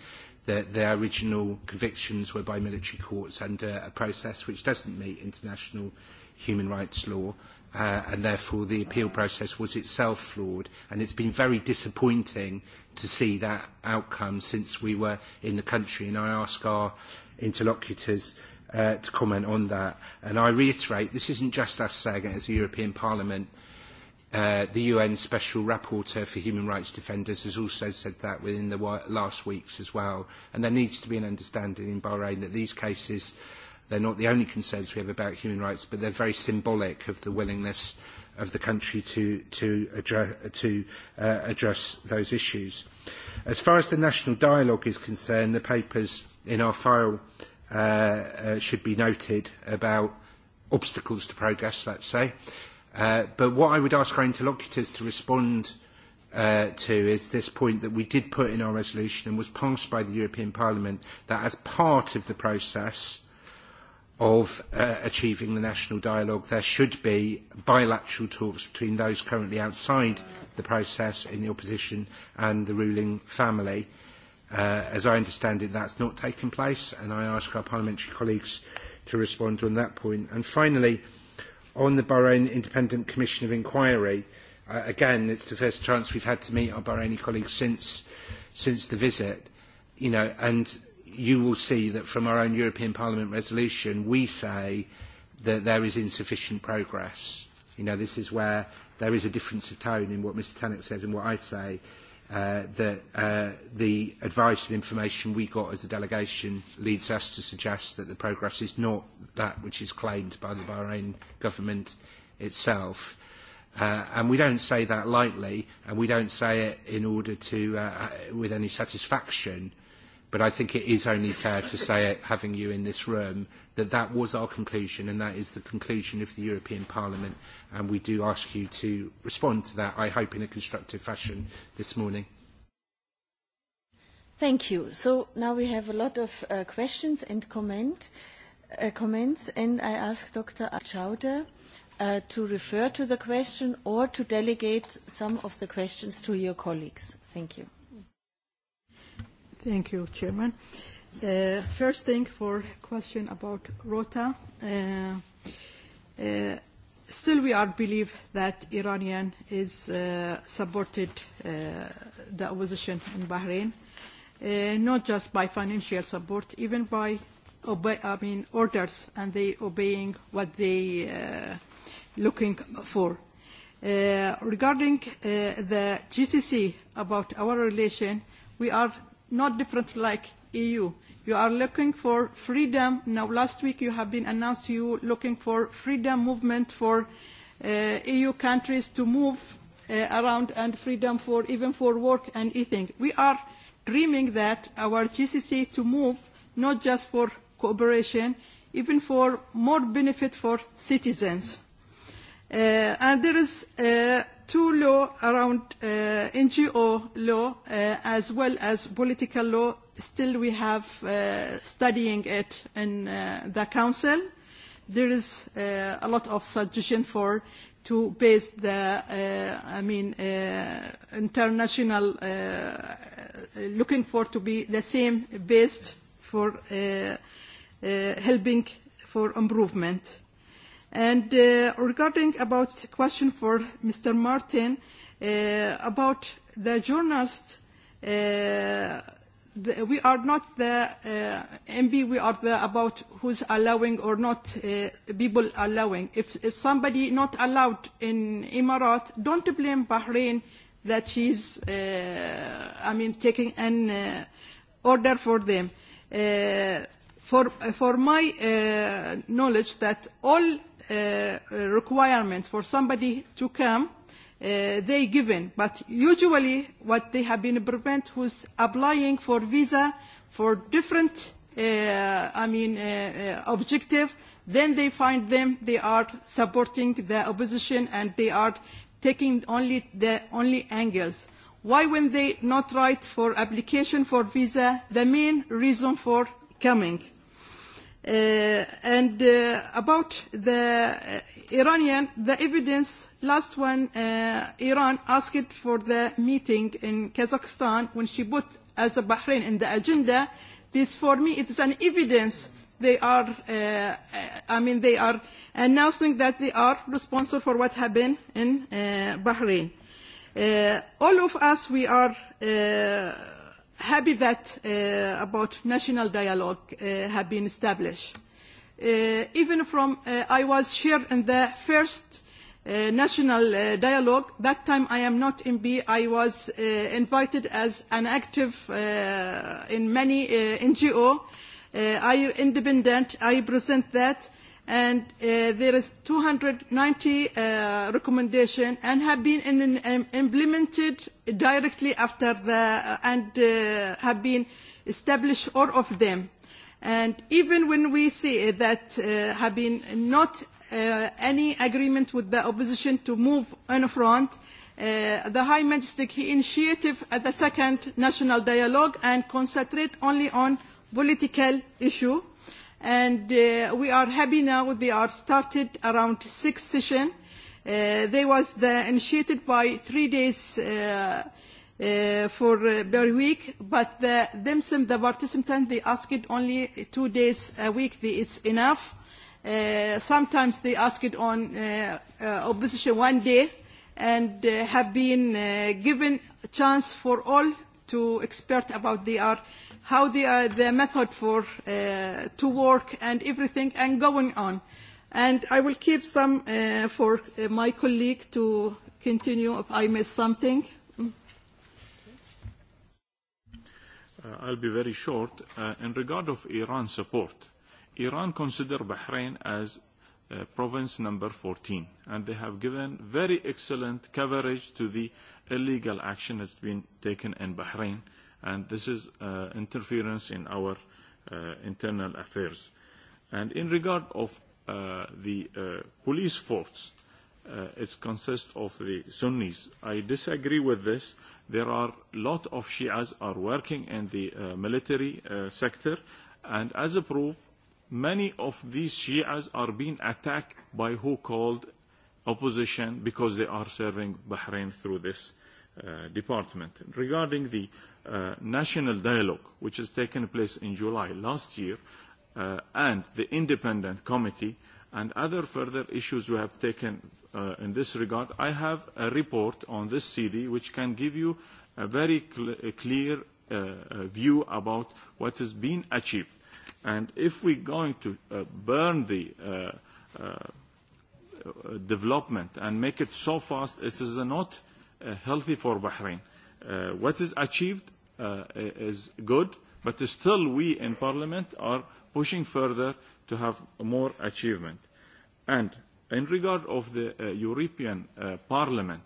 Speaker 2: that their original convictions were by military courts under a process which doesn't meet international human rights law, uh, and therefore the appeal process was itself flawed. And it's been very disappointing to see that outcome since we were in the country. And I ask our interlocutors uh, to comment on that. And I reiterate, this isn't just us saying it as a European Parliament. Uh, the UN Special Rapporteur for Human Rights Defenders has also said that within the last weeks as well. And there needs to be an understanding in Bahrain that these cases, they're not the only concerns we have about human rights, but they're very symbolic of the willingness of the country to, to, address, to uh, address those issues. As far as the national dialogue is concerned, the papers in our file uh, uh, should be noted about obstacles to progress, let's say. Uh, but what I would ask our interlocutors to respond uh, to is this point that we did put in our resolution and was passed by the European Parliament that as part of the process of uh, achieving the national dialogue, there should be bilateral talks between those currently outside the process in the opposition and the ruling family Uh, as I understand it, that's not taken place, and I ask our parliamentary colleagues to respond on that point. And finally, on the Bahrain Independent Commission of Inquiry, uh, again, it's the first chance we've had to meet our Bahraini colleagues since, since the visit, you know, and you will see that from our own European Parliament resolution, we say that there is insufficient progress. You know, this is where there is a difference of tone in what Mr Tannock says and what I say Uh, that uh, the advice and information we got as a delegation leads us to suggest that the progress is not that which is claimed by the Bahrain government itself. Uh, and we don't say that lightly, and we don't say it in order to, uh, with any satisfaction but I think it is only fair to say it, having you in this room, that that was our conclusion and that is the conclusion of the European Parliament and we do ask you to respond to that, I hope in a constructive fashion this morning.
Speaker 1: Thank you. So now we have a lot of uh, questions and comment, uh, comments and I ask Dr. Achauder uh, to refer to the question or to delegate some of the questions to your colleagues. Thank you.
Speaker 13: Thank you, Chairman. Uh, first thing for question about Rota. Uh, uh, still we are believe that Iranian is uh, supported uh, the opposition in Bahrain, uh, not just by financial support, even by obey, I mean orders, and they obeying what they uh, looking for. Uh, regarding uh, the GCC about our relation, we are not different like EU. You are looking for freedom. Now, last week you have been announced you looking for freedom movement for uh, EU countries to move uh, around and freedom for even for work and eating. We are dreaming that our GCC to move not just for cooperation, even for more benefit for citizens. Uh, and there is uh, two law around uh, NGO law uh, as well as political law. Still, we have uh, studying it in uh, the council. There is uh, a lot of suggestion for to base the, uh, I mean, uh, international uh, looking for to be the same based for uh, uh, helping for improvement. And uh, regarding about question for Mr. Martin uh, about the journalists, uh, the, we are not the uh, MB. We are the about who's allowing or not uh, people allowing. If if somebody not allowed in Emirat, don't blame Bahrain that she's uh, I mean taking an uh, order for them. Uh, for for my uh, knowledge that all Uh, uh, requirement for somebody to come, uh, they given. But usually what they have been prevent who's applying for visa for different, uh, I mean, uh, uh, objective, then they find them, they are supporting the opposition and they are taking only the only angles. Why when they not write for application for visa, the main reason for coming? Uh, and uh, about the uh, Iranian, the evidence, last one, uh, Iran asked for the meeting in Kazakhstan when she put as a Bahrain in the agenda. This, for me, it is an evidence they are, uh, I mean, they are announcing that they are responsible for what happened in uh, Bahrain. Uh, all of us, we are uh, happy that uh, about national dialogue uh, have been established. Uh, even from uh, I was here in the first uh, national uh, dialogue. That time I am not B, I was uh, invited as an active uh, in many uh, NGO. Uh, I independent. I present that and uh, there is 290 uh, recommendation and have been in, in, um, implemented directly after the uh, and uh, have been established all of them and even when we see that uh, have been not uh, any agreement with the opposition to move on front uh, the High Majestic he initiative at the second national dialogue and concentrate only on political issue and uh, we are happy now they are started around six sessions. Uh, they was the, initiated by three days uh, uh, for uh, per week, but the, themselves, the participants, they it only two days a week. It's enough. Uh, sometimes they ask it on uh, uh, opposition one day and uh, have been uh, given a chance for all to expert about their how the, uh, the method for, uh, to work and everything and going on. And I will keep some uh, for uh, my colleague to continue if I miss something. Mm.
Speaker 15: Uh, I'll be very short. Uh, in regard of Iran support, Iran considers Bahrain as uh, province number 14, and they have given very excellent coverage to the illegal action that's been taken in Bahrain and this is uh, interference in our uh, internal affairs. And in regard of uh, the uh, police force, uh, it consists of the Sunnis. I disagree with this. There are a lot of Shias are working in the uh, military uh, sector, and as a proof, many of these Shias are being attacked by who called opposition because they are serving Bahrain through this uh, department. Regarding the uh, Uh, national dialogue, which has taken place in July last year, uh, and the independent committee and other further issues we have taken uh, in this regard, I have a report on this CD which can give you a very cl a clear uh, view about what has been achieved. And if we are going to uh, burn the uh, uh, development and make it so fast, it is not healthy for Bahrain Uh, what is achieved uh, is good, but still we in Parliament are pushing further to have more achievement. And in regard of the uh, European uh, Parliament,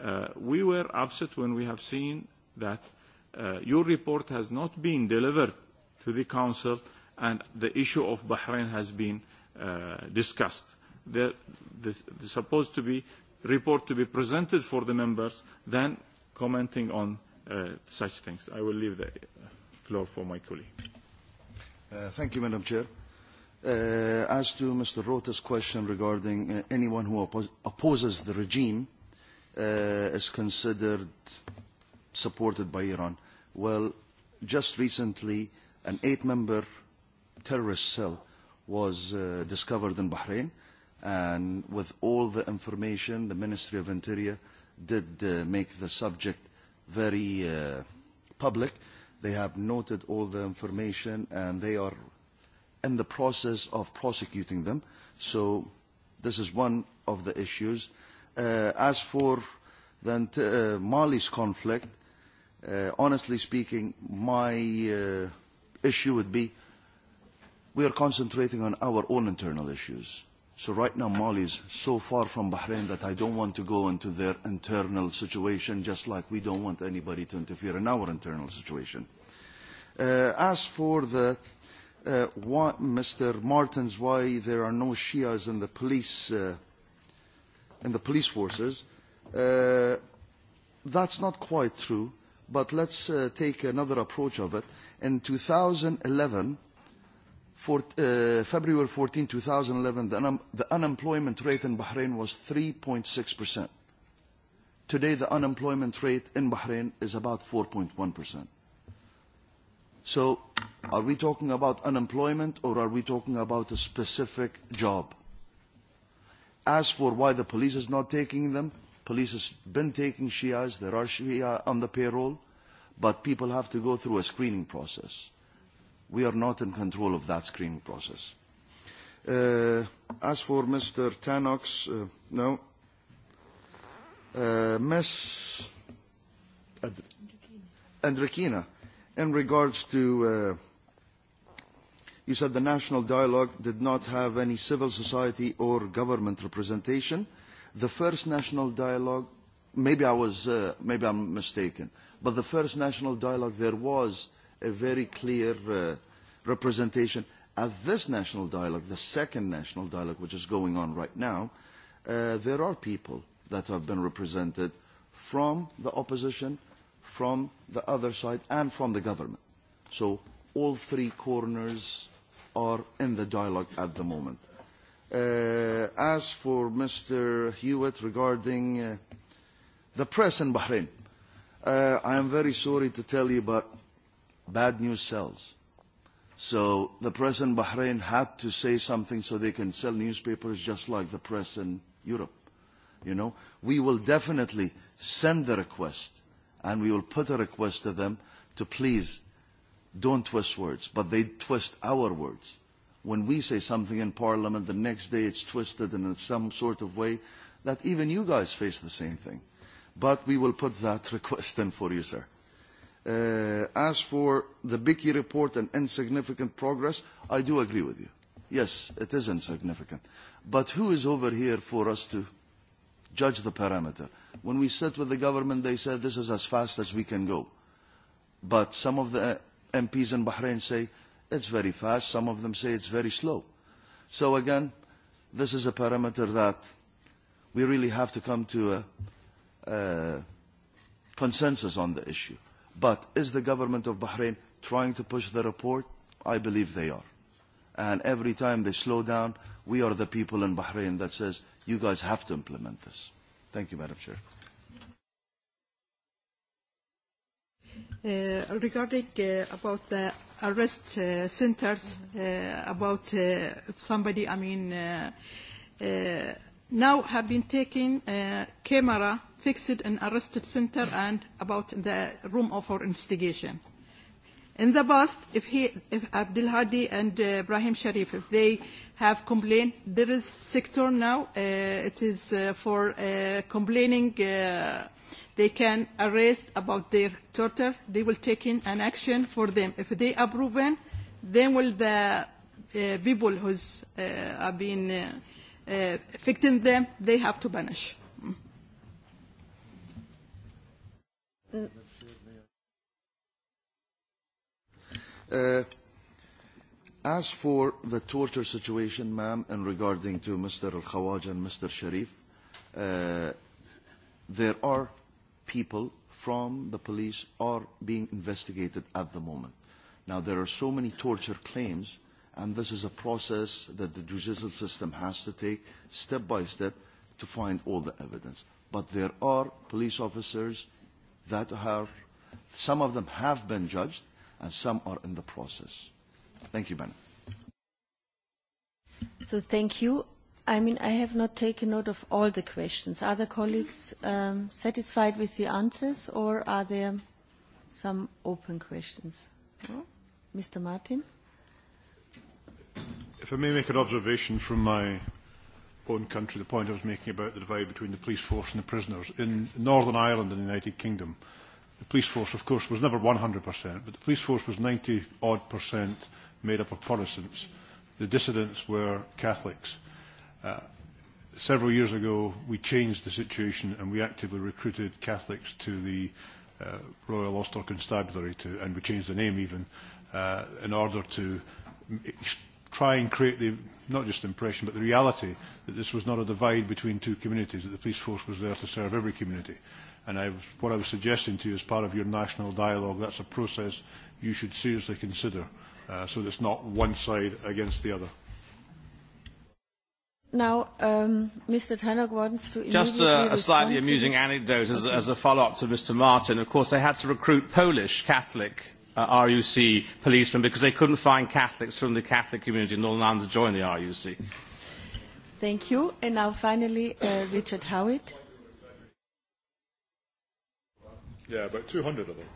Speaker 15: uh, we were upset when we have seen that uh, your report has not been delivered to the Council and the issue of Bahrain has been uh, discussed. The, the, the supposed to be report to be presented for the members, then commenting on uh, such things. I will leave the floor for my colleague.
Speaker 16: Uh, thank you, Madam Chair. Uh, as to Mr. Rota's question regarding uh, anyone who oppo opposes the regime uh, is considered supported by Iran. Well, just recently, an eight-member terrorist cell was uh, discovered in Bahrain, and with all the information, the Ministry of Interior did uh, make the subject very uh, public. They have noted all the information and they are in the process of prosecuting them. So this is one of the issues. Uh, as for the, uh, Mali's conflict, uh, honestly speaking, my uh, issue would be we are concentrating on our own internal issues so right now Mali is so far from Bahrain that I don't want to go into their internal situation, just like we don't want anybody to interfere in our internal situation. Uh, as for the, uh, what, Mr. Martins, why there are no Shias in the police, uh, in the police forces, uh, that's not quite true, but let's uh, take another approach of it. In 2011, for, uh, February 14, 2011, the, un the unemployment rate in Bahrain was 3.6%. Today, the unemployment rate in Bahrain is about 4.1%. So are we talking about unemployment or are we talking about a specific job? As for why the police is not taking them, police has been taking Shias, there are Shia on the payroll, but people have to go through a screening process we are not in control of that screening process. Uh, as for Mr. Tannock's, uh, no. Uh, Ms. Andrikina, in regards to, uh, you said the national dialogue did not have any civil society or government representation. The first national dialogue, maybe I was, uh, maybe I'm mistaken, but the first national dialogue there was a very clear uh, representation at this national dialogue, the second national dialogue which is going on right now, uh, there are people that have been represented from the opposition, from the other side, and from the government. So all three corners are in the dialogue at the moment. Uh, as for Mr. Hewitt regarding uh, the press in Bahrain, uh, I am very sorry to tell you, but bad news sells. So the press in Bahrain had to say something so they can sell newspapers just like the press in Europe. You know, we will definitely send the request and we will put a request to them to please don't twist words, but they twist our words. When we say something in Parliament, the next day it's twisted in some sort of way that even you guys face the same thing. But we will put that request in for you, sir. Uh, as for the Bicky report and insignificant progress, I do agree with you. Yes, it is insignificant. But who is over here for us to judge the parameter? When we sit with the government, they said this is as fast as we can go. But some of the uh, MPs in Bahrain say it's very fast. Some of them say it's very slow. So again, this is a parameter that we really have to come to a, a consensus on the issue But is the government of Bahrain trying to push the report? I believe they are. And every time they slow down, we are the people in Bahrain that says, you guys have to implement this. Thank you, Madam Chair.
Speaker 13: Uh, regarding uh, about the arrest uh, centers, uh, about uh, if somebody, I mean, uh, uh, now have been taking uh, camera fixed an arrested center and about the room of our investigation. In the past, if, he, if Abdul Hadi and uh, Ibrahim Sharif, if they have complained, there is sector now, uh, it is uh, for uh, complaining, uh, they can arrest about their torture, they will take in an action for them. If they are proven, then will the uh, people who uh, have been uh, affecting uh, them, they have to
Speaker 16: banish. Uh, as for the torture situation, ma'am, and regarding to Mr. Al-Khawaj and Mr. Sharif, uh, there are people from the police are being investigated at the moment. Now, there are so many torture claims and this is a process that the judicial system has to take step by step to find all the evidence. But there are police officers that are, some of them have been judged and some are in the process. Thank you, Ben.
Speaker 1: So thank you. I mean, I have not taken note of all the questions. Are the colleagues um, satisfied with the answers or are there some open questions? No? Mr. Martin?
Speaker 12: If I may make an observation from my own country, the point I was making about the divide between the police force and the prisoners. In Northern Ireland and the United Kingdom, the police force, of course, was never 100%, but the police force was 90-odd percent made up of Protestants. The dissidents were Catholics. Uh, several years ago, we changed the situation and we actively recruited Catholics to the uh, Royal Ulster Constabulary, to, and we changed the name even, uh, in order to try and create the not just the impression but the reality that this was not a divide between two communities, that the police force was there to serve every community. And I, what I was suggesting to you as part of your national dialogue, that's a process you should seriously consider uh, so that it's not one side against
Speaker 17: the other.
Speaker 1: Now, um, Mr. Tannock wants to Just a, a
Speaker 17: slightly amusing anecdote as, okay. as a follow-up to Mr. Martin. Of course, they had to recruit Polish Catholic uh, RUC policemen because they couldn't find Catholics from the Catholic community in Northern Ireland to join the RUC.
Speaker 1: Thank you. And now finally, uh, Richard Howitt.
Speaker 2: Yeah, about 200 of them.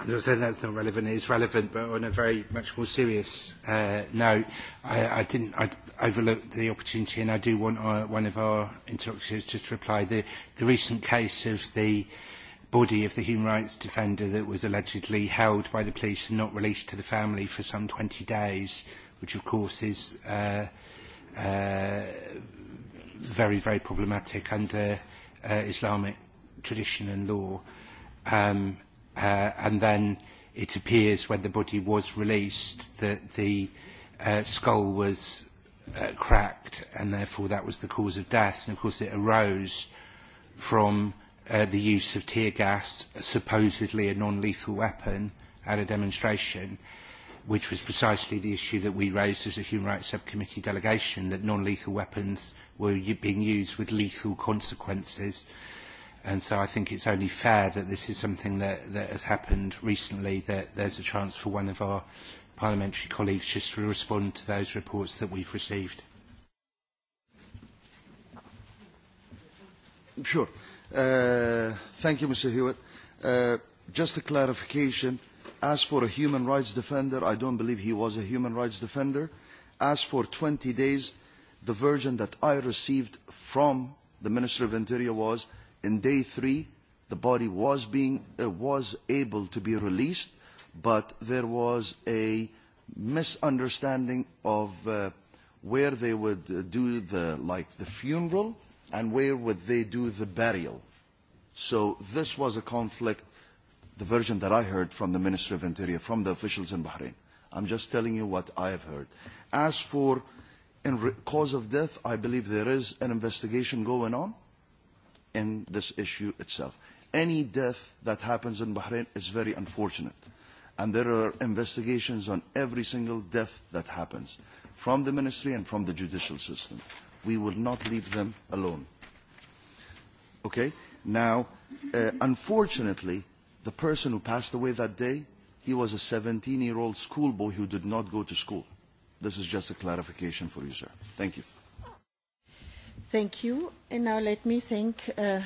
Speaker 2: I'm not saying that's not relevant. It's relevant, but on a very much more serious uh, note, I, I didn't. I overlooked the opportunity, and I do want our, uh, one of our interlocutors just to reply. The, the recent case of the uh, body of the human rights defender that was allegedly held by the police and not released to the family for some 20 days, which of course is uh, uh, very, very problematic under uh, Islamic tradition and law. Um, uh, and then it appears when the body was released that the uh, skull was uh, cracked and therefore that was the cause of death. And of course it arose from Uh, the use of tear gas, supposedly a non-lethal weapon, at a demonstration, which was precisely the issue that we raised as a Human Rights Subcommittee delegation, that non-lethal weapons were being used with lethal consequences. And so I think it's only fair that this is something that, that has happened recently, that there's a chance for one of our parliamentary colleagues just to respond to those reports that we've received. Sure.
Speaker 16: Uh, thank you, Mr. Hewitt. Uh, just a clarification. As for a human rights defender, I don't believe he was a human rights defender. As for 20 days, the version that I received from the Minister of Interior was in day three, the body was, being, uh, was able to be released, but there was a misunderstanding of uh, where they would uh, do the, like, the funeral and where would they do the burial? So this was a conflict, the version that I heard from the Minister of Interior, from the officials in Bahrain. I'm just telling you what I have heard. As for in cause of death, I believe there is an investigation going on in this issue itself. Any death that happens in Bahrain is very unfortunate. And there are investigations on every single death that happens from the ministry and from the judicial system we will not leave them alone. Okay? Now, uh, unfortunately, the person who passed away that day, he was a 17-year-old schoolboy who did not go to school. This is just a clarification for you, sir. Thank you.
Speaker 1: Thank you. And now let me thank uh,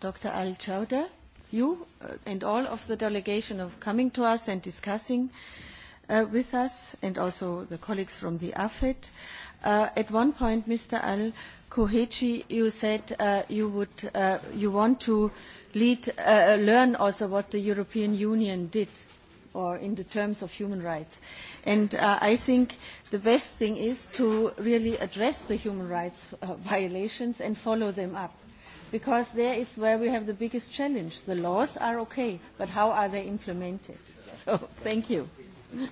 Speaker 1: Dr. Al Chauda, you uh, and all of the delegation of coming to us and discussing uh, with us, and also the colleagues from the AFET. Uh, at one point, Mr. Al Kohechi, you said uh, you would uh, you want to lead, uh, learn also what the European Union did, or in the terms of human rights. And uh, I think the best thing is to really address the human rights uh, violations and follow them up because there is where we have the biggest challenge. The laws are okay, but how are they implemented? So, thank you.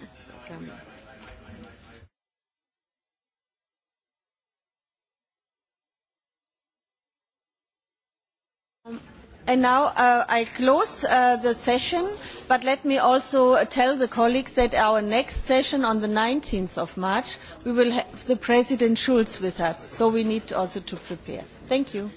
Speaker 1: And now uh, I close uh, the session, but let me also tell the colleagues that our next session on the 19th of March, we will have the President Schulz with us, so we need also to prepare. Thank you.